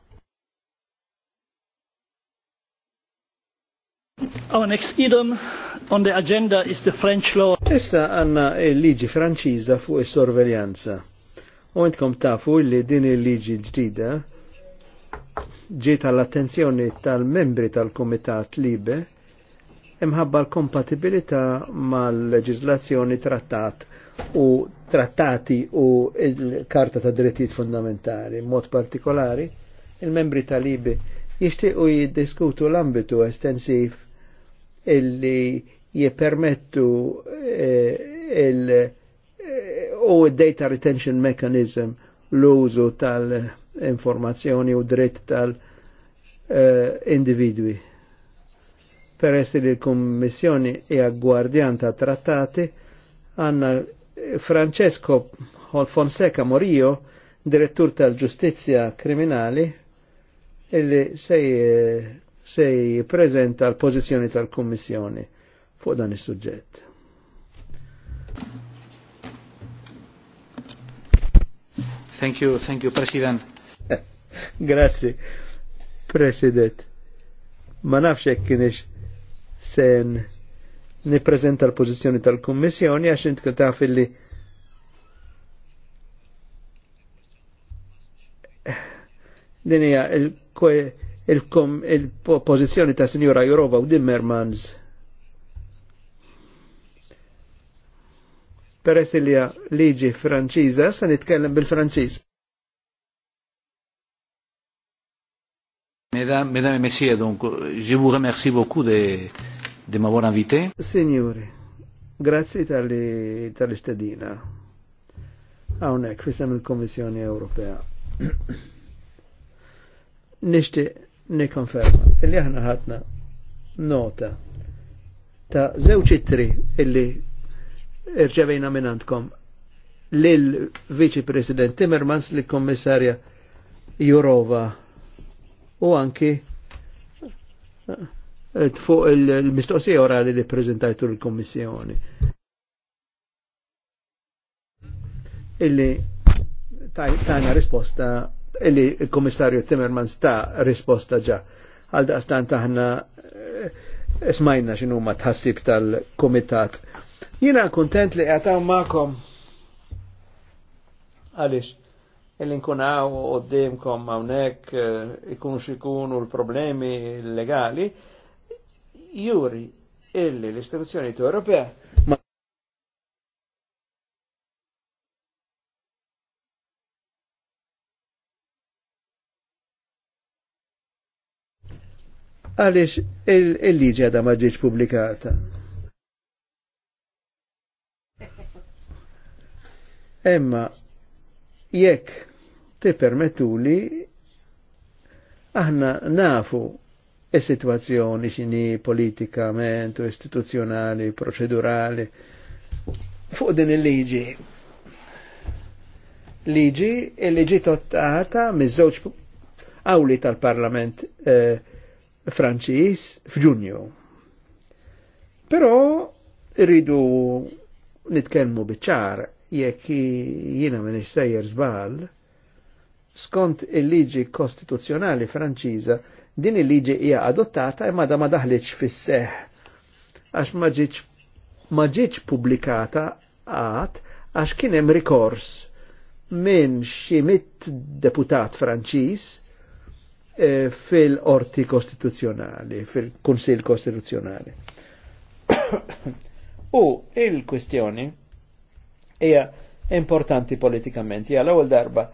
S1: Our next item on the agenda is the French law. Issa għanna il-liġi franċiża fuq is-sorveljanza. U intkom tafu li din il-liġi ġdida ġiet għall-attenzjoni tal-membri tal-Kumitat Libe imħabba l-kompatibilità mal-leġizlazzjoni trattat u trattati u il-Karta ta' Drittijiet Fundamentali, mod partikolari, il-membri tal-Libe jixtiequ jiddiskutu l-ambitu estensif illi jipermettu eh, il- Eh, u data retention mechanism l-użu tal-informazzjoni u dritt tal-individwi. Peress li l-Kommissjoni hija gwardjan ta' trattati, għanna Francesco Fonseca Morio, direttur tal-ġustizja kriminali, illi sej, sej prezenta l-pozizjoni tal-Kommissjoni fuq dan is-suġġett. Thank you, thank you, President. Grazie, President. Ma nafx jekk kienx sen nippreżenta l-pożizzjoni tal-Kummissjoni għax int kien taf illi din hija il-pożizzjoni ta' Sinjura Jurova u Dimmermans peress li liġi franċiza, se nitkellem bil-Franċiż. Mesdames, et messieurs, donc je vous remercie beaucoup de, de m'avoir invité. Signore, grazie tal-istedina. Tal Hawnhekk fisem Commissione Europea. Niste ne conferma. illi aħna ħadna nota ta' zewċi tri illi irġevejna minnantkom lil viċi President Timmermans, li kommissarja Jurova u anki eh, fuq il-mistoqsija orali li prezentajtu l-Kommissjoni. Illi tajna risposta, illi il-Kommissarju Timmermans ta' risposta ġa. Għal daqstan taħna eh, smajna xinu ma tħassib tal-Komitat Jina kontent li għataw ma'kom għalix il-inkunaw u d-demkom għawnek eh, xikun u l-problemi legali, juri illi l-istituzzjoni t-Europea għalix il-liġi għada maġġiċ publikata. Emma, jekk tippermettuli aħna nafu e sitwazzjoni xini politikament u procedurali proċedurali fuq din il-liġi. Liġi il-liġi tottata mizzoċ għawli tal-Parlament eh, Franċis f'Ġunju. Però rridu nitkellmu biċ-ċar jekk jiena minn sejjer żball, skont il-liġi kostituzzjonali Franċiża din il-liġi hija adottata imma da ma daħliċ fis-seħ għax ma ġietx pubblikata għad għax kien hemm rikors minn xi mit deputat Franċiż eh, fil-orti kostituzzjonali, fil-Kunsil Kostituzzjonali. U il-kwestjoni hija importanti politikament. Ja l-ewwel darba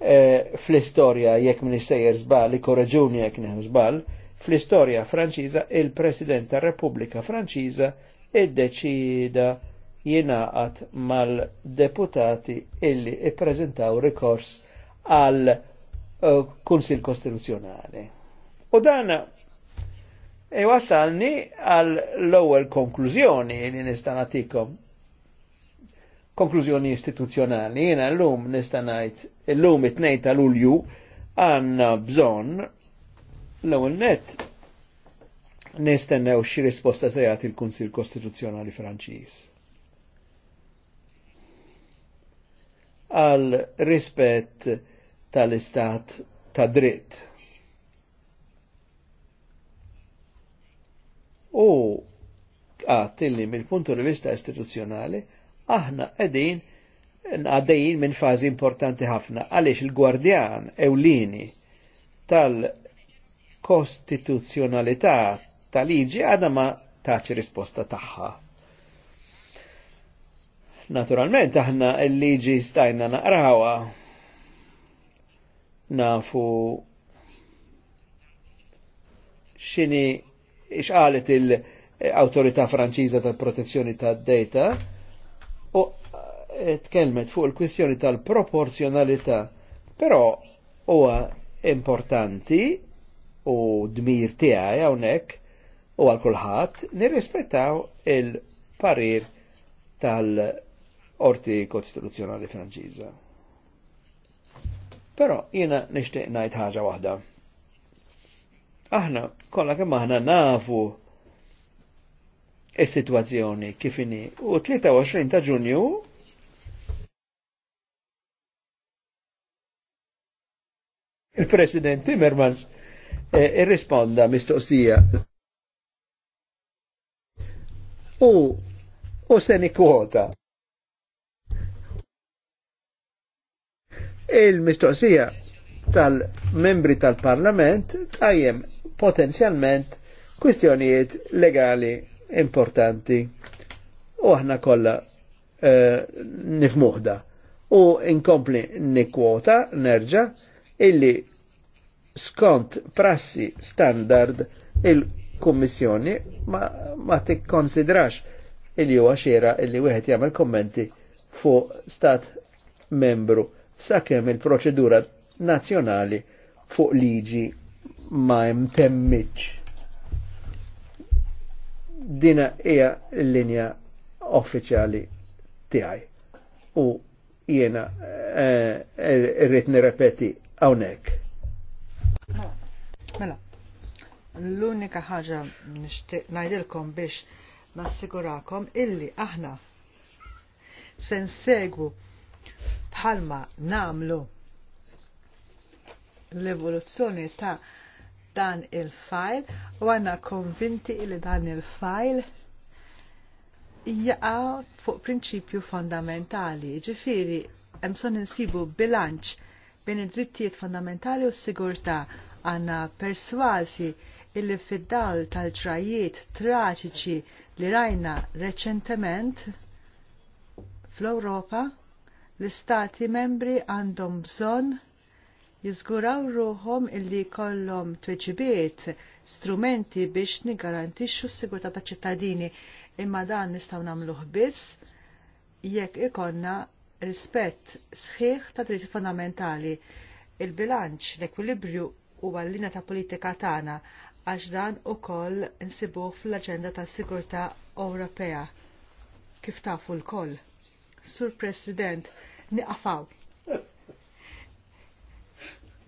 S1: eh, fl-istorja jekk min sejjer żball, ikkoreġuni jekk neħu żball, fl-istorja Franċiża il-President tar-Repubblika Franċiża iddeċida jingħaqad mal-deputati illi ippreżentaw rikors għal eh, Kunsil Kostituzzjonali. U dan e wasalni għal l-ewwel konklużjoni li nista' nagħtikom konklużjoni istituzzjonali. Jena l-lum nistanajt, l-lum it-nej tal-ulju għanna bżon l-ewel net nistennew xi risposta se jagħti l-Kunsil Kostituzzjonali Franċiż. Għal rispett tal-istat ta' dritt. U għat illi mill-puntu di vista istituzzjonali aħna qegħdin għaddejjin minn fażi importanti ħafna għaliex il-gwardjan ewlini tal-kostituzzjonalità tal-liġi għadha ma taċ risposta tagħha. Naturalment aħna l-liġi stajna naqrawa nafu xini xqalet il-autorità franċiża tal-protezzjoni tad-data u eh, tkellmet fuq il-kwistjoni tal-proporzjonalità, però huwa importanti u dmir tiegħi hawnhekk u għal kulħadd nirrispettaw il-parir tal qorti Kostituzzjonali Franċiża. Però jiena nixtieq ngħid ħaġa waħda. Aħna kollha kemm aħna nafu is-sitwazzjoni kifini. kif inhi. U 23 ta' Ġunju il-President Timmermans eh, irrisponda mistoqsija. U u seni kwota. Il-mistoqsija tal-membri tal-parlament tajjem potenzjalment kwistjonijiet legali importanti u aħna kollha uh, nifmuħda. U inkompli nikwota nerġa' illi skont prassi standard il-Kummissjoni ma, ma tikkonsidrax illi huwa xera illi wieħed jagħmel kommenti fuq stat membru sakemm il-proċedura nazzjonali fuq liġi ma mtemmitx. Dina hija l-linja uffiċjali tiegħi. U jiena eh, er-, irrid nirrepeti hawnhekk.
S2: Mela, l-unika ħaġa nixtieq ngħidilkom biex nassigurakom illi aħna se nsegwu bħalma namlu l-evoluzzjoni ta' dan il-fajl u għanna konvinti li dan il-fajl jaqa fuq prinċipju fondamentali. Ġifiri, emson insibu bilanċ bejn id-drittijiet fondamentali u s-sigurta għanna perswasi illi fid-dal tal-ġrajiet traċiċi li rajna reċentement fl-Europa l-istati membri għandhom bżonn jizguraw ruħom illi kollom tweġibiet, strumenti biex nigarantixxu s-sigurtà ta' ċittadini imma dan nistgħu nagħmluh biss jekk ikonna rispett sħiħ ta' dritti fondamentali. Il-bilanċ, l-ekwilibrju u l-linja ta' politika tagħna għax dan ukoll insibuh fl-aġenda tas-sigurtà Ewropea. Kif tafu l-koll? Sur President, niqafaw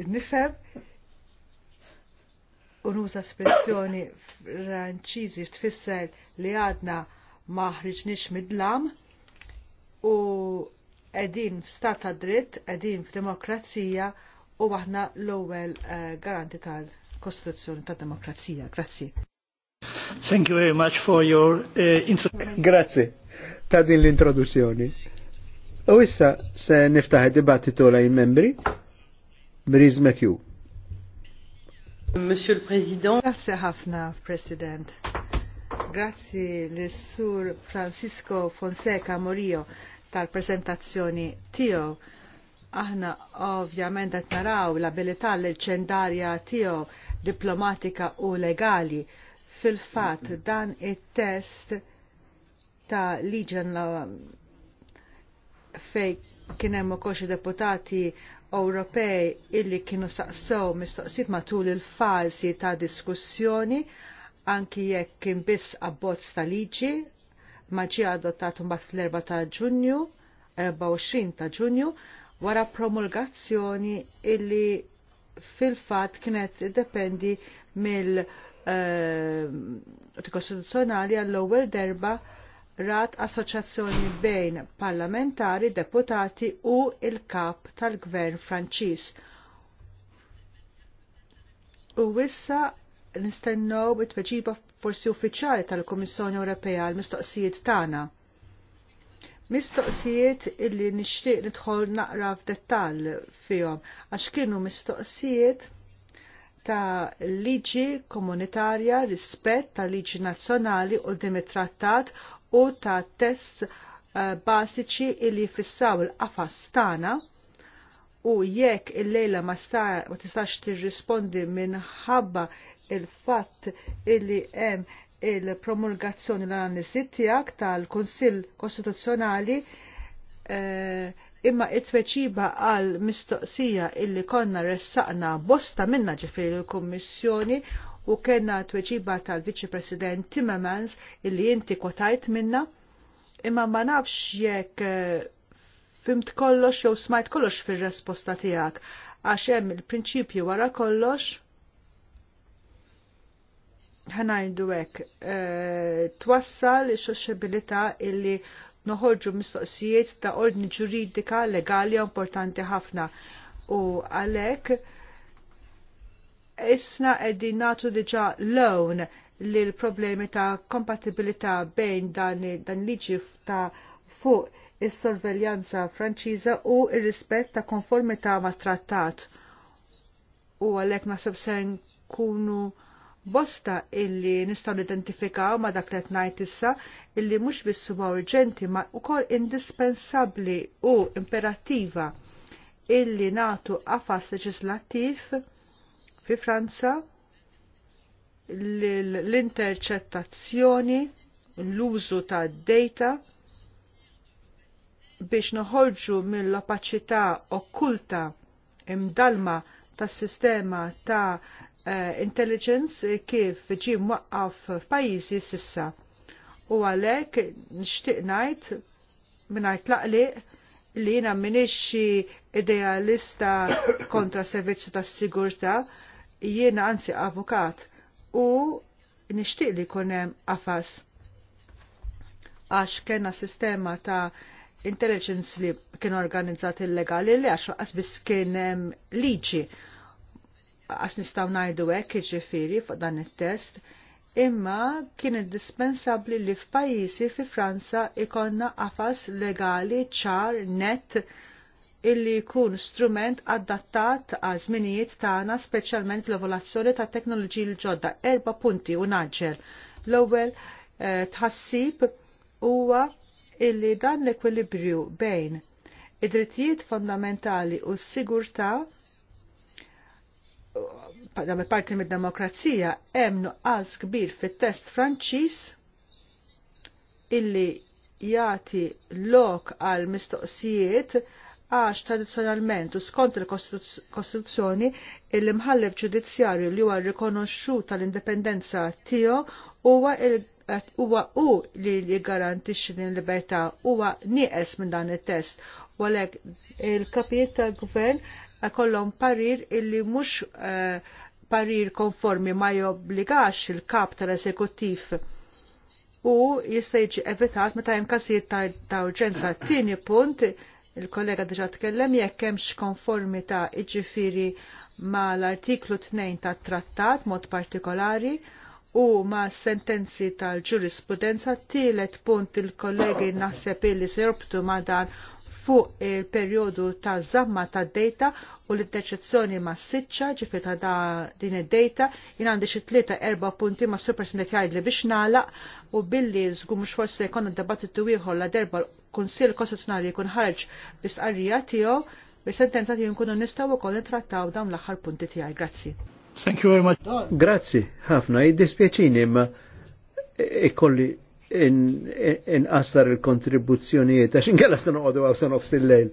S2: nifhem u nuża espressjoni franċiżi tfisser li għadna ma ħriġniex midlam u qegħdin f'stat ta' dritt, qegħdin f'demokrazija u aħna l-ewwel eh, garanti tal-Kostituzzjoni tad-Demokrazija. Grazzi.
S1: Thank you very much for your uh, eh, introduction. Grazzi ta' din l-introduzzjoni. U issa se niftaħ id-dibattitu lejn membri. Mriz Mekju.
S2: Monsieur le Président. Grazie ħafna, President. Grazie l-Sur Francisco Fonseca Morio tal-presentazzjoni tiegħu. Aħna ovvjament qed naraw l-abilità leġendarja tiegħu diplomatika u legali fil-fatt dan it-test ta' liġen la fej kien hemm ukoll deputati Ewropej illi kienu saqsew mistoqsit matul il-fazi ta' diskussjoni anki jekk kien biss abbozz ta' liġi ma ġie adottat mbagħad fl-4 ta' Ġunju, 24 ta' Ġunju, wara promulgazzjoni illi fil-fatt kienet dependi mill-Kostituzzjonali eh, għall-ewwel derba' rat assoċjazzjoni bejn parlamentari, deputati u il-kap tal-gvern Franċiż. U wissa nistennew it-tweġiba forsi uffiċjali tal-Kummissjoni Ewropea għall mistoqsijiet tagħna. Mistoqsijiet illi nixtieq nidħol naqra f'dettall fihom għax kienu mistoqsijiet ta' liġi komunitarja, rispett ta' liġi nazzjonali u dim trattat u ta' tests eh, basiċi illi jfissaw il-qafas tana u jekk il-lejla ma tistax tirrispondi minħabba il-fatt illi hemm il-promulgazzjoni l-analisi tiegħek tal-Kunsill Kostituzzjonali eh, imma it-tweċiba għal mistoqsija illi konna ressaqna bosta minna ġifiri l-Kommissjoni u kena tweġiba tal-Viċi President Timmermans illi inti kotajt minna imma ma nafx jekk eh, fimt kollox jew smajt kollox fir-resposta tiegħek għax hemm il-prinċipju wara kollox ħanajdu hekk eh, twassal ix-xoxxibilità illi noħorġu mistoqsijiet ta' ordni ġuridika legali importanti ħafna u għalhekk isna qegħdin nagħtu diġà li l problemi ta' kompatibilità bejn dan liġi ta' fuq is-sorveljanza Franċiża u il rispett ta' konformità ma' trattat. U għalhekk naħseb se nkunu bosta illi nistgħu identifikaw ma' dak li qed ngħid issa illi mhux biss huwa urġenti ma' kol indispensabbli u imperattiva illi nagħtu għafas leġislattiv fi Franza l-interċettazzjoni, l-użu ta' data biex noħorġu mill-opacità okkulta imdalma tas sistema ta' eh, intelligence kif ġi mwaqqaf f'pajjiżi sissa. U għalhekk nixtieq ngħid mingħajr tlaqliq li jiena minix idealista kontra servizzi tas sigurtà jiena anzi avukat u nixtieq li jkun hemm għax kena sistema ta' intelligence li kien organizzat illegali li għax għas bis kien liġi għas nistaw najdu għek ġifiri fuq dan il-test imma kien indispensabli li f'pajjiżi fi Franza ikonna għafas legali ċar net illi jkun strument adattat għal żminijiet tagħna speċjalment fl-evoluzzjoni ta' teknoloġi l-ġodda. Erba punti u naġġel. L-ewwel eh, tħassib huwa illi dan l-ekwilibrju bejn id-drittijiet fondamentali u s-sigurtà dam parti mid-demokrazija hemm nuqqas kbir fit-test Franċiż illi jagħti lok għal mistoqsijiet għax tradizzjonalment u skont il-Kostituzzjoni il imħalleb ġudizzjarju li huwa rikonoxxut tal-indipendenza tiegħu huwa huwa u li jgarantixxi din libertà huwa nieqes minn dan it-test u għalhekk il-kapijiet tal-gvern kollhom parir illi mhux eh, parir konformi ma jobbligax il-kap tal-eżekuttiv u jista' jiġi evitat meta hemm każijiet ta' urġenza. Tieni punt il-kollega diġa tkellem jekk hemmx konformità iġifieri ma l-artiklu 2 tat trattat mod partikolari u ma sentenzi tal-ġurisprudenza tielet punt il-kollegi naħseb illi se jorbtu ma dan fuq il-perjodu ta' zamma ta' data u l-interċezzjoni ma' siċċa ġifi ta' da din id-data jien għandi xi tlieta erba' punti ma' super sindet jgħidli biex nagħlaq u billi żgur mhux forse jkun id t ieħor la derba l-Kunsill Kostituzzjonali jkun bist bistqarrija tiegħu bis-sentenza tiegħu nkunu nistgħu wkoll nittrattaw dawn l-aħħar punti tiegħi. Grazzi.
S1: Thank you very much. Grazzi, ħafna, jiddispjaċini imma ikolli e, e, inqassar il-kontribuzzjonijiet, għax inkella s għadu għaw nofs il lejl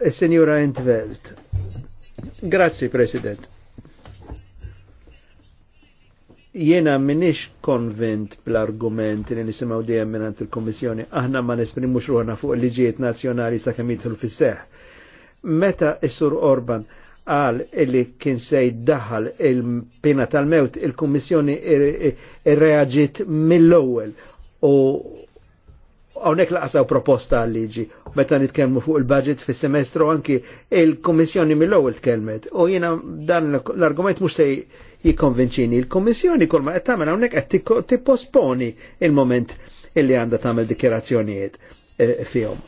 S1: e, Senjura Entveld. Grazzi, President. Jena minix konvent bl-argument li nisimaw dijem minnant il-Komissjoni, aħna ma nesprimux ruħna fuq liġijiet nazjonali sa' kemm jidħlu Meta is-Sur Orban għal illi kien se jiddaħal il-pina tal-mewt, il-Kummissjoni reagġit mill-ewwel u hawnhekk laqasaw proposta għal liġi. Meta nitkellmu fuq il-budget fis-semestru anki il-Kummissjoni mill-ewwel tkellmet u jiena dan l-argument mhux se jikkonvinċini. Il-Kummissjoni kolma ma qed tagħmel hawnhekk qed tipposponi il-moment illi għandha tagħmel dikjerazzjonijiet eh, fihom.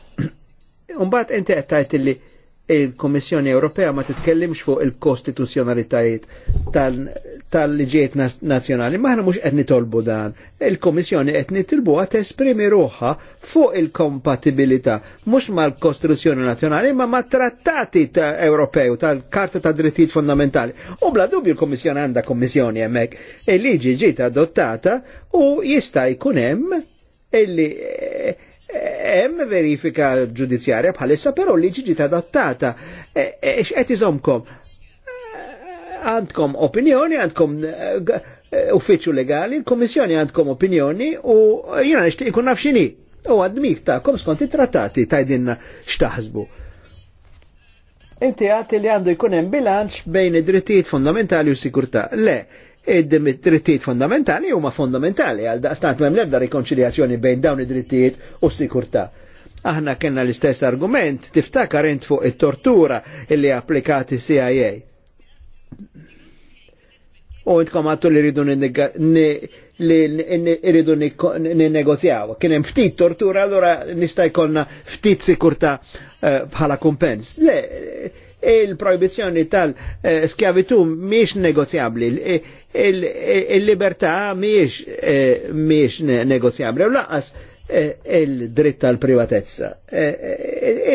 S1: Umbagħad inti qed tgħid illi il-Komissjoni Ewropea ma titkellimx fuq il-kostituzzjonalitajiet tal-liġijiet tal nazjonali. Maħna mux qed nitolbu dan. Il-Komissjoni qed tilbu għat esprimi ruħa fuq il-kompatibilità, mux mal-Kostituzzjoni Nazjonali, ma ma trattati ta Ewropew, tal-Karta ta' Drittijiet Fondamentali. U bla dubju l-Komissjoni għanda Komissjoni hemmhekk. Il-liġi ġiet adottata u jista' jkun hemm illi eh, Hemm verifika ġudizzjarja bħalissa però li ġiġi adattata. E, e, e, x'qed iżomkom? Għandkom opinjoni, għandkom eh, eh, uffiċċju legali, l-Kommissjoni għandkom opinjoni u jiena nixtieq ikun naf x'inhi. U għadmik ta'kom skont it-trattati tajdinna x'taħsbu. Inti għati li għandu jkun hemm bilanċ bejn id-drittijiet fundamentali u sikurtà. Le, id-drittijiet fondamentali huma fondamentali għal daqstant m'hemm l-ebda rikonċiljazzjoni bejn dawn id-drittijiet u s-sikurtà. Aħna kellna l-istess argument tiftakar int fuq it-tortura illi applikati CIA. U intkom għattu li rridu li ninnegozjaw. Kien hemm ftit tortura, allura nista' jkollna ftit sikurtà eh, bħala kumpens. Le, il-proibizjoni tal-skjavitu miex negozjabli, il-libertà miex, eh, miex negozjabli, u laqas eh, il-dritt tal-privatezza. Eh,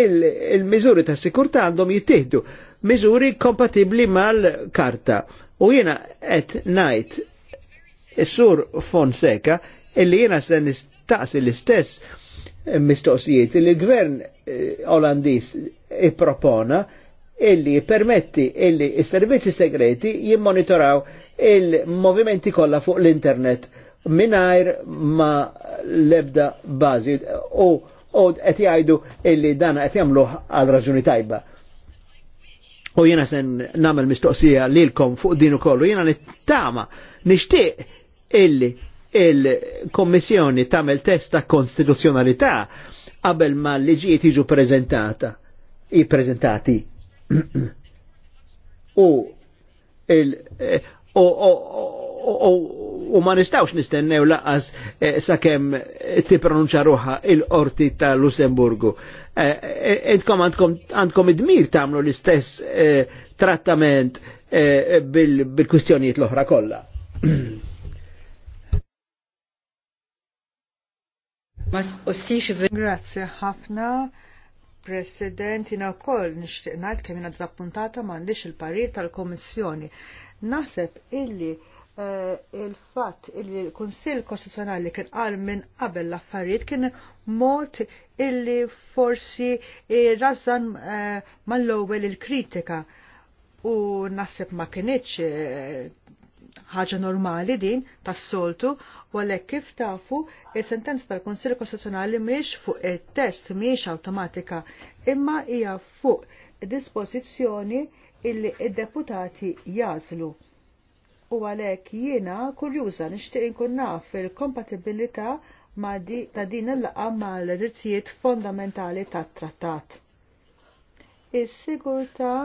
S1: Il-mizuri ta' sikurta għandhom jittihdu, mizuri kompatibli mal-karta. U jena et najt sur Fonseca illi jena se nistaqsi l-istess mistoqsijiet li l-gvern olandis i propona illi permetti illi s-servizzi segreti jimmonitoraw il-movimenti kollha fuq l-internet minajr ma lebda bazi u qed jgħidu illi dan qed jagħmluh għal raġuni tajba. U jiena sen nagħmel mistoqsija lilkom fuq din ukoll u jiena nittama nixtieq illi il-Kommissjoni tagħmel test ta' konstituzzjonalità qabel ma l-liġijiet jiġu prezentata, prezentati u il eh, u ma nistawx nistennew laqas sa eh, sakemm eh, tippronunċa ruħa il-qorti ta' Lussemburgu. Edkom għandkom id-dmir tagħmlu l-istess trattament bil-kwistjonijiet l-oħra kollha.
S2: Grazie ħafna. President, jina wkoll nixtieq ngħid kemm jiena dizappuntata m'għandix il-parir tal kummissjoni Naħseb illi uh, il-fatt illi l-Kunsill Kostituzzjonali kien qal minn qabel l-affarijiet kien mod illi forsi rażan uh, eh, mal-ewwel il-kritika u naħseb ma kienieċ eh, ħaġa normali din tas-soltu u għalhekk kif tafu il sentenza tal-Kunsill Konstituzzjonali mhix fuq it-test miex awtomatika imma hija fuq dispożizzjoni illi id-deputati jażlu. U għalhekk jiena kurjuża nixtieq inkun naf il-kompatibilità di, ta' din il-laqa mal-drittijiet fondamentali tat-trattat. Is-sigurta'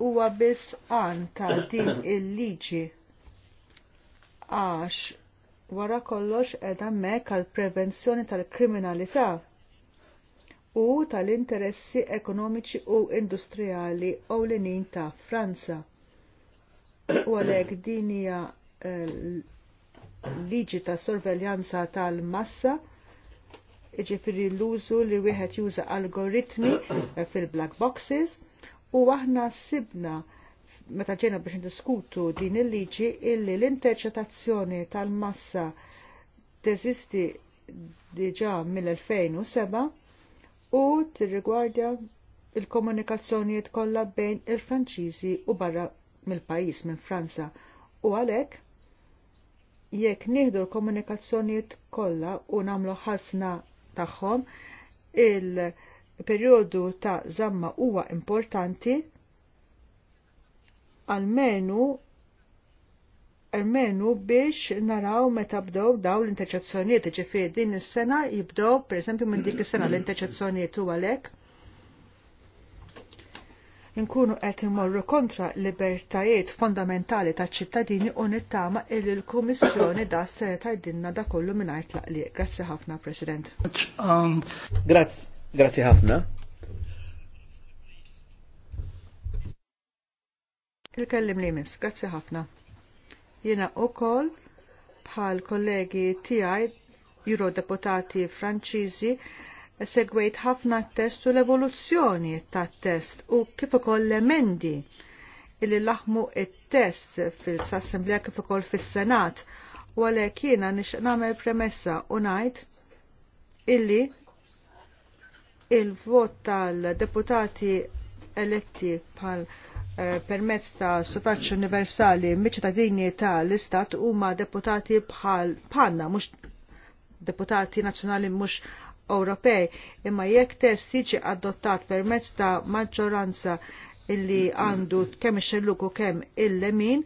S2: huwa biss anka din il-liġi għax wara kollox edha mek għal prevenzjoni tal-kriminalità u tal-interessi ekonomiċi u industrijali ewlenin ta' Franza. U għalhekk din hija eh, liġi ta' sorveljanza tal-massa ġifiri l-użu li wieħed juża algoritmi eh, fil-black boxes u aħna sibna meta ġena biex ndiskutu din il-liġi illi l-interċetazzjoni tal-massa teżisti diġa mill-2007 u tirrigwardja il-komunikazzjonijiet kollha bejn il-Franċiżi u barra mill-pajjiż minn Franza u għalhekk jekk nieħdu l-komunikazzjonijiet kollha u nagħmlu ħasna tagħhom il- periodu ta' zamma huwa importanti għalmenu almenu biex naraw meta bdow daw l-interċezzjonijiet, ġifieri din is-sena jibdow pereżempju minn dik is-sena l-interċezzjonijiet u għalhekk nkunu qed imorru kontra libertajiet fondamentali taċ ċittadini u nittama il l-Kummissjoni da se dinna da kollu mingħajr tlaqliq. Grazzi ħafna, President.
S1: Um, Grazie. Grazie ħafna.
S2: Il-kellim li mis, grazie ħafna. Jena u kol bħal kollegi tijaj, eurodeputati franċizi, segwejt ħafna test u l-evoluzzjoni ta' test u kif ukoll l-emendi illi laħmu il test fil sassemblea kif ukoll fis-Senat u għalhekk jiena nix nagħmel premessa u ngħid illi il-vot tal-deputati eletti pal eh, permezz ta' suffraġġ universali miċ-ċittadini tal-Istat huma deputati bħal panna mhux deputati nazzjonali mhux Ewropej, imma jekk test jiġi adottat permezz ta' maġġoranza illi għandu kemm ix-xelluku kemm il-lemin,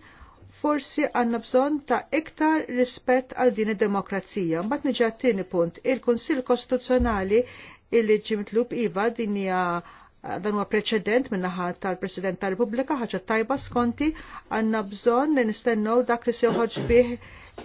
S2: forsi għandna bżonn ta' iktar rispett għal din id-demokrazija. Mbagħad niġi tieni punt, il-Kunsill Kostituzzjonali illi ġi mitlub iva din hija dan huwa preċedent min-naħa tal-President tal-Repubblika ħaġa tajba skonti għandna bżonn li nistennew dak li se joħorġ bih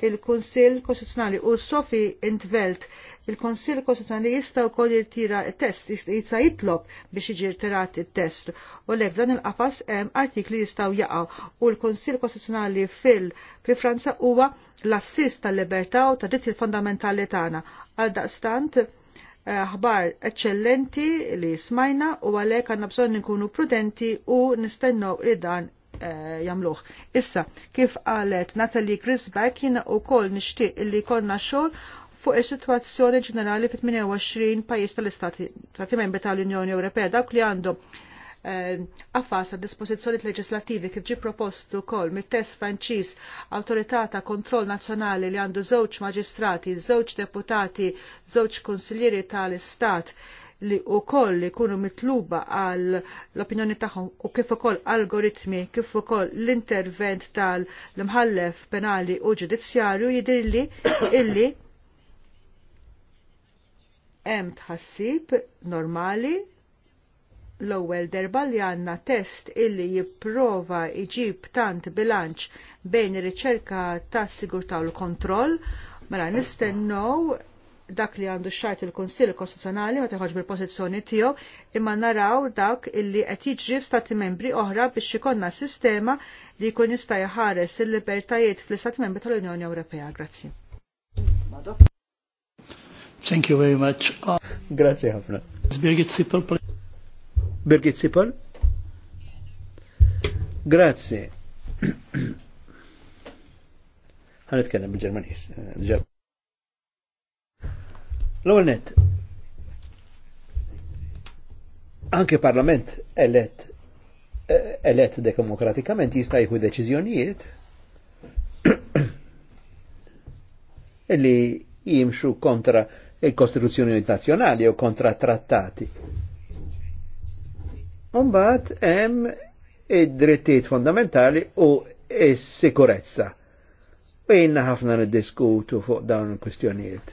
S2: il-Kunsill Kostituzzjonali u Sofi Intvelt il-Konsil Kostituzzjonali jista' wkoll jirtira test jista' jitlob biex jiġi rtirat it-test. U lek dan il-qafas hemm artikli jistgħu jaqgħu u l-Konsil Kostituzzjonali fil fi Franza huwa l-assist tal-libertà u tad-dritti fondamentali tagħna. Għal daqstant Ħbar eccellenti li smajna u għalek għanna bżon nkunu prudenti u nistennu li dan eh, jamluħ. Issa, kif għalet Natalie Grisbeck jina u kol nishtiq li konna xol fuq is-sitwazzjoni ġenerali fit-28 pajjiż tal-Istati membri tal-Unjoni Ewropea dak li għandhom għafas ehm, għad dispożizzjoni leġislattivi kif ġi propostu kol mit-test Franċiż Awtorità ta' Kontroll Nazzjonali li għandu żewġ maġistrati, żewġ deputati, żewġ konsiljeri tal-Istat li u koll li kunu mitluba għal l-opinjoni tagħhom u kif ukoll algoritmi, kif ukoll l-intervent tal-imħallef penali u ġudizzjarju jidirli illi hemm tħassib normali l-ewwel derba li għandna test illi jipprova jġib tant bilanċ bejn ir-riċerka tas sigurtà u l-kontroll, mela nistennew dak li għandu xajt il-Konsil Kostituzzjonali ma teħħoġ bil-pożizzjoni tiegħu imma naraw dak illi qed jiġri f'stati membri oħra biex ikonna sistema li jkun jista' jħares il-libertajiet fl-Istati Membri tal-Unjoni Ewropea. Grazzi.
S1: Thank you very much. Grazie ħafna. Birgit Sipol. Grazie. Għan itkellem bil-Ġermanis. Eh, L-għol net. Anke parlament elett eh, elet demokratikament jista' hu deċiżjonijiet li jimxu kontra il-Kostituzzjoni nazjonali u kontra trattati. Umbat hemm id-drittijiet fondamentali u s-sikurezza. U jenna ħafna niddiskutu fuq dawn il-kwistjonijiet.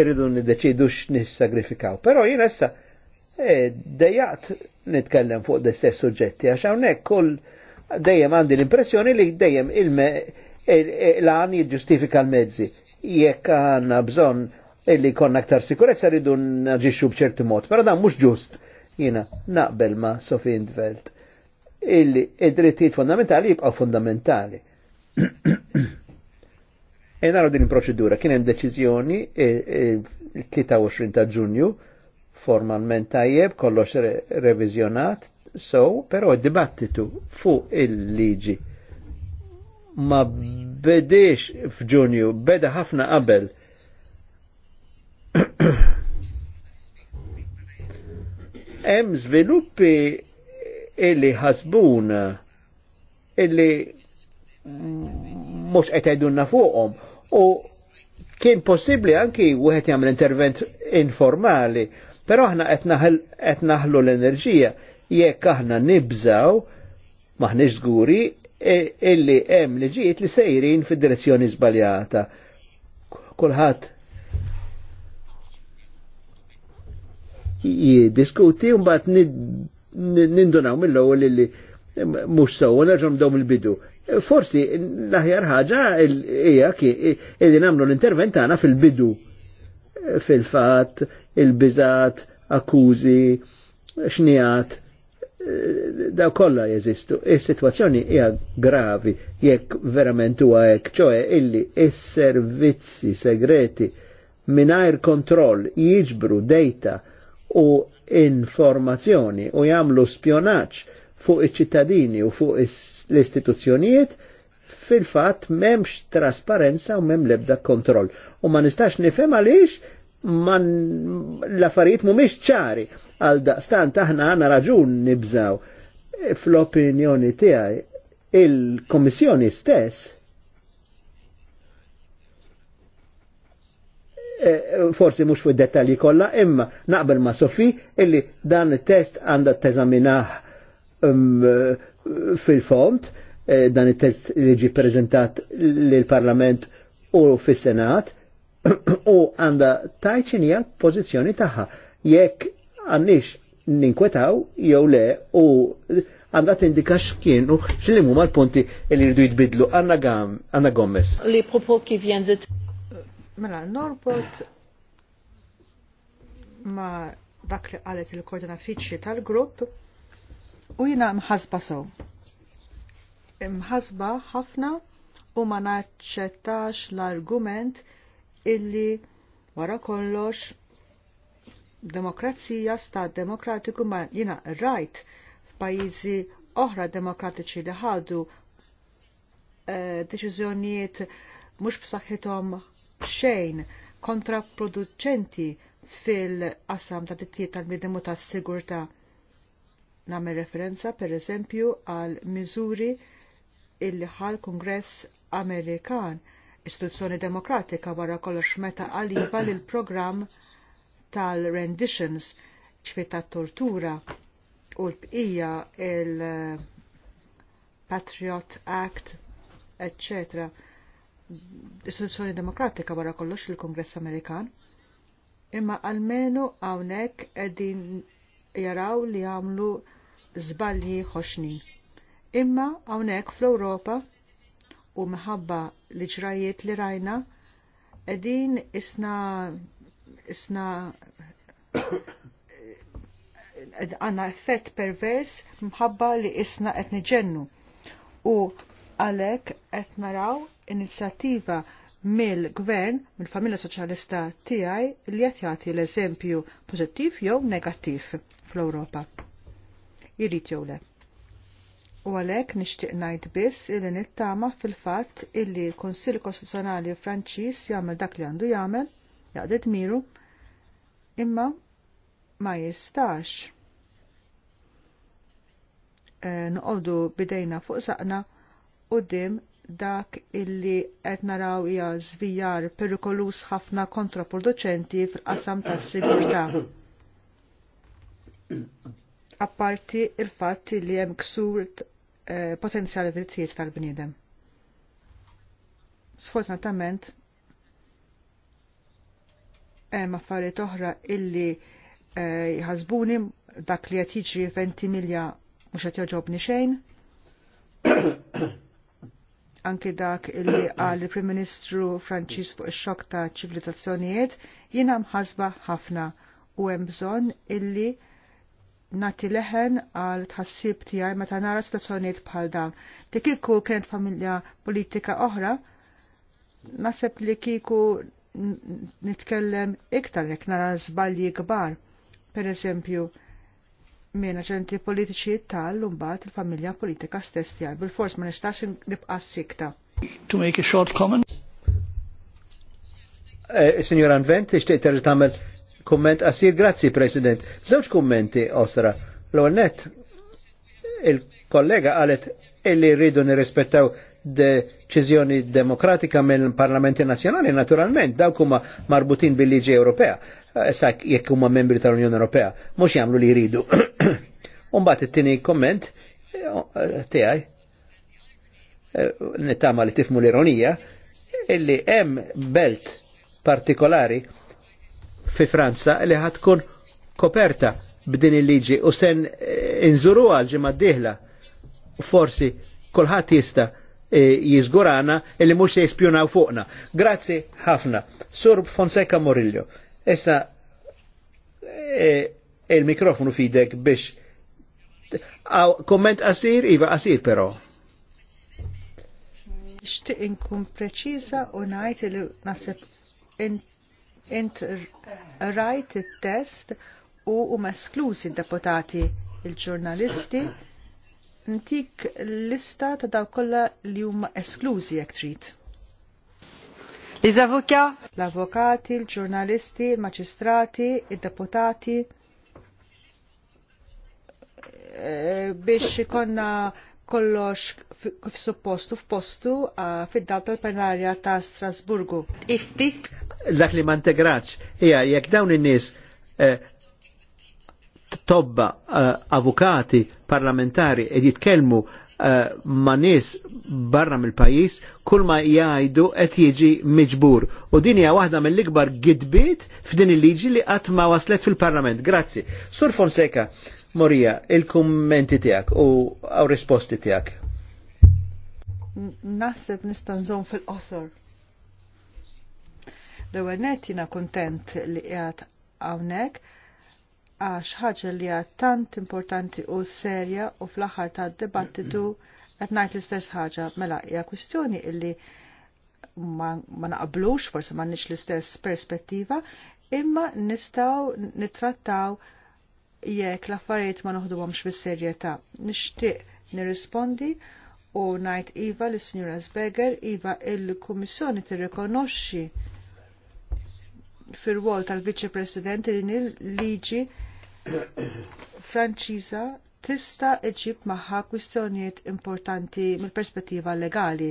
S1: Irridu niddeċidu x'nissagrifikaw. Però jien issa e, dejjaqt nitkellem fuq d-istess suġġetti għax hawnhekk kull dejjem għandi l-impressjoni li dejjem il-għan jiġġustifika l-mezzi. Jekk għanna bżon illi konna aktar sikurezza rridu naġixxu b'ċerti mod, però dan mhux ġust Jiena naqbel ma' Sofi Indvelt illi id-drittijiet fundamentali jibqaw fundamentali. e naraw din il-proċedura kien hemm deċiżjoni e, e, il-23 ta' Ġunju formalment tajjeb kollox revizjonat, so, però id-dibattitu fuq il-liġi ma bedex f'Ġunju, beda ħafna qabel. Hemm żviluppi illi ħasbun illi mhux qed jgħidulna fuqhom u kien possibbli anki wieħed jagħmel intervent informali, però aħna qed naħlu l-enerġija jekk aħna nibżaw maħniex żguri e, illi hemm liġijiet li sejrin fid-direzzjoni żbaljata. Kulħadd jiddiskuti un bat nindunaw mill-ewwel li mhux sewwa nerġgħu dom il-bidu. Forsi l-aħjar ħaġa hija li nagħmlu l-intervent tagħna fil-bidu fil-fatt, il-biżat, akkużi, xnijat, da kollha jeżistu. Is-sitwazzjoni hija gravi jekk verament huwa hekk, ċoe illi is-servizzi segreti mingħajr kontroll jiġbru dejta u informazzjoni u jagħmlu spjonaġġ fuq iċ-ċittadini u fuq l-istituzzjonijiet fil-fatt m'hemmx trasparenza u m'hemm lebda kontroll. U ma nistax nifem għaliex man l-affarijiet mhumiex ċari għal daqstan aħna għandna raġun nibżaw fl-opinjoni tiegħi il-Komissjoni stess Eh, forsi mhux fu dettalji kollha, imma naqbel ma' Sofi illi dan it-test għandha teżaminaħ um, fil-font, eh, dan it-test li ġi prezentat lill-Parlament u fis-Senat u għandha tajċinija l-pożizzjoni tagħha. Jekk għannix ninkwetaw jew le u għandha tindika x'kienu x'limu mal-punti li rridu jitbidlu għandna Gomez.
S2: Li propos kif jendet Mela, norbot ma dak li qalet il-koordinatriċi tal-grupp u jina mħasba sew. Mħasba ħafna u ma naċċettax l-argument illi wara kollox demokrazija stat demokratiku ma jina rajt f'pajjiżi oħra demokratiċi li ħadu eh, deċiżjonijiet mhux b'saħħithom xejn kontraproduċenti fil qasam ta' dittijiet tal-bidem u tas-sigurtà. Nagħmel referenza pereżempju għal miżuri illi ħal Kongress Amerikan, istituzzjoni demokratika wara kollox meta għaliva lil programm tal-renditions ċfita tortura u l-bqija il-Patriot Act, eccetera istituzzjoni demokratika wara kollox il-Kongress Amerikan. Imma almenu hawnhekk qegħdin jaraw li għamlu żbalji ħoxni. Imma hawnhekk fl-Ewropa u minħabba li ġrajiet li rajna qegħdin isna isna għanna effett pervers mħabba li isna qed niġennu u għalhekk qed naraw inizjattiva mill-gvern, mill-familja soċjalista tiegħi li qed jagħti l-eżempju pożittiv jew negattiv fl-Ewropa. Irrid jew le u għalek nishtiq najt biss illi nittama fil-fat illi l-Konsil Kostituzzjonali Franċis jagħmel dak li għandu jagħmel, jaqdet miru, imma ma jistax. E, bidejna fuq saqna u dim dak illi qed naraw hija żvijar perikolus ħafna kontraproduċenti fil-qasam tas-sigurtà. Apparti il-fatt li hemm ksur eh, potenzjali drittijiet tal-bniedem. Sfortunatament hemm affarijiet oħra illi eh, jħasbuni dak li qed jiġri milja mhux qed joġobni xejn anke dak illi għal il-Prim Ministru Franċis fuq ix-xokk ta' ċivilizzazzjonijiet jiena mħasba ħafna u hemm bżonn illi nagħti leħen għal tħassib tiegħi meta nara situazzjonijiet bħal dawn. Dik kieku kienet familja politika oħra, naseb li kieku nitkellem iktar jekk nara żbalji kbar. Per eżempju, Mena aġenti politiċi tal-lumbat il-familja politika stess tijaj. Bil-fors ma nistax nibqa' sikta.
S3: To make a short
S1: comment? Eh, Signor Anvent, ixtieq terġi tagħmel kumment għasir. grazzi President. Żewġ kummenti osra. L-għonnet il-kollega qalet illi rridu nirrispettaw deċiżjoni demokratika mill-Parlamenti Nazzjonali, naturalment, dawk huma marbutin bil-liġi Ewropea, eh, sa jekk huma membri tal-Unjoni Ewropea, mhux jagħmlu li jridu. Umbagħad it-tieni komment eh, tiegħi eh, nittama li tifmu l-ironija, illi hemm belt partikolari fi Franza li ħatkun koperta b'din il-liġi u sen inżuru għal ġimma d dieħla forsi kolħat jista E, jizgurana illi mux se jispjunaw fuqna. Grazzi ħafna. Sur Fonseca Morillo. essa e, il-mikrofonu fidek biex komment asir, iva asir però.
S2: Ixtiq inkun preċiza u ngħid li naħseb int rajt il test u huma esklużi deputati il-ġurnalisti ntik lista ta' daw kolla li huma esklużi jekk trid. Les avocats, l-avokati, l-ġurnalisti, l-maċistrati, id-deputati, e, eh, biex ikonna kollox f f'postu ah, fid-dawl tal-plenarja ta' Strasburgu.
S1: Dak li ma integrax hija jekk dawn in nis eh, tobba eh, avukati parlamentari ed jitkelmu eh, ma' nies barra mill-pajis kull ma jgħidu qed jiġi miġbur. U din hija waħda mill-ikbar gidbiet f'din il-liġi li qatt ma waslet fil-Parlament. Grazzi. Sur Fonseca, Morija, il-kummenti tiegħek u
S2: għaw risposti tiegħek. Naħseb nistanżon nżomm fil-qosor. L-ewwel nett jiena kuntent li għat hawnhekk għax ħaġa li għad tant importanti u serja u fl-aħħar ta' dibattitu qed ngħid l-istess ħaġa mela hija kwistjoni illi ma, naqblux, naqblux forsi nix l-istess perspettiva imma nistgħu nittrattaw jekk l-affarijiet ma noħduhomx fis serjetà Nixtieq nirrispondi u ngħid iva lis sinjura Zbeger iva il-Kummissjoni tirrikonoxxi fir wol tal-Viċi Presidenti li liġi Franċiża tista' iġib magħha kwistjonijiet importanti mill-perspettiva legali.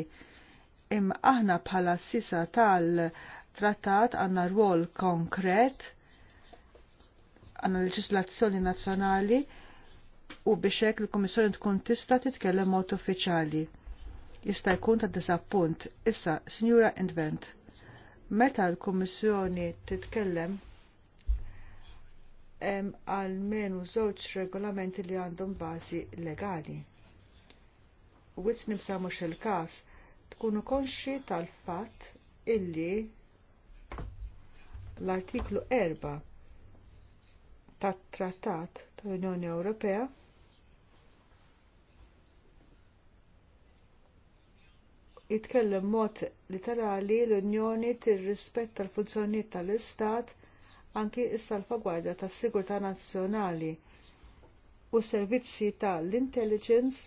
S2: Imma aħna bħala sisa tal-trattat għandna rwol konkret għandna leġislazzjoni nazzjonali u biex hekk il-Kummissjoni tkun tista' titkellem mod uffiċjali. Jista' jkun ta' disappunt. Issa, Signora Invent, meta l-Kummissjoni titkellem hemm għalmenu żewġ regolamenti li għandhom bażi legali. U wis nibsa mhux il-każ tkunu konxi tal-fatt illi l-artiklu 4 tat-Trattat tal-Unjoni Ewropea jitkellem mod literali l-Unjoni tir-rispett tal funzjonijiet tal-Istat anki s salfagwardja tas-sigurtà nazzjonali u s servizzi tal-intelligence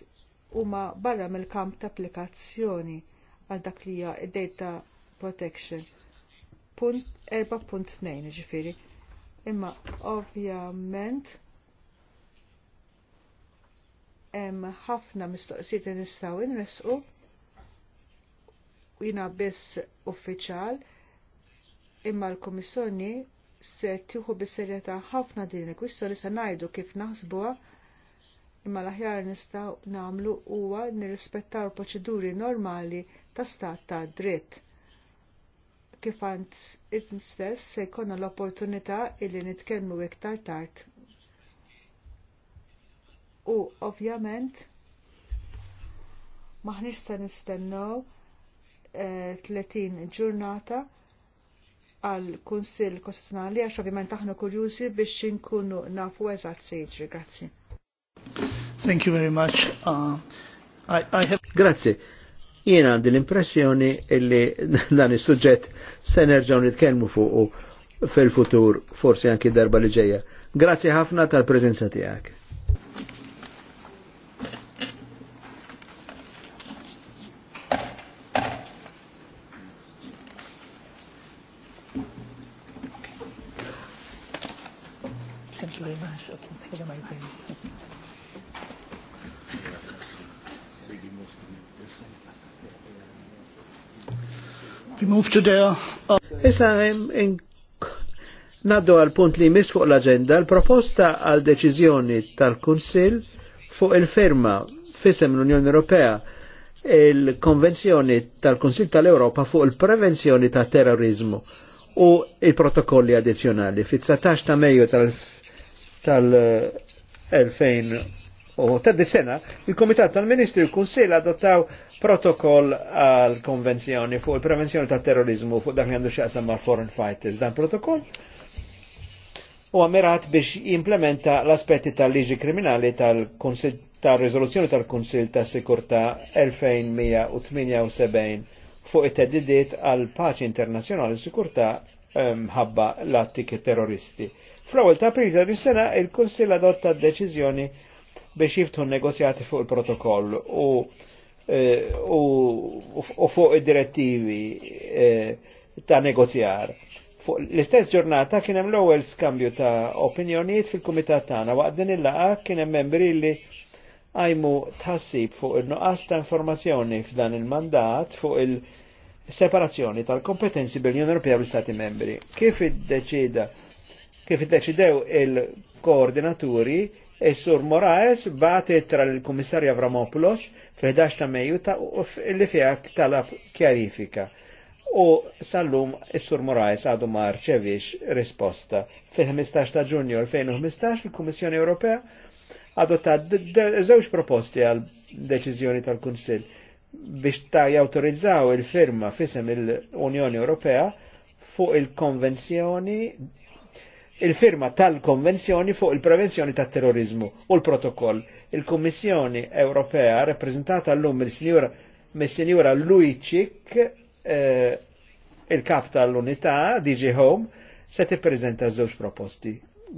S2: huma barra mill-kamp ta' applikazzjoni għal dak li hija data protection. Punt 4.2 ġifiri. Imma ovvjament hemm ħafna mistoqsijiet li nistgħu nresqu jina biss uffiċjal imma l kummissjoni se tieħu bis-serjetà ħafna din il-kwistjoni se ngħidu kif naħsbuha imma l-aħjar nistgħu nagħmlu huwa nirrispettaw proċeduri normali ta' stat ta' dritt. Kif għand stess se jkollna l-opportunità illi nitkellmu iktar tard. U ovvjament maħnix se nistennew 30 eh, ġurnata għal kunsill Kostituzzjonali għax ovvjament aħna kurjużi biex inkunu nafu eżatt se jiġri. Grazzi.
S3: Thank you very much.
S2: Uh,
S1: I, I have... Grazie. Jiena għandi l-impressjoni illi dan is-suġġett se nerġgħu nitkellmu fuq fil-futur, forsi anki darba li ġejja. Grazzi ħafna tal-preżenza tiegħek. to their... Uh, Issa naddu għal punt li jmiss fuq l-agenda l-proposta għal deċizjoni tal-Kunsil fuq il-ferma fisem l-Unjoni Ewropea il-Konvenzjoni tal-Kunsil tal-Europa fuq il-prevenzjoni ta' terrorizmu u il-protokolli addizjonali fit-19 ta' Mejju tal-2000 eh, u ta' sena il-Komitat tal-Ministri u l-Kunsel adottaw protokoll għal konvenzjoni fuq il-prevenzjoni ta' terrorizmu fuq dak li għandu xaqsam ma' foreign fighters. Dan protokoll u għamirat biex implementa l-aspetti tal-liġi kriminali tal kunsil tal-rizoluzzjoni tal-Kunsil ta' Sikurta 2178 fuq it-teddidiet għal paċi internazjonali sikurta mħabba ehm, l-attiki terroristi. Fl-ewwel ta' april ta' sena il-Kunsill adotta deċiżjoni biex jiftħu negozjati fuq il-protokoll e, u u fuq id-direttivi e, ta' negozjar. Fuq l-istess ġurnata kien hemm l-ewwel skambju ta' opinjonijiet fil-kumitat tagħna waqt din il-laqgħa kien hemm membri li għajmu tħassib fuq il-nuqqas ta' informazzjoni f'dan il-mandat fuq il-separazzjoni tal-kompetenzi bil-Unjoni Ewropea u l-Stati membri. Kif iddeċida deċida kif iddeċidew il-koordinaturi, il sur Moraes bat tra l-Kummissarju Avramopoulos fil-11 ta' Mejju li fija talab kjarifika. U sallum is-Sur Moraes għadu ma rċevix risposta. Fil-15 ta' Ġunju 2015 il-Kummissjoni Ewropea ta' żewġ proposti għal deċiżjoni tal-Kunsill biex ta' jawtorizzaw il-firma fisem il-Unjoni Ewropea fuq il-Konvenzjoni il-firma tal-Konvenzjoni fuq il-prevenzjoni tat terrorizmu u l-protokoll. Il-Kummissjoni Ewropea, rappresentata l-lum mis-Sinjura Luicic, eh, il-kap tal-Unità, DJ Home, se tippreżenta żewġ proposti.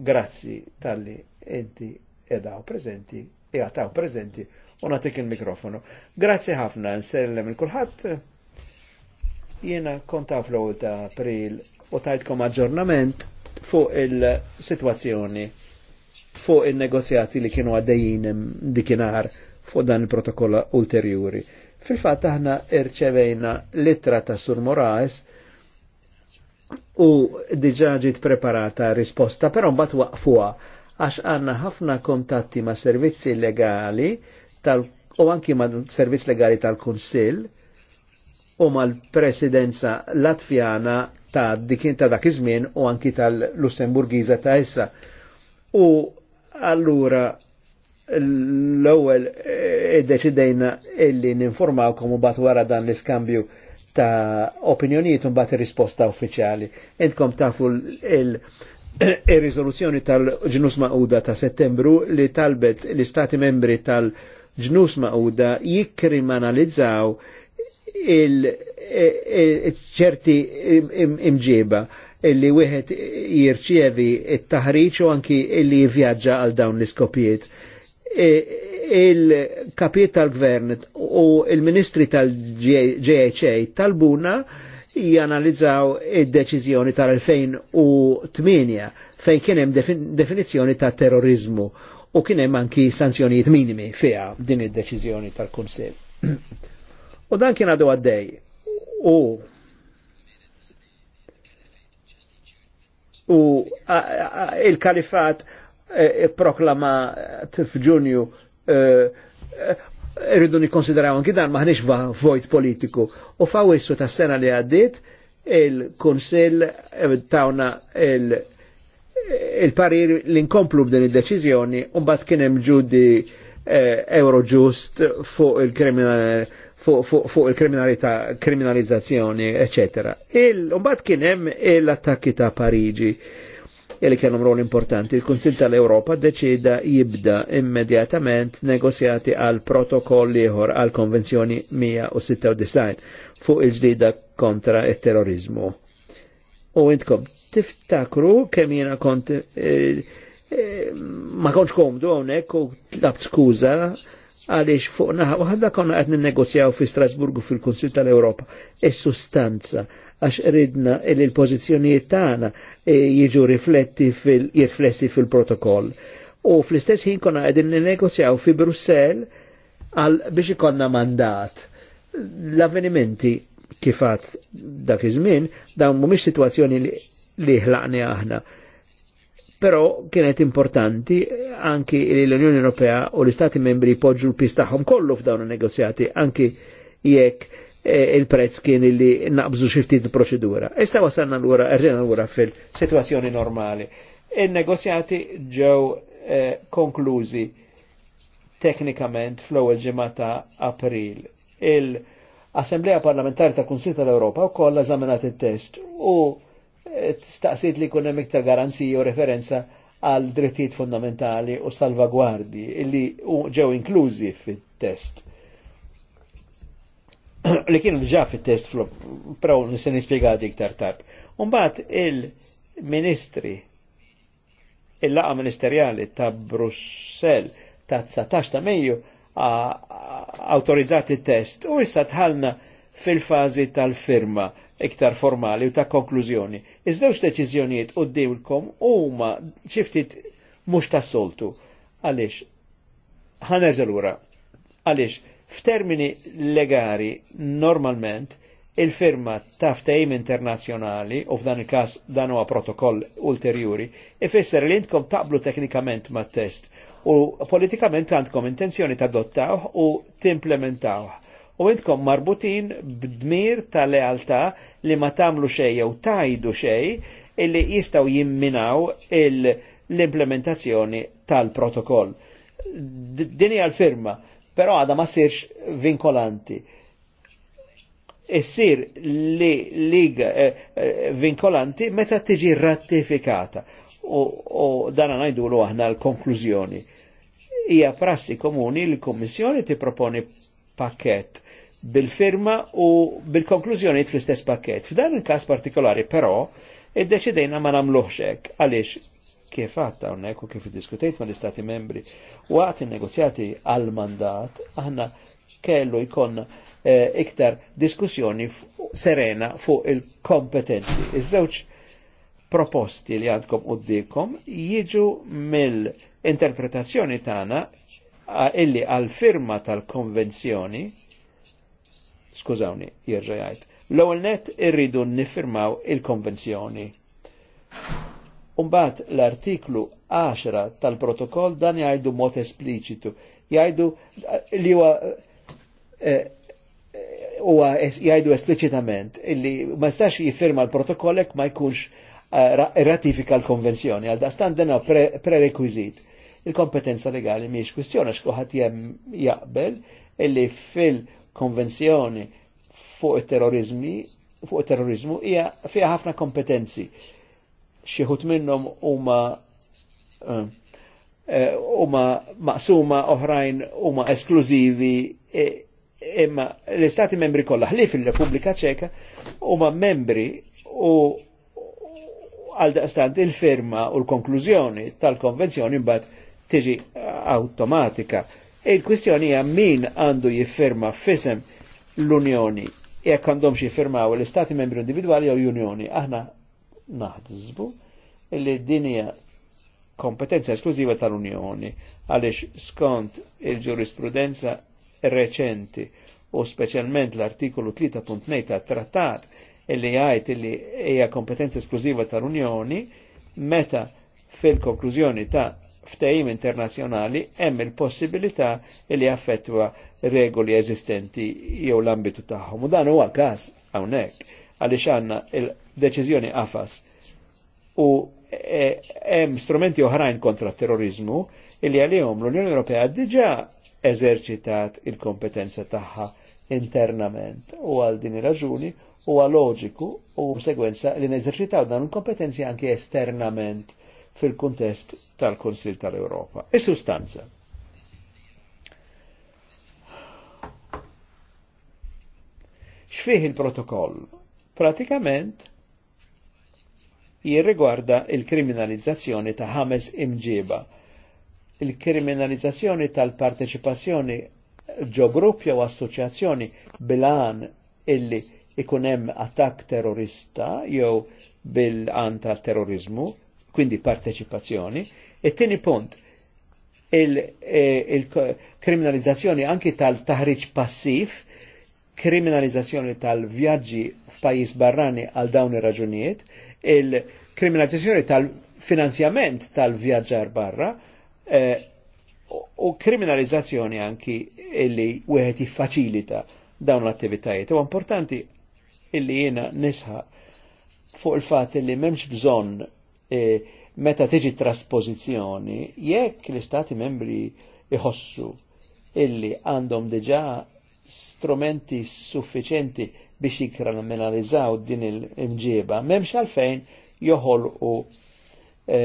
S1: Grazzi tal-li enti edaw prezenti, jgħataw e prezenti, u natik il-mikrofonu. Grazzi ħafna, nsellem il-kulħat. Jena kontaw fl ta' april u tajtkom aġġornament fuq il-situazzjoni, fuq il-negozjati li kienu għaddejjin dikinar fuq dan il-protokolla ulterjuri. Fil-fat aħna irċevejna litra ta' Sur Moraes u diġaġit preparata risposta, però mbagħad waqfuha għax għanna ħafna kontatti ma' servizzi legali tal u anki ma' servizz legali tal-Kunsill u mal-presidenza Latvjana ta' dikin ta' dak iż-żmien u anki tal-Lussemburgiża ta' issa. U allura l-ewwel eh, iddeċidejna illi ninformawkom u bat wara dan l-iskambju ta' opinjonijiet u mbagħad ir-risposta uffiċjali. Intkom tafu il-riżoluzzjoni tal-ġnus Mauda ta' Settembru li talbet l-Istati membri tal-ġnus Mauda jikkriminalizzaw il-ċerti eh, eh, imġiba illi wieħed jirċievi it-taħriġ u anki illi jivvjaġġa għal dawn l-iskopijiet. E, Il-kapiet tal-gvern u il-ministri tal-GHA buna janalizzaw id-deċiżjoni tal-2008 fejn kien hemm definizzjoni ta' terrorizmu u kien hemm anki sanzjonijiet minimi fiha din id-deċiżjoni tal-Kunsell. U dan kien għadu għaddej. U u il-kalifat e, e, proklama t f'Ġunju irridu e, e nikkonsideraw anki dan maħniex vojt politiku. U fawissu ta' sena li għaddit il konsil tawna il- il-parir l-inkomplu b'din id-deċizjoni un bat kienem ġudi eh, Eurojust fuq il-kriminal fuq fu, fu il-kriminalità, kriminalizzazzjoni, ecc. Il-umbat kienem l-attakki ta' Parigi e li kienem rol importanti. il konsil tal europa deċida jibda immediatament negozjati għal protokoll liħor għal konvenzjoni 196 fuq il-ġdida kontra il-terrorizmu. U intkom tiftakru kem jena kont eh, eh, ma konċ komdu hawnhekk u tlabt skuza għaliex fuq naħa waħda konna qed ninnegozjaw fi Strasburgu fil konsil tal-Ewropa. Is-sustanza e għax ridna il l-pożizzjonijiet tagħna e jiġu rifletti fil-jirflessi fil-protokoll. U fl-istess ħin konna qegħdin ninnegozjaw fi Brussell għal biex ikonna mandat. L-avvenimenti kifat dak iż-żmien dawn mhumiex sitwazzjoni li ħlaqni aħna. Però kienet importanti anki li l-Unjoni Ewropea u l-Istati membri poġġu l-pis tagħhom kollu f'dawn il-negozjati, anki jekk eh, il-prezz kien li naqbżu xi ftit il-proċedura. Issa wasalna lura erġena lura fil-sitwazzjoni normali. Il-negozjati ġew eh, konklużi teknikament fl-ewwel ġimgħa ta' April. Il-Assemblea Parlamentari tal-Kunsil tal-Ewropa wkoll eżaminat it-test u staqsit li kunem iktar garanzija u referenza għal drittijiet fundamentali u salvagwardi illi ġew inklużi fit-test. li kienu ġa fit-test flop, però se nispjegati iktar tard. Umbat il-ministri, il-laqa ministerjali ta' Brussel ta' 19 ta' Mejju autorizzati test u issa tħalna fil-fazi tal-firma iktar formali u ta' konklużjoni. Iż-żewġ deċiżjonijiet qudiewlkom huma xiftit mhux ta' soltu. Għaliex ħanerġa' lura. Għaliex f'termini legali normalment il-firma ta' ftehim internazzjonali u f'dan il-każ dan huwa protokoll ulterjuri ifisser li intkom taqblu teknikament mat-test u politikament għandkom intenzjoni ta' dottawh u timplementawh u intkom marbutin b'dmir ta' lealtà li ma tagħmlu xej jew tajdu xej illi jistgħu jimminaw l-implementazzjoni tal-protokoll. Din hija l-firma, però għada ma sirx vinkolanti. Issir li liga eh, eh, vinkolanti meta tiġi ratifikata u dan ngħidu aħna l-konklużjoni hija prassi komuni l-Kommissjoni tipproponi pakket bil-firma u bil-konklużjoni fl-istess pakket. F'dan il-kas partikolari però, id-deċidejna ma namluħxek. Għalix, għaliex kif għatta unnek u kif diskutejt ma l-istati membri għat il-negozjati għal-mandat aħna kellu jkonna eh, iktar diskussjoni serena fuq il-kompetenzi. Iż-żewġ proposti li għandkom u jiġu mill-interpretazzjoni tagħna illi għal-firma tal-konvenzjoni skużawni, jirġajajt. L-ewwel net irridu nifirmaw il-konvenzjoni. Umbat l-artiklu 10 tal-protokoll dan jgħidu mod espliċitu. Jgħidu eh, li huwa eh, huwa jgħidu espliċitament illi ma stax jiffirma l-protokoll ma jkunx uh, ratifika l-konvenzjoni għal dastan dena prerequisit. Pre il-kompetenza legali miex kwistjoni għax kuħat jaqbel illi fil- konvenzjoni fuq it terrorizmi fuq terrorizmu hija fiha ħafna kompetenzi. Xieħut minnhom huma eh, eh, huma uh, maqsuma oħrajn huma esklużivi e, imma e, l-istati membri kollha ħlief il-Repubblika Ċeka huma membri u għal daqstant il-firma u l-konklużjoni tal-konvenzjoni mbagħad tiġi automatika. Uh, Il-kwistjoni hija min għandu jifferma fisem l-Unjoni jekk għandhomx jiffirmaw l-Istati membri individwali jew Unjoni. Aħna naħsbu li dinja kompetenza esklużiva tal-Unjoni għaliex skont il-ġurisprudenza reċenti u speċjalment l-artikolu 3.2 tat-trattat illi jgħid illi hija kompetenza esklużiva tal-Unjoni meta fil-konklużjoni ta' ftehim internazzjonali hemm il-possibilità li affettwa regoli eżistenti jew l-ambitu tagħhom. U dan huwa każ hawnhekk għaliex għandna il-deċiżjoni qafas u e, hemm e, strumenti oħrajn kontra terrorizmu li għalihom l-Unjoni Ewropea diġà eżerċitat il-kompetenza tagħha internament u għal din ir-raġuni huwa loġiku u segwenza li neżerċitaw dan il-kompetenzi anke esternament fil-kontest tal-Konsil tal-Europa. E sustanza E il-protokoll? Pratikament jirrigwarda il-kriminalizzazzjoni ta' ħames imġiba, il-kriminalizzazzjoni tal-parteċipazzjoni ġo gruppi u assoċjazzjoni bil-għan illi ikunem attak terrorista jew bil-għan tal-terrorizmu, quindi partecipazzjoni, e tieni punt, il-kriminalizzazzjoni il eh, anki tal-taħriġ passif, kriminalizzazzjoni tal-vjaġġi f'pajjiż barrani għal dawn ir-raġunijiet, il-kriminalizzazzjoni tal-finanzjament tal-vjaġġar barra, eh, u kriminalizzazzjoni anki li wieħed jiffaċilita dawn l-attivitajiet. U importanti illi jiena nisħa fuq il-fat li memx bżonn E, meta tiġi trasposizjoni, jekk l-Istati membri iħossu illi għandhom diġa strumenti suffiċenti biex jikranalizzaw din il mġieba memx għalfejn joħol u e,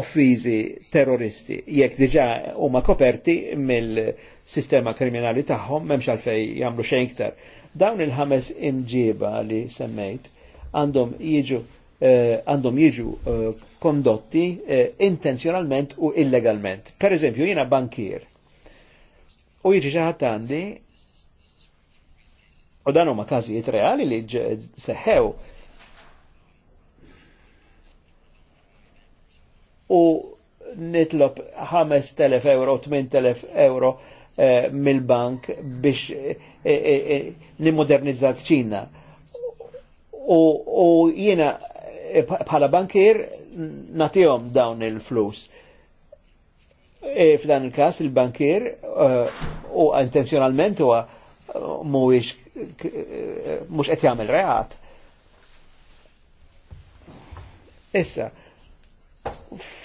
S1: offizi terroristi, jekk diġa huma koperti mill-sistema kriminali tagħhom, memx għalfejn jagħmlu xejn iktar. Dawn il-ħames imġieba li semmejt, għandhom jiġu eh, għandhom eh, jiġu eh, kondotti eh, intenzjonalment u illegalment. Per eżempju, jiena bankier u jiġi ċaħat għandi u dan ma każijiet reali li seħew. u nitlob 5.000 euro, 8.000 euro eh, mill-bank biex eh, nimodernizza ċina u jiena bħala eh, bankier natihom dawn il-flus. E f'dan il-kas il-bankier eh, u uh, intenzjonalment huwa eh, mhuwiex mhux qed jagħmel reat. Issa,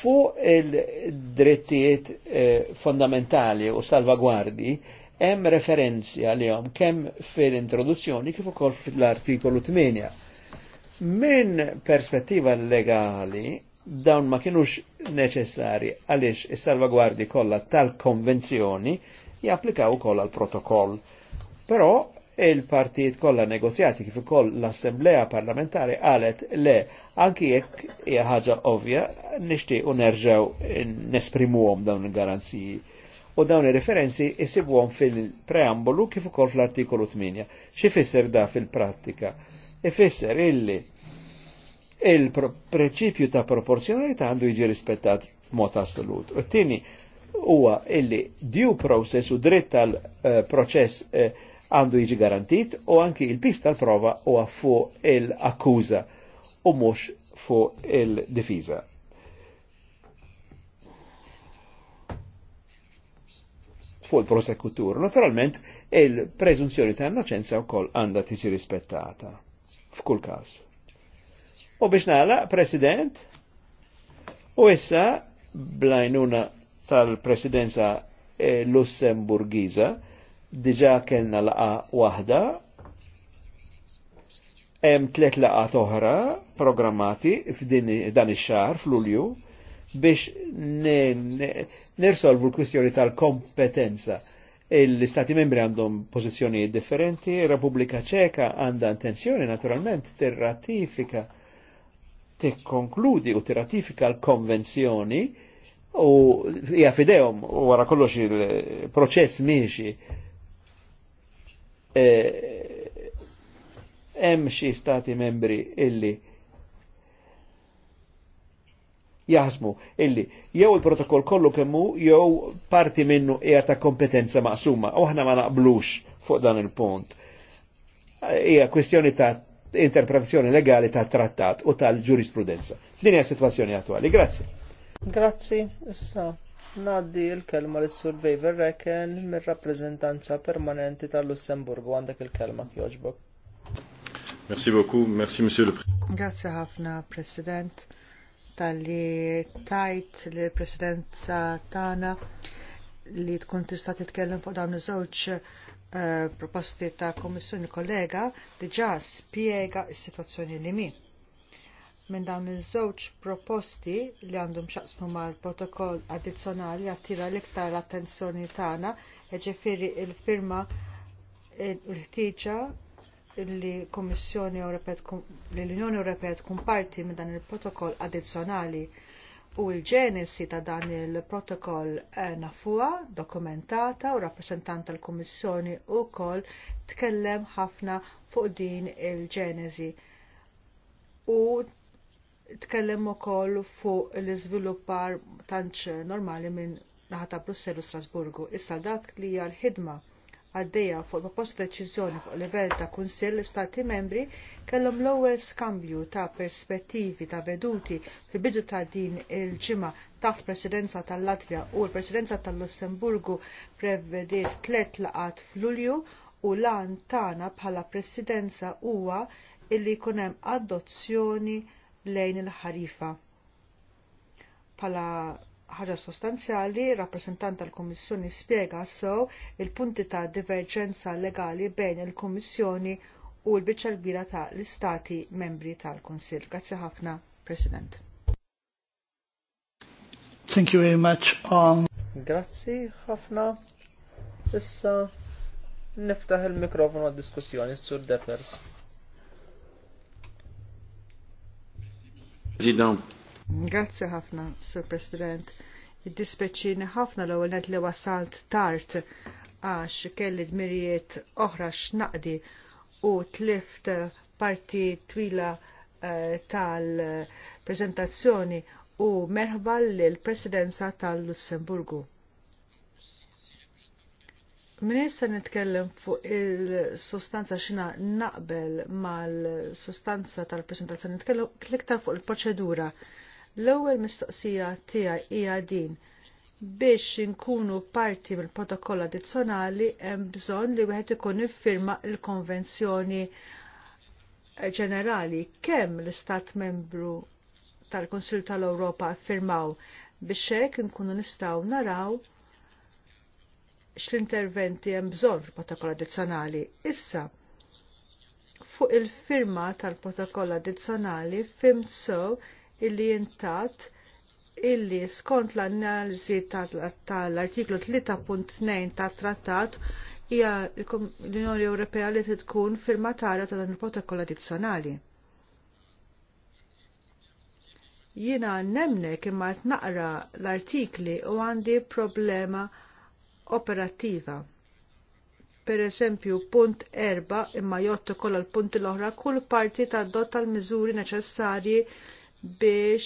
S1: fuq il-drittijiet eh, fondamentali u salvagwardi hemm referenzja li kemm fil-introduzzjoni kif ukoll fl-artikolu 8 Min perspettiva legali, dawn ma kienux neċessari għaliex is-salvagwardi kollha tal-konvenzjoni japplikaw ukoll l protokoll. Però il-partijiet kollha negozjati kif ukoll l-Assemblea Parlamentari qalet le anki jekk hija ħaġa ovvja nixtiequ nerġgħu nesprimuhom dawn il-garanziji u dawn ir-referenzi isibuhom fil-preambolu kif ukoll fl-artikolu 8. Xi fisser da fil-prattika? ifisser illi il-preċipju ta' proporzjonalità għandu jiġi rispettat mod assolut. U t-tini huwa illi due process u dritt tal-proċess eh, għandu jiġi garantit u anki il-pista tal-prova huwa fuq il-akkuża u mhux fu il-difiża. Fu il-prosekutur. Naturalment, il-prezunzjoni ta' innoċenza u koll għanda tiġi rispettata f'kull każ. U biex nagħlaq, President, u issa blajnuna tal-presidenza e, Lussemburgiza diġa kellna laqa waħda hemm tliet laqat oħra programmati f'din dan ix-xahar f'Lulju biex nirsolvu l-kwistjoni tal-kompetenza l-Istati membri għandhom pożizzjonijiet differenti, Repubblika Ċeka għandha intenzjoni naturalment tirratifika tikkonkludi u tirratifika l-konvenzjoni u hija u wara kollox il-proċess miexi. Eh, hemm xi stati membri illi jaħsmu illi jew il-protokoll kollu kemmu jew parti minnu hija ta' kompetenza maqsuma u aħna ma naqblux fuq dan il-punt. Hija kwestjoni ta' interpretazzjoni legali ta' trattat u tal-ġurisprudenza. Din hija situazzjoni attwali. Grazzi.
S3: Grazzi, issa naddi l kelma l sur Weaver Reken mir-rappreżentanza permanenti tal-Lussemburgu għandek il-kelma joġbok.
S2: Merci beaucoup, merci Monsieur le Président. Grazie ħafna, President tal-li tajt li l-presidenza tagħna li tkun tista' titkellem fuq dawn iż-żewġ eh, proposti ta' Kommissjoni kollega ġa spjega s-sitwazzjoni li mi. Minn dawn iż-żewġ proposti li għandhom xaqsmu mal-protokoll addizzjonali attira l-iktar l-attenzjoni tagħna, e ġifieri il-firma il-ħtieġa li Ewropea li l-Unjoni Ewropea tkun parti minn dan il-protokoll addizzjonali u l-ġenesi ta' dan il-protokoll eh, nafuha dokumentata u rappresentant tal-Kummissjoni wkoll tkellem ħafna fuq din il-ġenesi u tkellem ukoll fuq l-iżviluppar tantx normali minn naħata Brussell u Strasburgu. Issa dak li hija l-ħidma għaddejja fuq proposta deċiżjoni fuq livell ta' kunsill l-Stati membri kellhom l-ewwel skambju ta' perspettivi ta' veduti fil-bidu ta' din il-ġimgħa taħt presidenza tal-Latvja u l-presidenza tal-Lussemburgu prevediet tliet laqat f'Lulju u lan tagħna bħala presidenza huwa illi jkun hemm adozzjoni lejn il-ħarifa. Pala ħaġa sostanzjali, rappresentant tal-Kommissjoni spiega sew il-punti ta' diverġenza legali bejn il-Kommissjoni u l-biċċa kbira ta' l-Istati membri tal-Konsil. Grazzi ħafna, President.
S3: Thank you very much. Um...
S2: Grazzi
S3: ħafna. Issa niftaħ il-mikrofonu għad-diskussjoni, Sur Deppers.
S1: President,
S2: Grazzi ħafna, Sur President. Id-dispeċini ħafna l ewwel li wasalt tard għax kelli dmirijiet oħra x'naqdi u tlift parti twila eh, tal-prezentazzjoni u merħba l-presidenza tal-Lussemburgu. Minister nitkellem fuq il-sostanza xina naqbel mal-sostanza tal-presentazzjoni, nitkellem kliktar fuq il-proċedura. il proċedura L-ewwel mistoqsija tiegħi hija din biex inkunu parti mill-protokoll addizzjonali hemm bżonn li wieħed ikun iffirma l-konvenzjoni ġenerali kemm l-istat membru tal kunsill tal-Ewropa affirmaw biex hekk inkunu nistgħu naraw x'l-interventi hemm bżonn fil-protokoll addizzjonali. Issa fuq il-firma tal-protokoll addizzjonali fimt sew so illi jintat illi skont l analizi tal-artiklu 3.2 tat-trattat hija l-Unjoni Ewropea li tkun firmatarja ta' dan il-protokoll addizzjonali. Jiena nemnek imma qed naqra l-artikli u għandi problema operattiva per eżempju punt erba' imma jottu kollha l-punti l-oħra kull parti tad-dot tal-miżuri neċessarji biex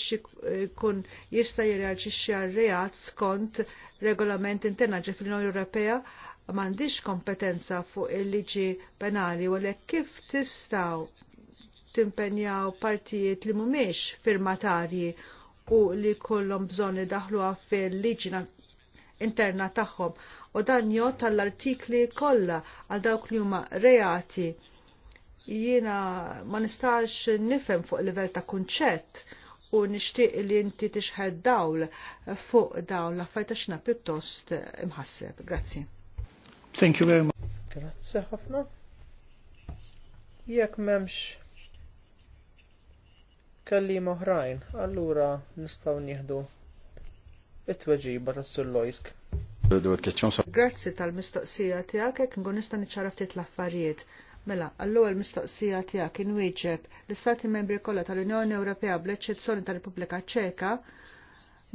S2: kun jista' jirreaġixxi għal reat skont regolament interna ġi fl-Unjoni Ewropea m'għandix kompetenza fuq il-liġi penali u għalhekk kif tistaw timpenjaw partijiet li mhumiex firmatarji u li kollhom bżonn daħluha fil-liġi interna tagħhom u dan jgħod tal-artikli kollha għal dawk li huma reati jiena ma nistax nifhem fuq livell ta' kunċett u nixtieq li inti tixħed dawl fuq dawn l-affarijiet għax pjuttost imħasseb. Grazzi.
S3: Thank you very much. Grazzi ħafna. Jekk m'hemmx kellim oħrajn, allura
S2: nistgħu nieħdu it-tweġiba tas-Sur Grazzi tal-mistoqsija tiegħek hekk nista' niċċara ftit l-affarijiet Mela, għall-ewwel mistoqsija tiegħek inwieġeb l-Istati Membri kollha tal-Unjoni Ewropea bl-eċċezzjoni tal-Repubblika Ċeka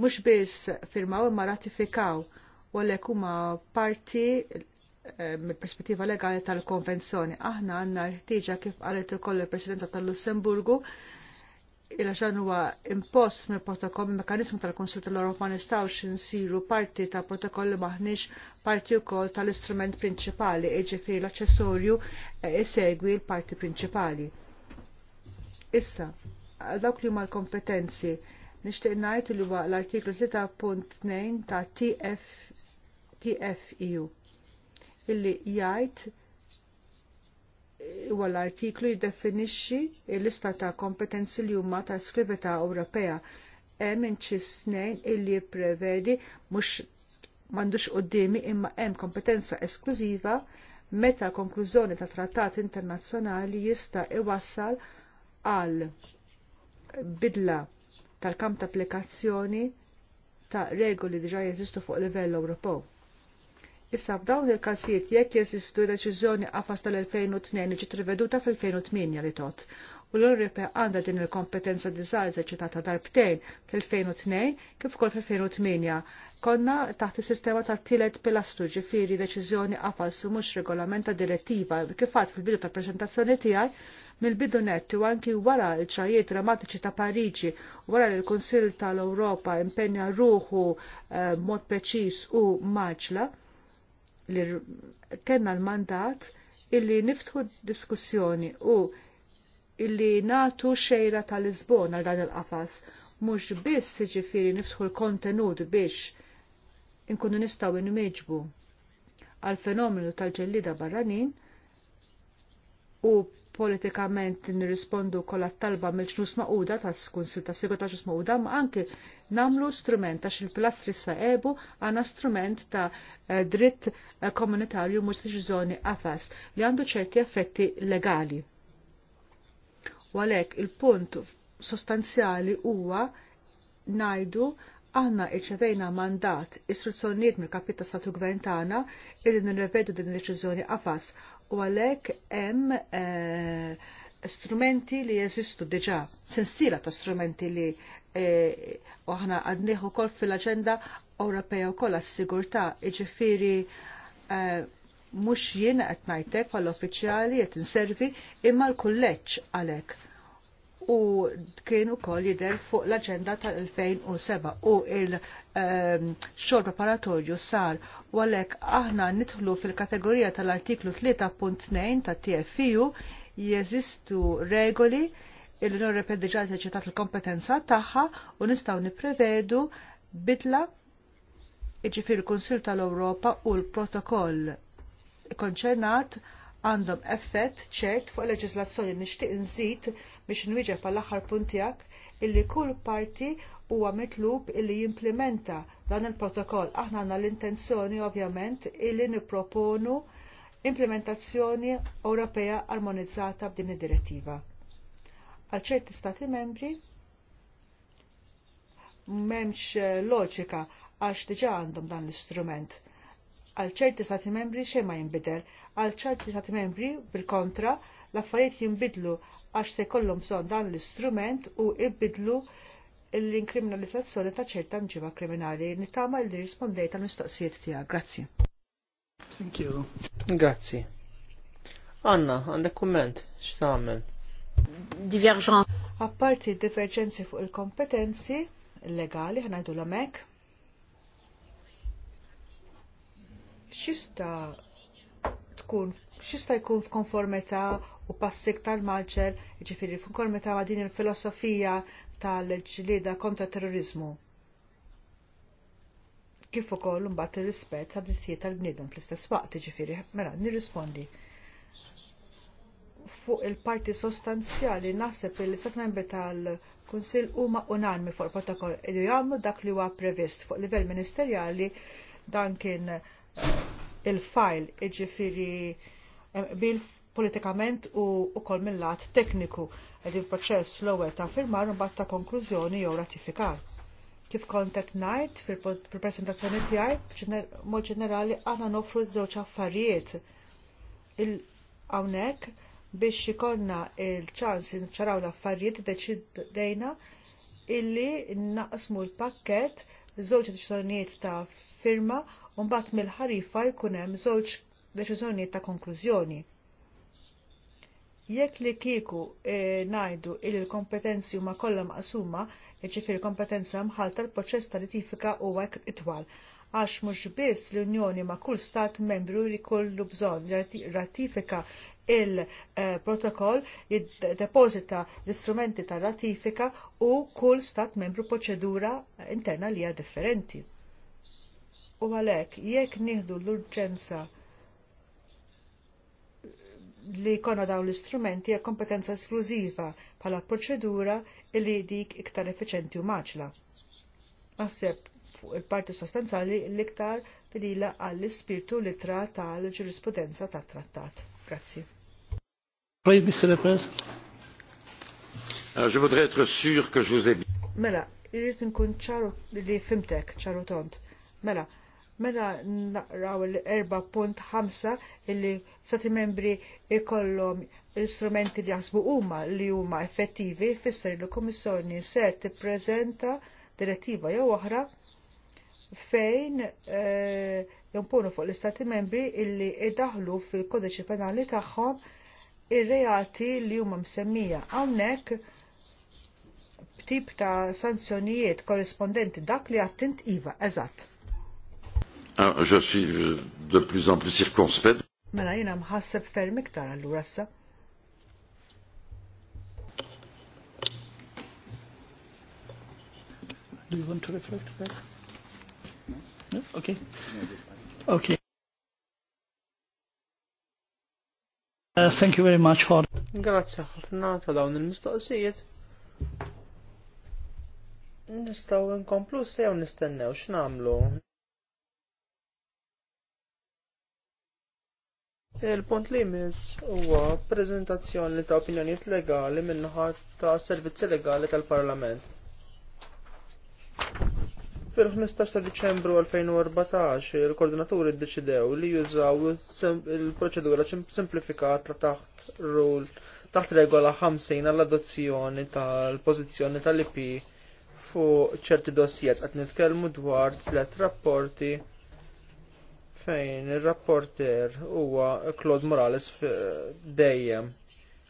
S2: mhux biss firmaw imma ratifikaw u għalhekk huma parti eh, mill-perspettiva legali tal-konvenzjoni. Aħna għandna ħtieġa kif qalet ukoll il-Presidenza tal-Lussemburgu il-għaxan huwa impost mill protokoll mill mekanizmu tal-Konsil tal-Europa ma nistawx insiru parti ta' protokoll li maħniex parti wkoll tal-istrument prinċipali, iġifieri l aċċessorju eh, isegwi l-parti prinċipali. Issa, dawk li huma l-kompetenzi nixtieq ngħid li huwa l-artiklu 3.2 ta' TF TFEU illi jgħid huwa l-artiklu jiddefinixxi l-lista ta' kompetenzi li huma ta' skriveta Ewropea hemm inċis snejn illi jipprevedi mhux m'għandux qudiemi imma hemm kompetenza esklużiva meta konklużjoni ta' trattat internazzjonali jista' iwassal għal bidla tal-kamp ta' applikazzjoni ta' regoli diġa jeżistu fuq livell Ewropew. Issa f'dawn il-każijiet jekk jeżistu deċiżjoni qafas tal-2002 ġiet riveduta fil-2008 li tot. U l-Ewropa għandha din il-kompetenza diżgħar eżerċitata darbtejn fil-2002 kif ukoll fil-2008. Konna taħt is-sistema tat-tielet pilastru ġifieri deċiżjoni qafas u mhux regolamenta direttiva kif għad fil-bidu tal-preżentazzjoni tiegħi mill-bidu netti u anki wara l-ċajiet dramatiċi ta' Pariġi wara li l-Kunsill tal-Ewropa impenja ruħu eh, mod preċiż u maċla li kena l-mandat illi niftħu diskussjoni u illi natu xejra tal-Lisbona dan il-qafas mhux biss ġifiri niftħu l-kontenut biex inkunu nistaw inmiġbu għal fenomenu tal-ġellida barranin u politikament nirrispondu kolla talba mill-ġnus maquda ta' skunsil ta' sigurta ġnus maquda ma' anki namlu strument għax il-plastri saqebu għana strument ta' eh, dritt eh, komunitarju mux deċiżjoni għafas li għandu ċerti effetti legali. U għalhekk il-punt sostanzjali huwa najdu għanna irċevejna mandat istruzzjonijiet mill kapita sa' gvern tagħna illi nirrevedu din id-deċiżjoni qafas u għalhekk hemm eh, strumenti li jeżistu diġa, sensila ta' strumenti li eh, aħna e, għadniħu kol fil-agenda Ewropea u kol għas-sigurta, iġifiri eh, mux jien qed ngħidlek bħall-uffiċjali qed inservi imma l-kulleġġ għalek. U kien ukoll jidher fuq l-aġenda tal-2007 u il-xogħol ehm, preparatorju sar u għalhekk aħna nidħlu fil-kategorija tal-artiklu 3.2 ta' tfu jeżistu regoli il nur Ewropea eżerċitat il-kompetenza tagħha u nistgħu nipprevedu bidla iġifieri kunsil tal-Ewropa u l-protokoll konċernat għandhom effett ċert fuq leġislazzjoni nixtieq nżid biex nwieġeb għall aħħar punt tiegħek illi kull parti huwa mitlub illi jimplementa dan il-protokoll. Aħna għandna l-intenzjoni ovvjament illi nipproponu implementazzjoni Ewropea armonizzata b'din id-direttiva. Għal ċerti stati membri m'hemmx eh, loġika għax diġà għandhom dan l-istrument. Għal ċerti stati membri xejn ma jinbidel, għal ċerti stati membri bil-kontra l-affarijiet jinbidlu għax se jkollhom bżonn dan l-istrument u jibidlu l-inkriminalizzazzjoni ta' ċerta mġiba kriminali. Nittama li rispondejta l-mistoqsijiet tiegħek. Grazzi.
S3: Thank you. Grazzi. Anna, għandek kumment, x'tagħmel?
S2: Diverġan. Apparti diverġenzi fuq il-kompetenzi legali ħanajdu l-amek. Xista tkun xista jkun f'konformità u passik tal-maġġer, ġifiri f'konformità ma' din il-filosofija tal-ġlida kontra terrorizmu kif ukoll mbagħad ir-rispett tad drittijiet tal-bniedem fl-istess waqt, jiġifieri mela nirrispondi. Fuq il-parti sostanzjali naħseb li sat membri tal-Kunsill huma unanmi fuq il-protokoll li jagħmlu dak li huwa previst fuq livell ministerjali dan kien il-fajl iġifiri eh, bil politikament u ukoll mill-lat tekniku qegħdin proċess l-ewwel ta' firmar u ta' konklużjoni jew ratifikar kif kontet najt fil-presentazzjoni tiegħi mod ġenerali għana nofru żewġ affarijiet il hawnhekk biex ikonna il-ċans nċaraw l-affarijiet deċidejna illi naqsmu l-pakket żewġ deċiżjonijiet ta' firma u mbagħad mill-ħarifa jkun hemm żewġ deċiżjonijiet ta' konklużjoni. Jekk li kieku e, ngħidu il-kompetenzi huma kollha maqsuma, iċifir kompetenza mħalta l-proċess ta' ratifika huwa itwal għax mhux biss l-Unjoni ma' kull stat membru li kollu bżonn ratifika il-protokoll jiddepozita l-istrumenti ta' ratifika u kull stat membru proċedura interna li hija differenti. U għalhekk jekk nieħdu l-urġenza li konna dawn l-istrumenti għal kompetenza esklużiva bħala proċedura li dik iktar effiċenti u maċla. Naħseb fuq il-parti sostanzali l-iktar fil għall-ispirtu litra tal-ġurisprudenza tat-trattat. Grazzi. Je voudrais être sûr que je vous ai bien. Mela, irrid nkun ċaru li fimtek, ċaru tont. Mela, Mela naqraw l-4.5 illi stati membri ikollom l-istrumenti li jaħsbu huma li huma effettivi fisser li l-Kummissjoni se tippreżenta direttiva jew oħra fejn eh, fuq l-Istati membri illi idaħlu fil-kodiċi penali tagħhom ir-reati li huma msemmija hawnhekk b'tip ta' sanzjonijiet korrispondenti dak li għattint iva eżatt. Ah, je suis euh,
S3: de plus en plus circonspect.
S2: Mela jina mħasseb ferm iktar allura issa. Do you want to reflect back?
S3: No? no? Okay. Okay. Uh, thank you very much for Grazie ħafna ta' dawn il-mistoqsijiet. Nistgħu nkomplu sew nistennew x'namlu. Il-punt li jmiss huwa preżentazzjoni ta' opinjonijiet legali minnaħa ta' servizzi legali tal-Parlament. Fil-15 ta' Diċembru 2014 il-koordinaturi ddeċidew li jużaw il-proċedura simplifikata taħt rule taħt regola 50 għall-adozzjoni tal-pożizzjoni tal-IP fuq ċerti dossijiet qed nitkellmu dwar tliet rapporti fejn ir-rapporter huwa Claude Morales dejjem.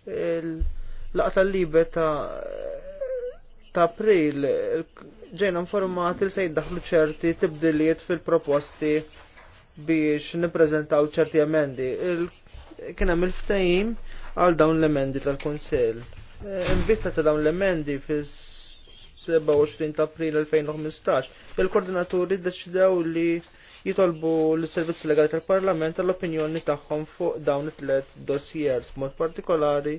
S3: Il-laqta libe ta' ta' april ġejna informati li se jiddaħlu ċerti tibdiliet fil-proposti biex nippreżentaw ċerti emendi. Kien hemm il-ftehim għal dawn l-emendi tal-Kunsill. Eh, invista ta' dawn l-emendi fis 27 ta' april 2015, il-koordinaturi deċidew li jitolbu l-servizzi legali tal-Parlament l-opinjoni tagħhom fuq dawn it-tlet dossiers, mod partikolari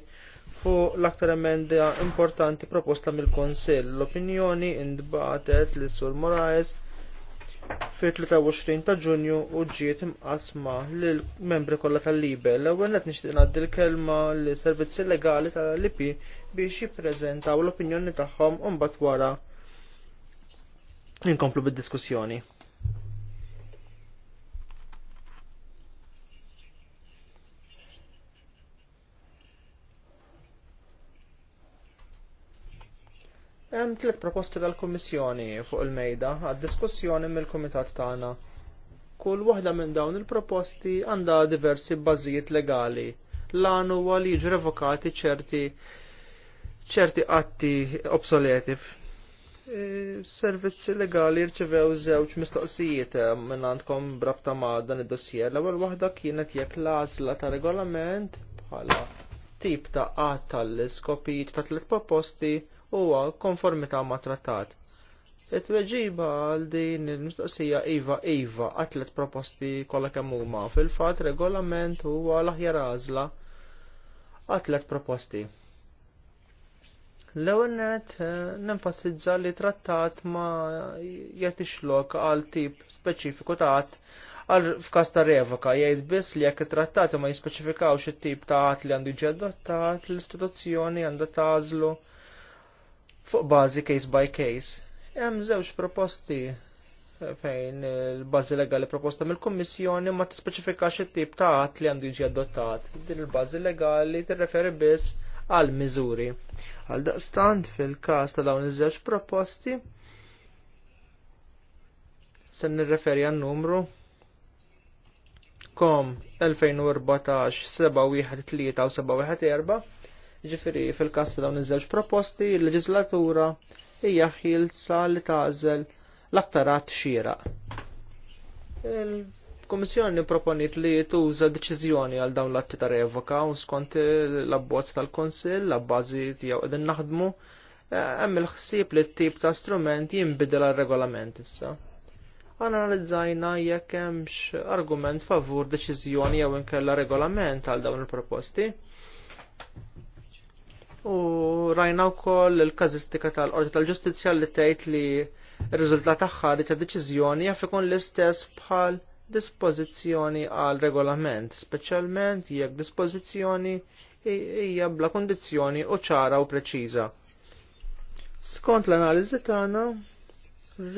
S3: fuq l-aktar emenda importanti proposta mill-Konsill. L-opinjoni indbatet li sur Moraes fi 23 ta' ġunju u ġiet imqasma lill membri kollha tal-Libe. L-ewwel qed nixtieq ngħaddi l-kelma lis servizzi legali tal-IP biex jippreżentaw l-opinjoni tagħhom u mbagħad wara inkomplu bid-diskussjoni. Hemm tliet proposti tal-Kummissjoni fuq il-mejda għad-diskussjoni mill-Kumitat tagħna. Kull waħda minn dawn il-proposti għandha diversi bażijiet legali. Lan huwa li jiġu revokati ċerti ċerti atti obsoleti. E, servizzi legali rċevew żewġ mistoqsijiet eh, minn għandkom brabta ma' dan id-dossier. L-ewwel waħda kienet jekk l-għażla ta' regolament bħala tip ta' qatt tal-iskopijiet ta' tliet proposti huwa konformità ma' trattat. It-tweġiba għal din il-mistoqsija Iva Iva għatlet proposti kollha kemm huma fil-fatt regolament huwa l-aħjar għażla għatlet proposti. L-ewwel net eh, nenfasizza li trattat ma jagħtix għal tip speċifiku ta' għal f'kas ta' revoka jgħid biss li jekk it-trattati ma jispeċifikawx it-tip ta' għat li għandu ġi adottat, l-istituzzjoni għandu tażlu fuq bażi case by case. Hemm żewġ proposti fejn il-bażi legali proposta mill-Kummissjoni ma tispeċifikax it-tip ta' att li għandu jiġi adottat. Din il-bażi legali tirreferi biss għal miżuri. Għal daqstant fil-każ ta' dawn iż-żewġ proposti se nirreferi għan numru kom 2014 713 u 714 Ġifiri fil-kas ta' dawn iż-żewġ proposti, il-leġislatura hija ħilsa li tażel l-aktarat xieraq. Il-Komissjoni proponit li tuża deċiżjoni għal dawn l-atti ta' revoka u skont l-abbozz tal-Konsill, l-abbażi tiegħu qegħdin naħdmu, eh, hemm il-ħsieb li t-tip ta' strument jinbidel għal-regolament issa analizzajna jekk hemmx argument favur deċiżjoni jew inkella regolament għal dawn il-proposti. U rajna wkoll il-kazistika tal-Qorti tal-Ġustizzja li tgħid li r-riżultat aħħari ta' deċiżjoni jaf ikun l-istess bħal dispożizzjoni għal regolament, speċjalment jekk dispożizzjoni hija bla kondizzjoni u ċara u preċiża. Skont l-analiżi tagħna,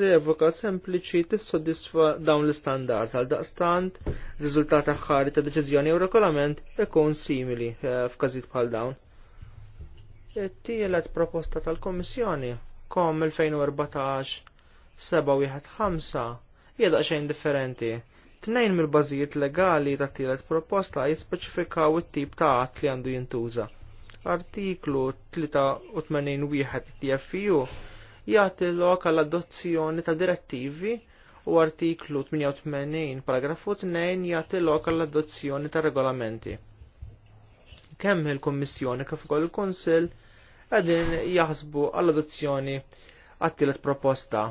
S3: revoka sempliċi tissodisfa dawn l-istandard għal daqstant riżultat aħħari ta' deċiżjoni u regolament ikun simili eh, f'każijiet bħal dawn it-tielet proposta tal-Komissjoni kom 2014-715 jeda xejn differenti. Tnejn mill-bażijiet legali ta' tielet proposta jispeċifikaw it-tip ta' att li għandu jintuża. Artiklu 83.1 TFU jagħti lok għal adozzjoni ta' direttivi u artiklu 88 paragrafu 2 jagħti lok għal adozzjoni ta' regolamenti kemm il-Kommissjoni kif ukoll il-Kunsill qegħdin jaħsbu għall-adozzjoni għat-tielet proposta.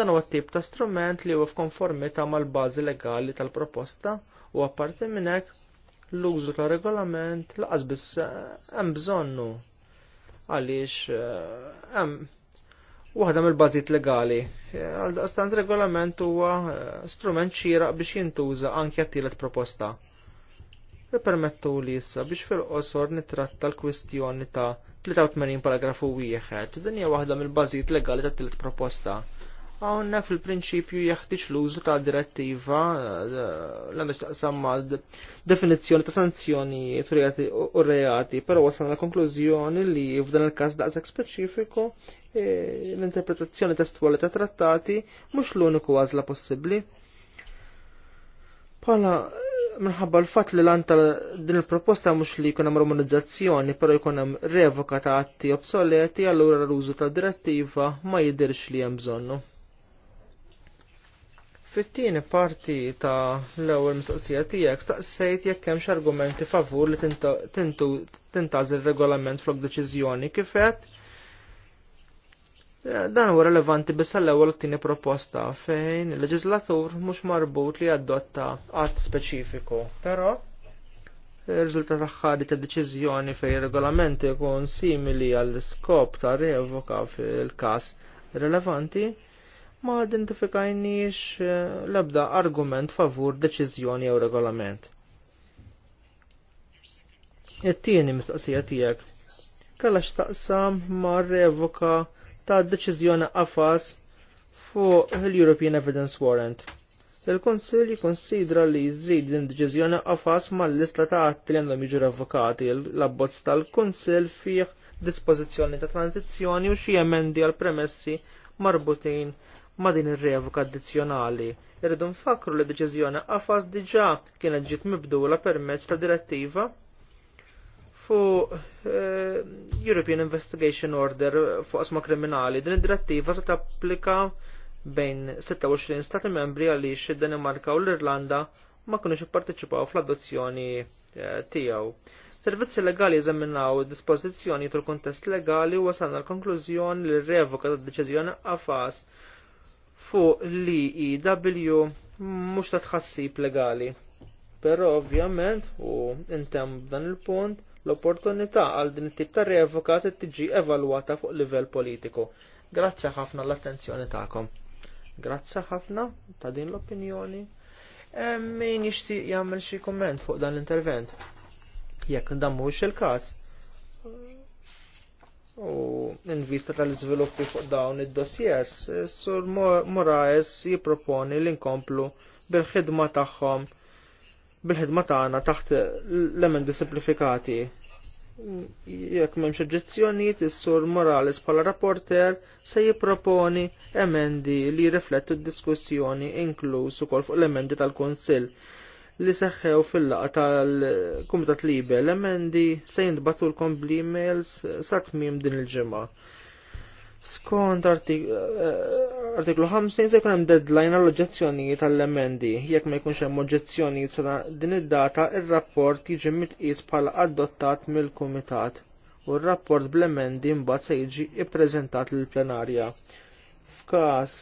S3: Dan huwa tip ta' strument li huwa f'konformità mal-bażi legali tal-proposta u apparti minn hekk l-użu ta' regolament laqas biss eh, hemm bżonnu għaliex eh, hemm waħda mill-bażijiet legali. għal regolament huwa eh, strument xieraq biex jintuża anke għat-tielet proposta permettu li issa biex fil-qosor nitratta l-kwistjoni ta' 83 paragrafu wieħed, din hija waħda mill-bażijiet legali ta' tilt proposta. Hawnhekk fil-prinċipju jeħtieġ l-użu ta' direttiva eh, l-għandax taqsam definizzjoni ta' sanzjonijiet u reati, però wasalna konklużjoni li f'dan il-każ daqsek speċifiku eh, l-interpretazzjoni testwali ta' trattati mhux l-uniku għażla possibbli. Pala, minħabba l-fat li l din il-proposta mux li jkun hemm romanizzazzjoni, però jkun hemm revoka ta' atti obsoleti, allura l-użu ta' direttiva ma jidirx li hemm bżonnu. Fit-tieni parti ta' l-ewwel mistoqsija tiegħek staqsejt jekk hemmx argumenti favur li tintaż ir-regolament flok deċiżjoni kif Dan huwa relevanti biss l ewwel tieni proposta fejn il-leġislatur mhux marbut li adotta att speċifiku, però ir-riżultat aħħari ta' deċiżjoni fejn regolamenti jkun simili għall-iskop ta' revoka fil-każ rilevanti ma identifikajniex eh, l-ebda argument favur deċiżjoni jew regolament. It-tieni mistaqsija tiegħek kellha x'taqsam ma' revoka ta' deċiżjoni qafas fuq l-European Evidence Warrant. Il-Konsil jikonsidra li jżid din deċiżjoni qafas mal-lista ta' atti li għandhom jiġu revokati l-abbozz tal-Konsil fih dispożizzjoni ta' tranzizzjoni u xi emendi għal premessi marbutin ma' din ir-revoka addizzjonali. Irridu nfakru li deċiżjoni qafas diġà kienet ġiet mibdula permezz ta' direttiva uh, European Investigation Order fuq asma kriminali. Din id-direttiva se tapplika bejn 26 stati membri għaliex id-Danimarka u l-Irlanda ma kunux ipparteċipaw fl-adozzjoni eh, tiegħu. Servizzi legali eżaminaw dispożizzjoni tul kontest legali u wasalna l-konklużjoni li r-revoka tad deċiżjoni qafas fuq l ew mhux ta' tħassib legali. Però ovvjament u intem b'dan il-punt L-opportunità għal din it-tip ta' revoka tiġi evalwata fuq livell politiku. Grazzi ħafna l-attenzjoni tagħkom. Grazzi ħafna ta' din l-opinjoni. Min jixtieq jagħmel xi komment fuq dan l-intervent. Jekk dan il-każ. U vista tal-iżviluppi fuq dawn id-dossiers, Sur Moraes jipproponi li nkomplu bil-ħidma tagħhom bil-ħidma tagħna taħt l-emendi simplifikati.
S2: Jekk
S3: m'hemmx oġġezzjonijiet, is-Sur Morales bħala rapporter se jipproponi emendi li riflettu d-diskussjoni inkluż ukoll fuq l-emendi tal-Kunsill li seħħew fil-laqa tal-Kumitat Libe l-emendi se jintbatu l bl-emails sa tmiem din il-ġimgħa. Skont eh, artiklu 50 se jkun hemm deadline għall oġġezzjonijiet tal-emendi. Jekk ma jkunx hemm oġġezzjonijiet sa din id-data, ir-rapport jiġi mitqis bħala adottat mill-kumitat u r-rapport bl-emendi mbagħad se jiġi ippreżentat lill-plenarja. F'każ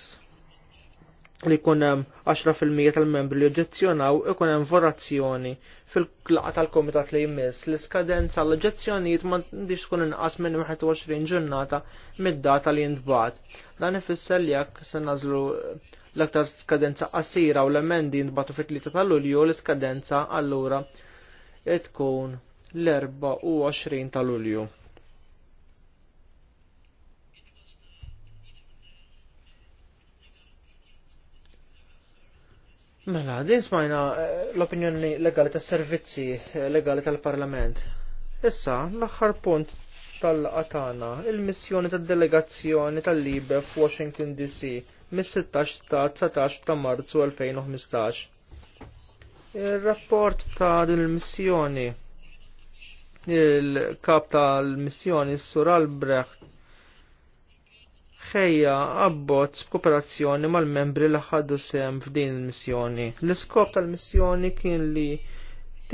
S3: li jkun hemm 10% tal-membri li oġġezzjonaw ikun hemm vorazzjoni fil-laqa tal-komitat li jmiss l-iskadenza l-oġġezzjonijiet ma tindix tkun inqas minn 21 ġurnata mid-data li jintbagħat. Dan ifisser li jekk se nażlu l-aktar skadenza qasira u l-emendi jintbagħtu fit-3 ta' Lulju l-iskadenza allura tkun l-24 ta' Lulju. Mela, din smajna eh, l-opinjoni legali tas servizzi eh, legali tal-Parlament. Issa, l-aħħar punt tal-qatana, il-missjoni tad-delegazzjoni tal-Libe f'Washington DC mis-16 ta' 19 ta' Marzu 2015. Il-rapport ta' din il-missjoni il-kap tal-missjoni Sur Albrecht ħejja abbozz b'kooperazzjoni mal-membri li ħaddu sem f'din il-missjoni. L-iskop tal-missjoni kien li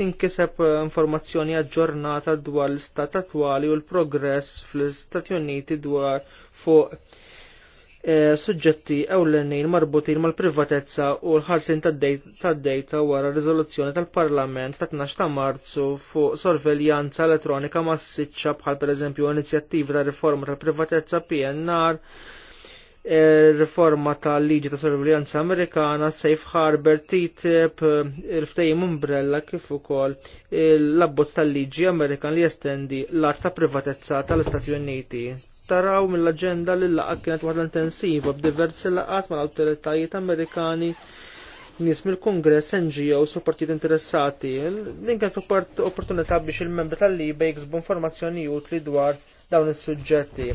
S3: tinkiseb informazzjoni aġġornata dwar l-istat attwali u l-progress fl-Istati Uniti dwar fuq Eh, suġġetti ewlenin marbutin mal-privatezza u l-ħarsin tad-dejta wara riżoluzzjoni tal-Parlament ta' 12 ta' Marzu fuq sorveljanza elettronika massiċċa bħal pereżempju inizjattivi ta' riforma tal-privatezza PNR, eh, riforma tal-liġi ta' sorveljanza Amerikana, Safe Harbor, TTIP, il-ftejim umbrella kif ukoll l-abbozz tal-liġi Amerikan li jestendi l-art ta' privatezza tal-Istati Uniti taraw mill-aġenda li l-laqgħa kienet waħda intensiva b'diversi ma' mal-awtoritajiet Amerikani nies mill-Kongress, NGO u partit interessati. Din kienet opportunità biex il-membri tal-liba jiksbu informazzjoni utli dwar dawn is-suġġetti.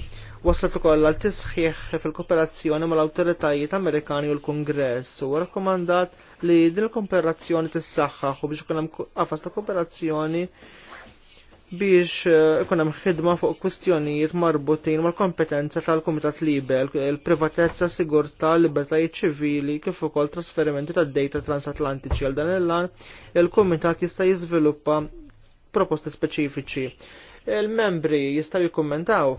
S3: Waslet ukoll għal tisħiħ fil-kooperazzjoni mal-awtoritajiet Amerikani u l-Kongress u rakkomandat li din il-kooperazzjoni tissaħħaħ u biex ikun hemm qafas ta' kooperazzjoni biex eh, ikun hemm ħidma fuq kwistjonijiet marbutin mal-kompetenza tal-Kumitat Libel, il-privatezza, sigurtà, libertajiet ċivili kif ukoll trasferimenti tad-dejta transatlantiċi għal dan il-lan, il-Kumitat jista' jiżviluppa proposti speċifiċi. Il-membri jistaw jikkommentaw.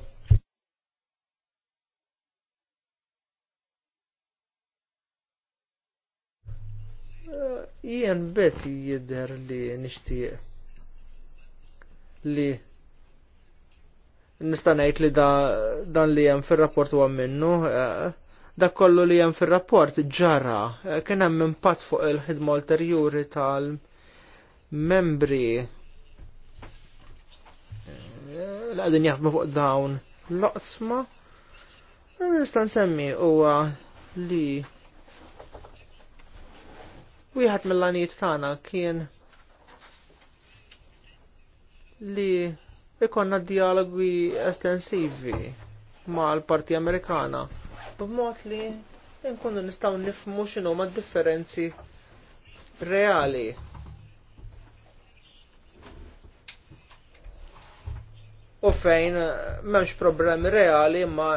S3: Eh, jien bess jidher li nixtieq li nista' ngħid li da, dan li hemm fir-rapport huwa minnu eh, dak kollu li hemm fir-rapport ġara eh, kien hemm impatt fuq il-ħidma ulterjuri tal-membri eh, l għadin jaħdmu fuq dawn l-oqsma nista' nsemmi huwa li wieħed mill-għanijiet tagħna kien li ikonna dialogi estensivi ma' l-Parti Amerikana b'mod li nkunu nistgħu nifmu x'inhu ma' differenzi reali. U fejn m'hemmx problemi reali ma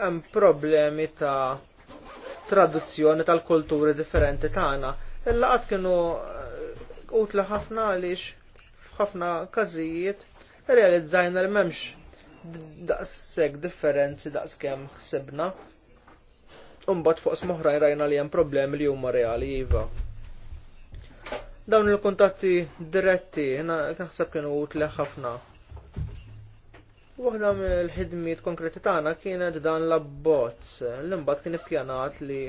S3: hemm problemi ta' traduzzjoni tal-kulturi differenti tagħna. Il-laqat kienu utla ħafna għaliex Ħafna każijiet realizzajna li m'hemmx daqshekk differenzi daqskemm ħsibna. Imbagħad fuq smuħraj rajna li hemm problemi li huma reali iva. Dawn il-kuntatti diretti naħseb kienu utli ħafna. Waħda mill-ħidmiet konkreti tagħna kienet dan l-abbozz l imbagħad kien ippjanat li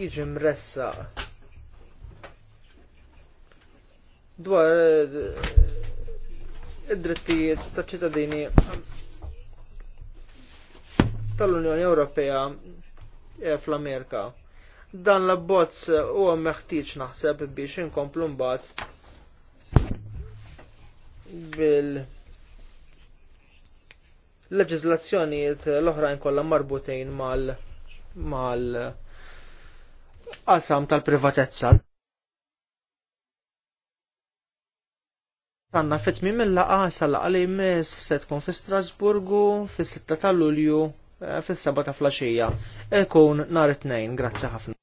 S3: jiġi mressaq dwar id-drittijiet ta' ċittadini tal-Unjoni Ewropea eh, fl-Amerika. Dan l-abbozz huwa meħtieġ naħseb biex inkomplu mbagħad bil leġiżlazzjonijiet l-oħrajn kollha marbutejn mal mal qasam tal-privatezza. Għanna fit mim il-laqa sal-laqa li jmiss se tkun fi Strasburgu fis-6 ta' Lulju eh, fis-7 ta' flasġija. Ekun nhar it-tnejn, grazzi ħafna.